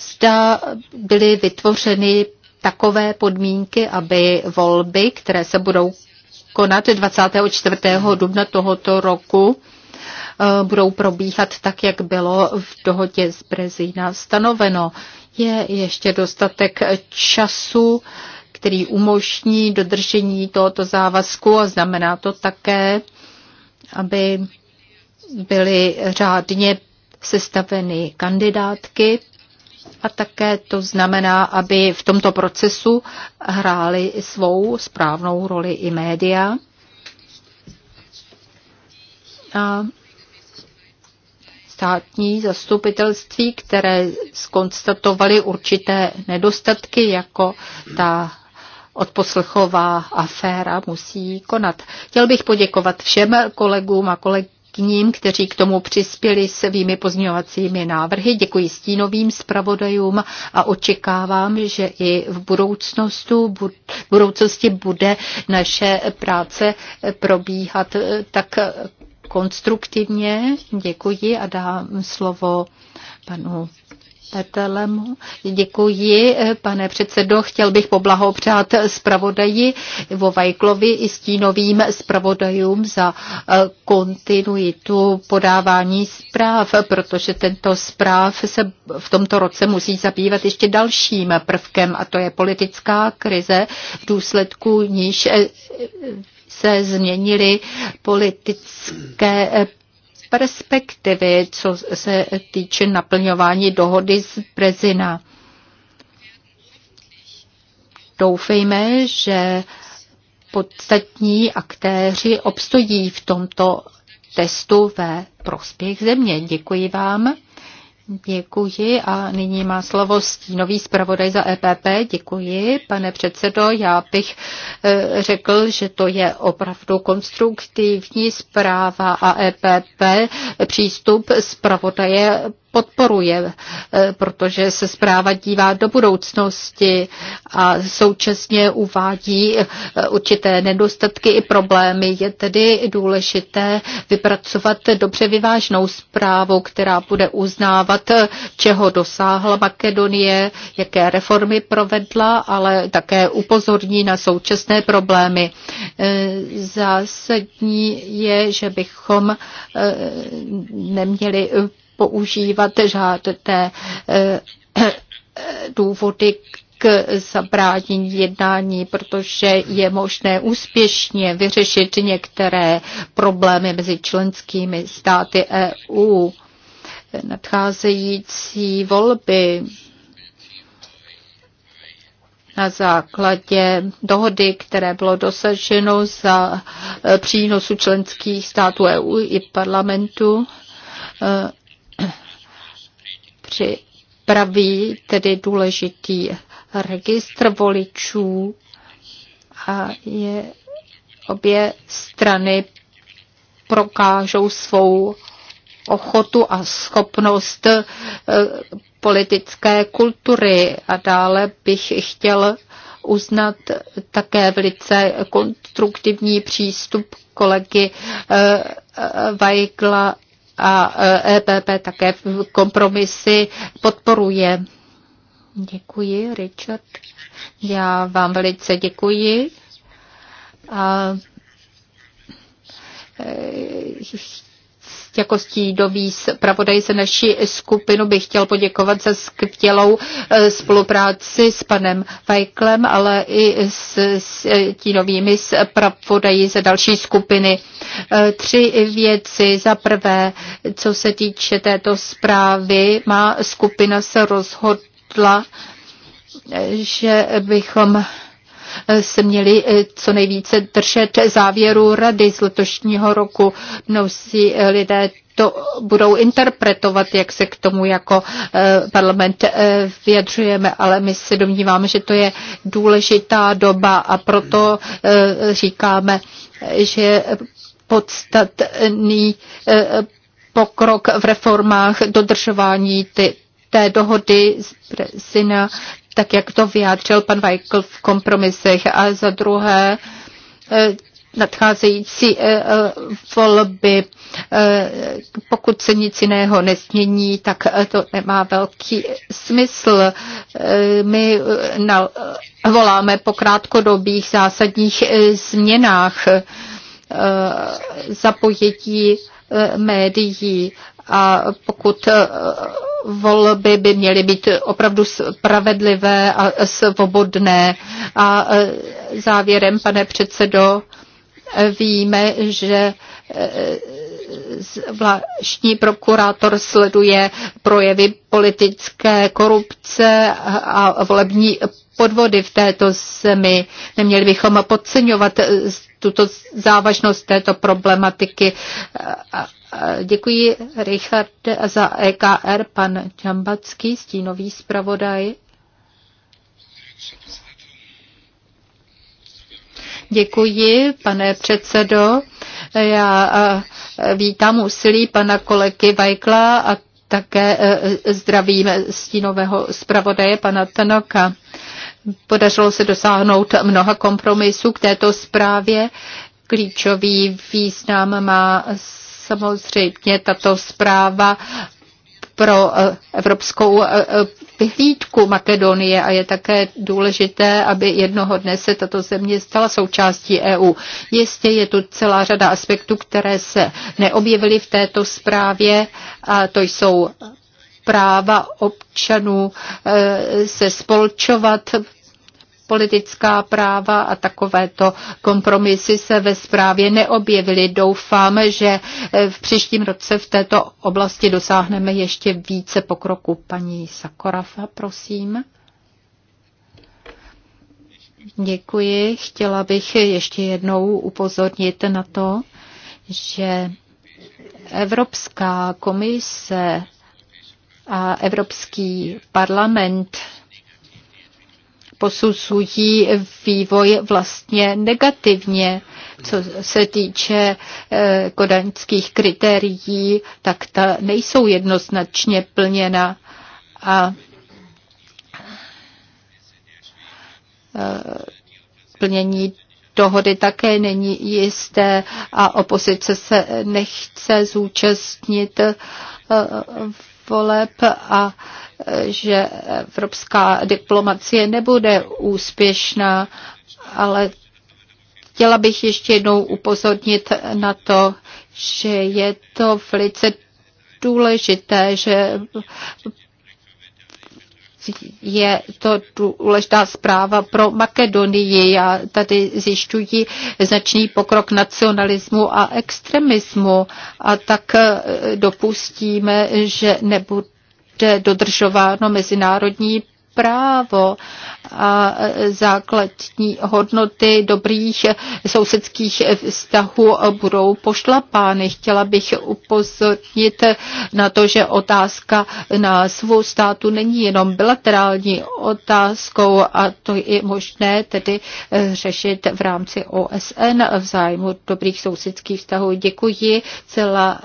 zda byly vytvořeny takové podmínky, aby volby, které se budou konat 24. dubna tohoto roku, eh, budou probíhat tak, jak bylo v dohodě z Brezína stanoveno. Je ještě dostatek času, který umožní dodržení tohoto závazku a znamená to také, aby byly řádně sestaveny kandidátky a také to znamená, aby v tomto procesu hrály svou správnou roli i média. A státní zastupitelství, které skonstatovaly určité nedostatky, jako ta odposlechová aféra musí konat. Chtěl bych poděkovat všem kolegům a kolegyním, kteří k tomu přispěli svými pozměňovacími návrhy. Děkuji stínovým zpravodajům a očekávám, že i v budoucnosti, v budoucnosti bude naše práce probíhat eh, tak konstruktivně. Děkuji a dám slovo panu Petelemu. Děkuji, pane předsedo. Chtěl bych poblahopřát zpravodaji Vovajklovi i stínovým zpravodajům za eh, kontinuitu podávání zpráv, protože tento zpráv se v tomto roce musí zabývat ještě dalším prvkem, a to je politická krize, v důsledku níž eh, se změnily politické perspektivy, co se týče naplňování dohody z Brezina. Doufejme, že podstatní aktéři obstojí v tomto testu ve prospěch země. Děkuji vám. Děkuji a nyní má slovo stínový zpravodaj za EPP. Děkuji, pane předsedo. Já bych eh, řekl, že to je opravdu konstruktivní zpráva a EPP přístup zpravodaje podporuje, eh, protože se zpráva dívá do budoucnosti a současně uvádí eh, určité nedostatky i problémy. Je tedy důležité vypracovat dobře vyvážnou zprávu, která bude uznávat, eh, čeho dosáhla Makedonie, jaké reformy provedla, ale také upozorní na současné problémy. Zásadní je, že bychom neměli používat žádné eh, důvody k zabránění jednání, protože je možné úspěšně vyřešit některé problémy mezi členskými státy EU. Nadcházející volby na základě dohody, které bylo dosaženo za eh, přínosu členských států EU i parlamentu, eh, připraví tedy důležitý registr voličů a je obě strany prokážou svou ochotu a schopnost eh, politické kultury. A dále bych chtěl uznat také velice konstruktivní přístup kolegy eh, Weigla a EPP e také kompromisy podporuje. Děkuji, Richard. Já vám velice děkuji. A e, jako stídový zpravodaj se naší skupinu bych chtěl poděkovat za skvělou eh, spolupráci s panem Vajklem, ale i s eh, stínovými zpravodají ze další skupiny. Eh, tři věci. Za prvé, co se týče této zprávy, má skupina se rozhodla, že bychom Eh, se měli eh, co nejvíce držet závěru rady z letošního roku. Mnozí eh, lidé to budou interpretovat, jak se k tomu jako parlament vyjadřujeme, ale my se domníváme, že to je důležitá doba a proto říkáme, že podstatný pokrok v reformách dodržování ty, té dohody z Brezina tak jak to vyjádřil pan Weikl v kompromisech. A za druhé, eh, nadcházející eh, eh, volby. Pokud se nic jiného nesmění, tak to nemá velký smysl. My voláme po krátkodobých zásadních změnách zapojetí médií a pokud volby by měly být opravdu spravedlivé a svobodné. A e, závěrem, pane předsedo, víme, že e, zvláštní prokurátor sleduje projevy politické korupce a volební podvody v této zemi. Neměli bychom podceňovat tuto závažnost této problematiky Děkuji Richard za EKR, pan Čambacký, stínový zpravodaj. Děkuji, pane předsedo. Já vítám úsilí pana kolegy Vajkla a také e, zdravím stínového zpravodaje pana Tanoka. Podařilo se dosáhnout mnoha kompromisů k této zprávě. Klíčový význam má samozřejmě tato zpráva pro eh, evropskou eh, eh, vyhlídku Makedonie a je také důležité, aby jednoho dne se tato země stala součástí EU. Jistě je tu celá řada aspektů, které se neobjevily v této zprávě a to jsou práva občanů se spolčovat, politická práva a takovéto kompromisy se ve zprávě neobjevily. Doufám, že eh, v příštím roce v této oblasti dosáhneme ještě více pokroku. Paní Sakorafa, prosím. Děkuji. Chtěla bych ještě jednou upozornit na to, že Evropská komise a Evropský parlament posuzují vývoj vlastně negativně. Co se týče eh, kodaňských kritérií, tak ta nejsou jednoznačně plněna. A eh, plnění dohody také není jisté a opozice se nechce zúčastnit eh, voleb a že evropská diplomacie nebude úspěšná, ale chtěla bych ještě jednou upozornit na to, že je to velice důležité, že je to důležitá zpráva pro Makedonii. Já tady zjišťují značný pokrok nacionalismu a extremismu a tak eh, dopustíme, že nebude dodržováno mezinárodní právo a základní hodnoty dobrých sousedských vztahů budou pošlapány. Chtěla bych upozornit na to, že otázka na svou státu není jenom bilaterální otázkou a to je možné tedy řešit v rámci OSN v zájmu dobrých sousedských vztahů. Děkuji. Celá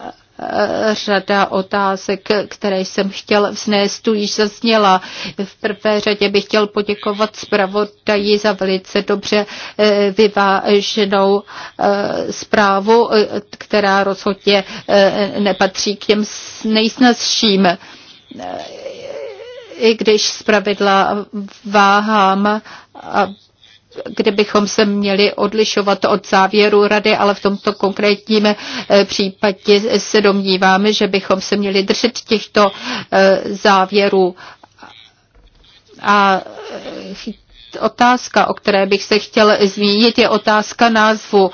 řada otázek, které jsem chtěl vznést, tu již zazněla. V prvé řadě bych chtěl poděkovat zpravodaji za velice dobře eh, vyváženou eh, zprávu, eh, která rozhodně nepatří k těm nejsnazším i když zpravidla váhám, kde bychom se měli odlišovat od závěru rady, ale v tomto konkrétním eh, případě se domníváme, že bychom se měli držet těchto eh, závěrů a eh, otázka, o které bych se chtěl zmínit, je otázka názvu.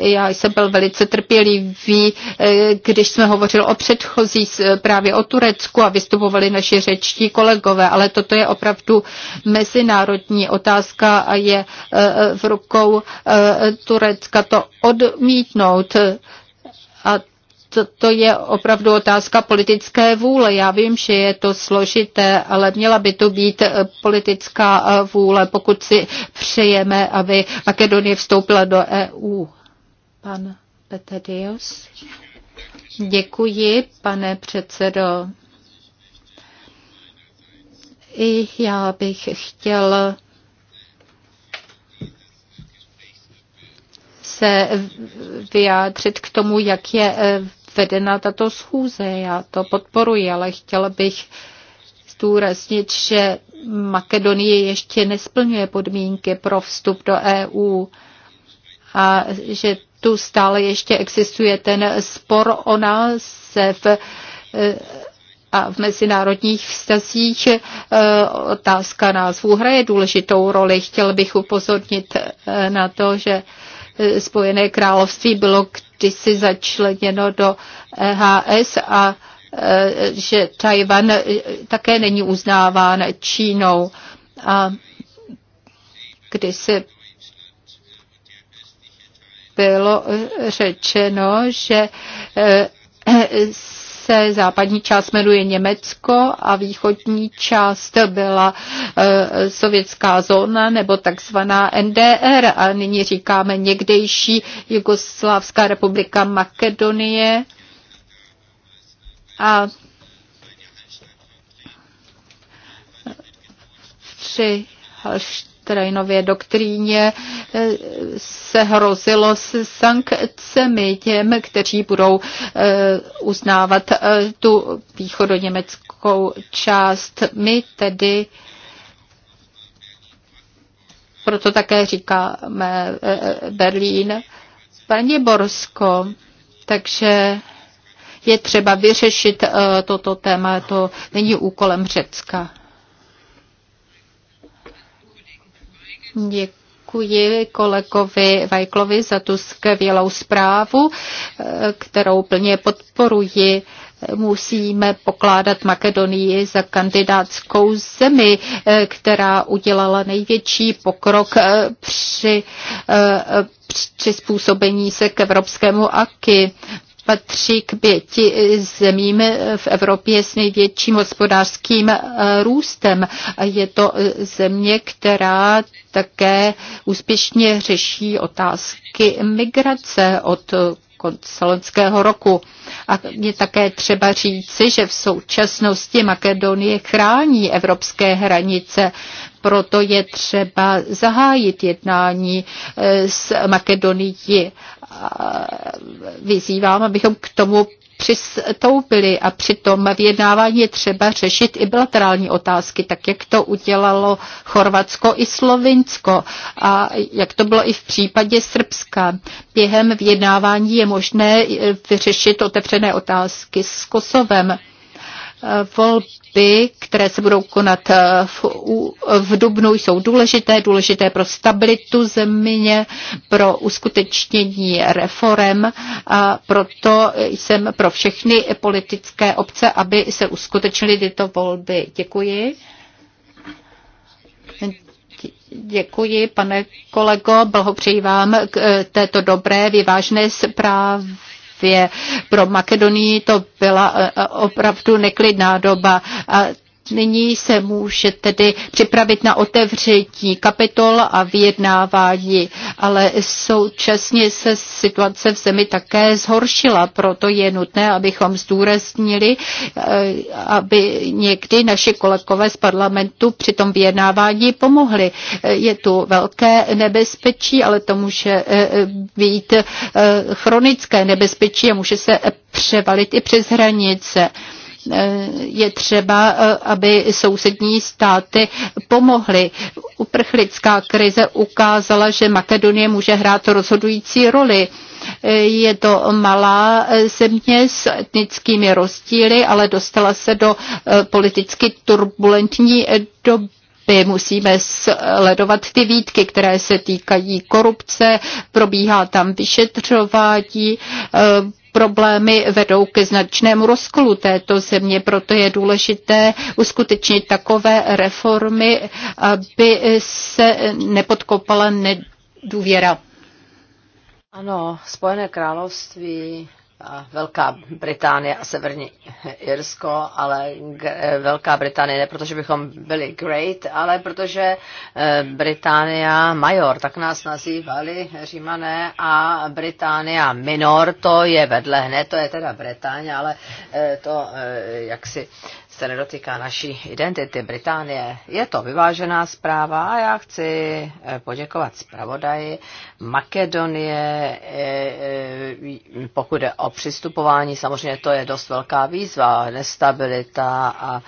Já jsem byl velice trpělivý, eh, když jsme hovořili o předchozí právě o Turecku a vystupovali naši řečtí kolegové, ale toto je opravdu mezinárodní otázka a je eh, v rukou eh, Turecka to odmítnout. A to, to je opravdu otázka politické vůle. Já vím, že je to složité, ale měla by to být eh, politická eh, vůle, pokud si přejeme, aby Makedonie vstoupila do EU. Pan Petadios. Děkuji, pane předsedo. I já bych chtěl se vyjádřit k tomu, jak je eh, vedena tato schůze. Já to podporuji, ale chtěla bych zdůraznit, že Makedonie ještě nesplňuje podmínky pro vstup do EU a že tu stále ještě existuje ten spor o v, e, a v mezinárodních vztazích e, otázka názvu hraje důležitou roli. Chtěl bych upozornit e, na to, že Eh, Spojené království bylo kdysi začleněno do EHS a eh, že Tajvan eh, také není uznáván Čínou. A kdysi bylo řečeno, že se západní část jmenuje Německo a východní část byla e, sovětská zóna nebo takzvaná NDR a nyní říkáme někdejší Jugoslávská republika Makedonie. A při Ukrajinově doktríně eh, se hrozilo s sankcemi těm, kteří budou eh, uznávat eh, tu východoněmeckou část. My tedy proto také říkáme Berlín, Braniborsko. Takže je třeba vyřešit toto téma, to není úkolem Řecka. Děkuji kolegovi Vajklovi za tu skvělou zprávu, kterou plně podporuji musíme pokládat Makedonii za kandidátskou zemi, která udělala největší pokrok při přizpůsobení se k evropskému AKI patří k pěti zemím v Evropě s největším hospodářským eh, růstem. Je to eh, země, která také úspěšně řeší otázky migrace od konce loňského roku. A je také třeba říci, že v současnosti Makedonie chrání evropské hranice, proto je třeba zahájit jednání eh, s Makedonií. Eh, vyzývám, abychom k tomu přistoupili a přitom jednávání je třeba řešit i bilaterální otázky, tak jak to udělalo Chorvatsko i Slovinsko a jak to bylo i v případě Srbska. Během vyjednávání je možné eh, vyřešit otevřené otázky s Kosovem. Volby, které se budou konat eh, v, v Dubnu, jsou důležité, důležité pro stabilitu země, pro uskutečnění reform a proto jsem pro všechny politické obce, aby se uskutečnily tyto volby. Děkuji. Děkuji, pane kolego, blahopřeji vám k eh, této dobré, vyvážné zprávě pro Makedonii to byla eh, eh, opravdu neklidná doba a Nyní se může tedy připravit na otevření kapitol a vyjednávání, ale současně se situace v zemi také zhoršila, proto je nutné, abychom zdůraznili, eh, aby někdy naši kolegové z parlamentu při tom vyjednávání pomohli. Eh, je tu velké nebezpečí, ale to může eh, být chronické nebezpečí a může se převalit i přes hranice je třeba, eh, aby sousední státy pomohly. Uprchlická krize ukázala, že Makedonie může hrát rozhodující roli. Je to malá eh, země s etnickými rozdíly, ale dostala se do eh, politicky turbulentní doby my musíme sledovat ty výtky, které se týkají korupce, probíhá tam vyšetřování, problémy vedou ke značnému rozkolu této země, proto je důležité uskutečnit takové reformy, aby se nepodkopala nedůvěra. Ano, Spojené království Velká Británie a Severní Irsko, ale eh, Velká Británie ne protože bychom byli great, ale protože eh, Británia major, tak nás nazývali římané a Británia minor, to je vedle hned, to je teda Británie, ale eh, to jaksi se nedotýká naší identity Británie. Je to vyvážená zpráva a já chci eh, poděkovat zpravodaji. Makedonie, eh, eh, pokud jde o přistupování, samozřejmě to je dost velká výzva, nestabilita a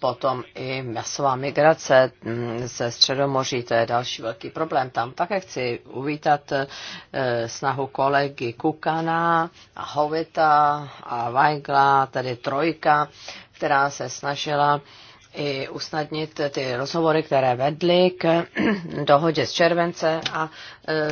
potom i masová migrace mm, ze Středomoří, to je další velký problém tam. Také chci uvítat snahu kolegy Kukana a Hovita a Weigla, tedy trojka která se snažila i usnadnit ty rozhovory, které vedly k dohodě z července a e,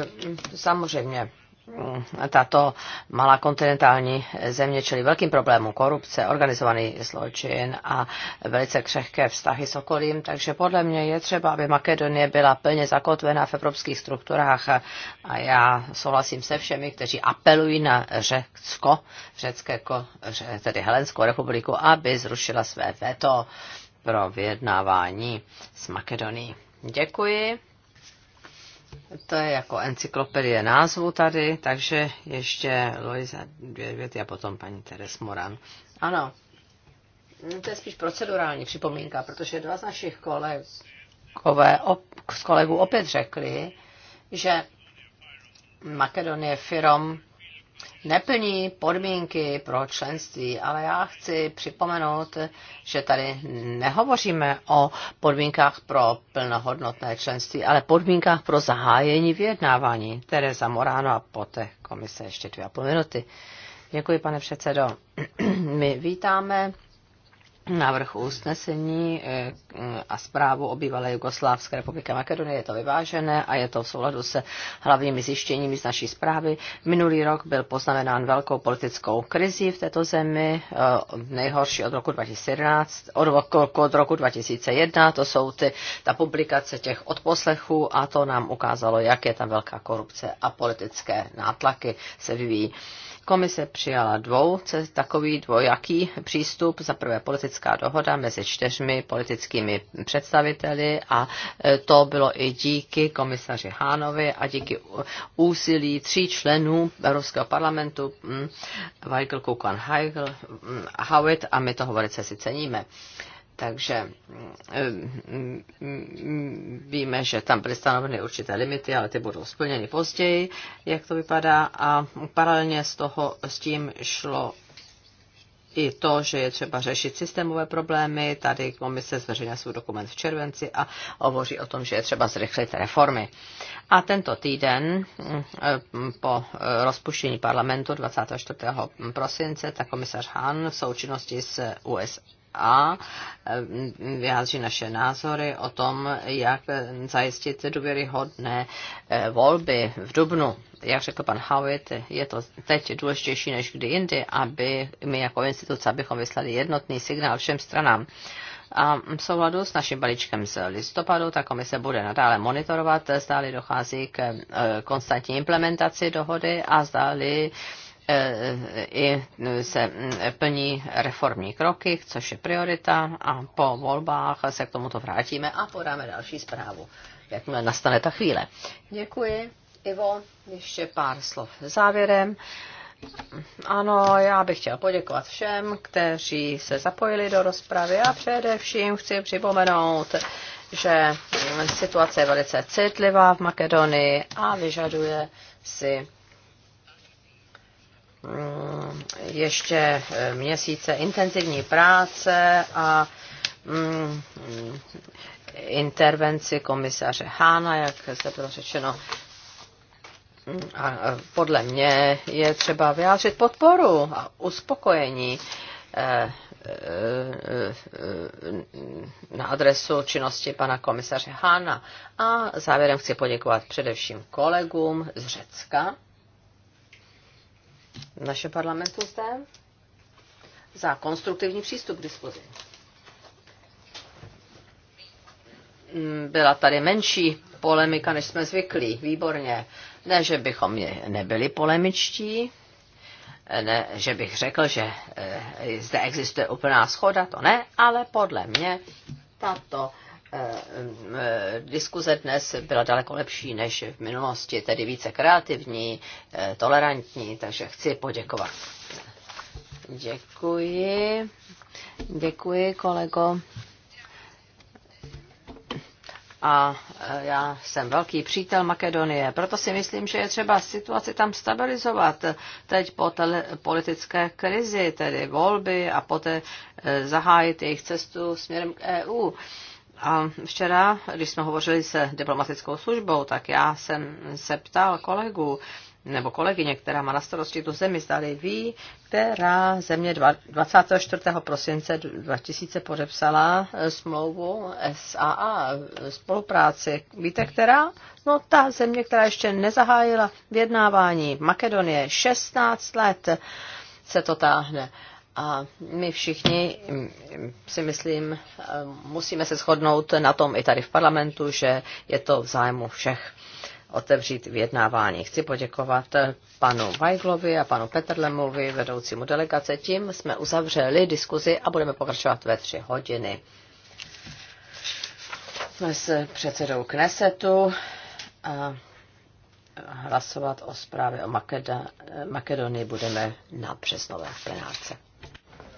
samozřejmě Mm, tato malá kontinentální země čelí velkým problémům korupce, organizovaný zločin a velice křehké vztahy s okolím, takže podle mě je třeba, aby Makedonie byla plně zakotvena v evropských strukturách a já souhlasím se všemi, kteří apelují na Řecko, řecké, tedy Helenskou republiku, aby zrušila své veto pro vyjednávání s Makedonií. Děkuji. To je jako encyklopedie názvu tady, takže ještě Loisa dvě věty a potom paní Teres Moran. Ano, to je spíš procedurální připomínka, protože dva z našich kolegové, op, z kolegů opět řekli, že Makedonie Firom neplní podmínky pro členství, ale já chci připomenout, že tady nehovoříme o podmínkách pro plnohodnotné členství, ale podmínkách pro zahájení vyjednávání. Tereza Moráno a poté komise ještě dvě a půl minuty. Děkuji, pane předsedo. My vítáme návrh usnesení eh, a zprávu o bývalé Jugoslávské republiky Makedonie. Je to vyvážené a je to v souladu se hlavními zjištěními z naší zprávy. Minulý rok byl poznamenán velkou politickou krizi v této zemi, eh, nejhorší od roku 2011, od roku, 2001, to jsou ty, ta publikace těch odposlechů a to nám ukázalo, jak je tam velká korupce a politické nátlaky se vyvíjí. Komise přijala dvou, takový dvojaký přístup. Za prvé politická dohoda mezi čtyřmi politickými představiteli a e, to bylo i díky komisaři Hánovi a díky úsilí tří členů Evropského parlamentu mm, Weigl, Kukan, Heigl, mm, Howitt a my toho velice si ceníme. Takže mm, mm, víme, že tam byly stanoveny určité limity, ale ty budou splněny později, jak to vypadá. A paralelně s, toho, s tím šlo i to, že je třeba řešit systémové problémy. Tady komise zveřejnila svůj dokument v červenci a hovoří o tom, že je třeba zrychlit reformy. A tento týden mm, po rozpuštění parlamentu 24. prosince ta komisař Hahn v součinnosti s USA a mm, vyjádří naše názory o tom, jak zajistit důvěryhodné eh, volby v Dubnu. Jak řekl pan Howitt, je to teď důležitější než kdy jindy, aby my jako instituce abychom vyslali jednotný signál všem stranám. A v souladu s naším balíčkem z listopadu ta komise bude nadále monitorovat, zdáli dochází k eh, konstantní implementaci dohody a zdáli E, i se plní reformní kroky, což je priorita a po volbách se k tomuto vrátíme a podáme další zprávu, jakmile nastane ta chvíle. Děkuji. Ivo, ještě pár slov závěrem. Ano, já bych chtěl poděkovat všem, kteří se zapojili do rozpravy a především chci připomenout, že situace je velice citlivá v Makedonii a vyžaduje si Mm, ještě eh, měsíce intenzivní práce a mm, intervenci komisaře Hána, jak se bylo řečeno. A podle mě je třeba vyjádřit podporu a uspokojení eh, eh, na adresu činnosti pana komisaře Hána. A závěrem chci poděkovat především kolegům z Řecka, našem parlamentu zde za konstruktivní přístup k diskuzi. Mm, Byla tady menší polemika, než jsme zvyklí. Výborně. Ne, že bychom nebyli polemičtí, ne, že bych řekl, že eh, zde existuje úplná schoda, to ne, ale podle mě tato Eh, diskuze dnes byla daleko lepší než v minulosti, tedy více kreativní, eh, tolerantní, takže chci poděkovat. Děkuji. Děkuji, kolego. A eh, já jsem velký přítel Makedonie, proto si myslím, že je třeba situaci tam stabilizovat. Teď po tele, politické krizi, tedy volby a poté zahájit jejich cestu směrem k EU. A včera, když jsme hovořili se diplomatickou službou, tak já jsem se ptal kolegu nebo kolegyně, která má na starosti tu zemi, zdali ví, která země 24. prosince 2000 podepsala smlouvu SAA, spolupráci. Víte, která? No ta země, která ještě nezahájila vyjednávání. Makedonie 16 let se to táhne. A my všichni, mm, mm, si myslím, eh, musíme se shodnout na tom i tady v parlamentu, že je to v zájmu všech otevřít vyjednávání. Chci poděkovat eh, panu Weiglovi a panu Petrlemovi, vedoucímu delegace. Tím jsme uzavřeli diskuzi a budeme pokračovat ve tři hodiny s předsedou Knesetu a hlasovat o zprávě o Makedonii budeme na přesnové plenárce.